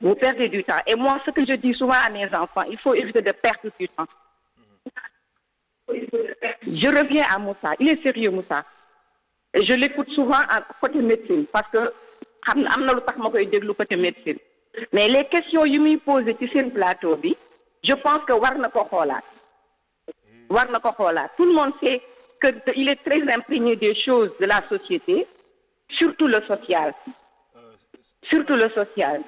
vous perdez du temps et moi ce que je dis souvent à mes enfants il faut éviter de perdre du temps je reviens à Moussa il est sérieux Moussa je l'écoute souvent à côté médecine parce que xam na am na lu tax ma koy déglu côté médecine mais les questions yi muy posé ci seen plateau bi je pense que war na ko xoolaat war na ko xoolaat tout le monde sait que il est très imprégné des choses de la société surtout le social euh, surtout le social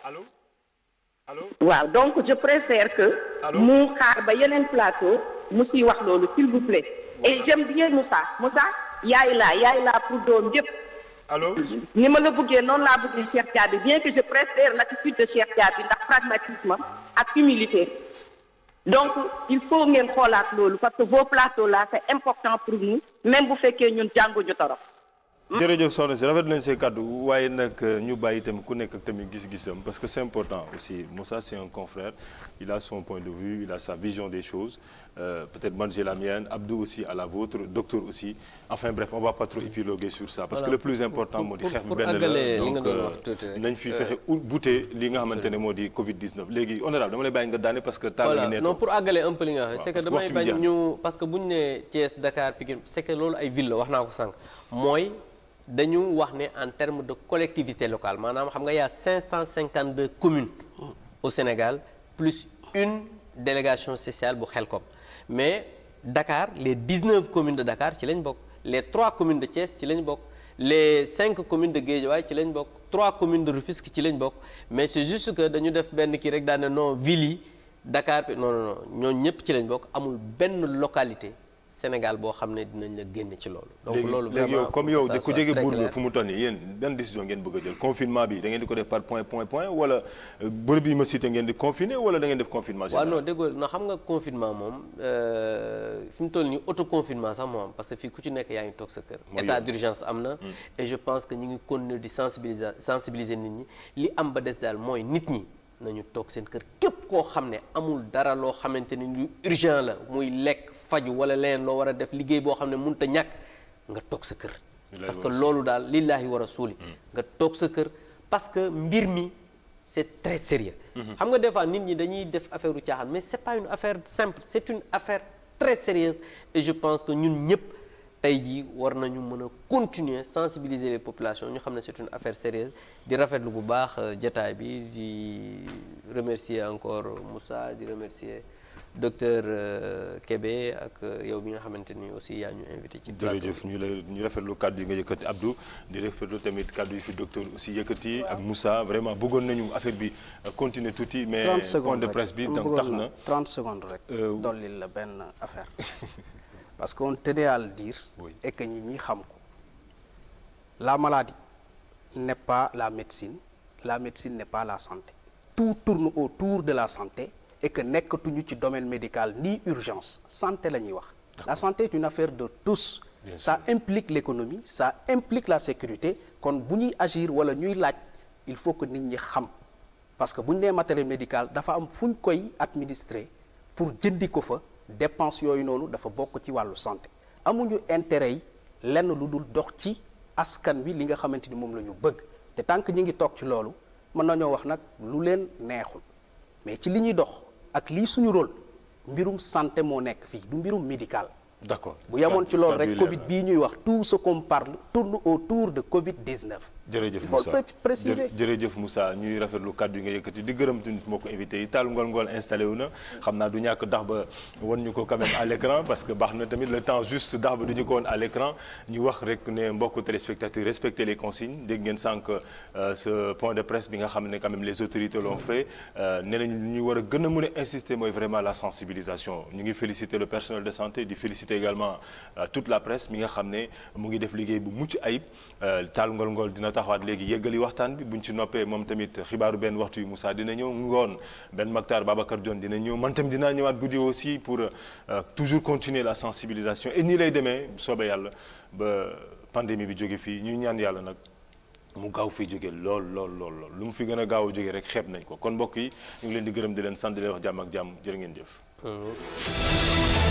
waaw donc je préfère que mu xaar ba yeneen plateau mu siy wax loolu s'il vous plaît et j'aime bien Moussa Moussa yaay laa yaay laa pour doom yëpp allo. ni ma la bëggee noonu laa bëggee Cheikh Diaby bien que je préfère l'attitude de Cheikh Diaby ndax pragmatisme ak humilité. donc il faut ngeen xoolaat loolu parce que vos plateaux la c'est important pour nous même bu fekkee ñun jànguñu torop. Hmm? jërëjëf soxna si rafet nañ see kàddu waaye nag euh, ñu bàyyi tam ku nekk ak tamit gis-gisam parce que c'est important aussi Moussa c'est un confrère il a son point de vue il a sa vision des choses Euh, peut-être man j'ai la Abdou aussi à la vôtre docteur aussi enfin bref on va pas sur ça parce que le plus important moo di xeex bi benn la donc euh, nañ fi euh, fexe buté li nga xamante ne moo di Covid 19 léegi honorable dama lay bàyyi nga daane parce que temps bi nekkul non pour àggale un peu li nga xam c'est que damay bañ ñu parce que bu ñu nee Thiès Dakar Pikine c'est loolu ay ville la wax naa ko sànq mooy dañu wax ne en terme de collectivité locale maanaam xam nga y'a 552 communes au Sénégal plus délégation sociale bu Xelkom mais Dakar les 19 communes de Dakar ci lañ bokk les 3 communes de Thiès ci lañ bokk les cinq communes de Guédiawaye ci lañ bokk 3 communes de Rufisque ci lañ bokk mais c'est juste que dañu def benn kii rek daan ne non ville yi Dakar noonu ñooñ non ñëpp ci lañ bokk amul benn localité Sénégal boo xam ne dinañ la génne ci loolu. donc loolu vraiment léegi yow comme yow ku jege buur bi fu mu toll nii yéen benn décision ngeen bëgg a jël confinement bi da ngeen di ko def par point point point wala euh, bërëb yi ma cité ngeen di confiner wala da ngeen def confinement. waaw non déggoo na xam nga confinement moom euh, fi mu toll nii auto confinement sax moo am que fii ku ci nekk yaa ngi toog sa kër. état d'urgence am na. Hmm. et je pense que ñu ngi continuer di sensibiliser sensibiliser nit ñi li am ba des daal mooy nit ñi. nañu toog seen kër képp koo xam ne amul dara loo xamante ni lu urgent la muy lekk faju wala leneen loo war a def liggéey boo xam ne mun a ñàkk nga toog sa kër. parce que loolu daal lillaahi a rasuuli hmm. nga toog sa kër parce que mbir mi c'est très sérieux hmm. xam nga des nit ñi dañuy def affaire u caaxaan mais c'est pas une affaire simple c'est une affaire très sérieuse et je pense que ñun ñëpp. tey jii war nañu mën a continuer sensibiliser les populations ñu xam ne c'est une affaire sérieuse di rafetlu bu baax euh, jataay bi di remercier encore Moussa di remercier docteur euh, Kébé ak euh, yow bi nga xamante ni aussi yaa ñu invité ci plateau jërëjëf ñu lay ñu rafetlu kàddu yi nga yëkkati Abdou di rafetlu tamit kàddu yi fi docteur aussi yëkkati ak Moussa vraiment bëggoon nañu affaire bi continuer tuuti mais point de presse bi donc tax na 30 secondes rek dollil la benn affaire [LAUGHS] parce qu'on tenait à le dire oui. que nit ñi xam ko la maladie n'est pas la médecine la médecine n'est pas la santé tout tourne autour de la santé et que nekkatuñu ci domaine médical ni urgence santé la ñuy wax la santé est une affaire de tous Bien ça sûr. implique l'économie ça implique la sécurité kon bu ñuy agir wala ñuy laaj il faut que nit ñi xam parce que bu ñu nee matériel médical dafa am fu ñu koy administrer pour jëndi ko fa dépense yooyu noonu dafa bokk ci wàllu santé amuñu intérêt yi lenn lu dul dox ci askan wi li nga xamante ni moom la ñu bëgg te tant que ñu ngi toog ci loolu mën nañoo wax nag lu leen neexul mais ci li ñuy dox ak lii suñu rôle mbirum santé moo nekk fii du mbirum médical. d'accord bu yemoon ci loolu rek Covid bii ñuy wax tout ce qu'on parle tour autour de Covid 19. jërëjëf Moussa préciser jërëjëf Moussa ñuy rafetlu kàddu yi nga yëkkati di gërëm tamit mbokku invité yi taal ngool ngool installé wu na xam na du ñàkk dax ba wan ñu ko quand à l'écran [LAUGHS] parce que baax na tamit le temps juste dax ba du ñu ko woon à l'écran ñu wax rek ne mbokku téléspectateurs respecter les consignes dégg ngeen sànq euh, ce point de presse bi nga xam ne quand même les autorités l'ont fait euh, ne nañu ñu war a gën a mën a insister mooy vraiment la sensibilisation ñu ngi féliciter le personnel de santé di féliciter également euh, toute la presse mi nga xam ne mu ngi def liggéey bu mucc ayib taal ngool dina taxawaat léegi yëggali waxtaan bi buñ ci noppee moom tamit xibaaru benn waxtu yu Moussa dina ñëw ngoon benn Maktar Babacar Dione dina ñëw man tam dina ñëwaat guddi aussi pour euh, toujours continuer la sensibilisation et nii lay demee soobee yàlla ba pandémie bi jóge fii ñuy ñaan yàlla nag mu gaaw fi jóge lool lool lool lool lu mu fi gën a gaaw a jóge rek xeeb nañ ko kon mbokk yi ñu ngi leen di gërëm di leen sant di leen wax jàmm ak jàmm jërë ngeen jëf. Euh,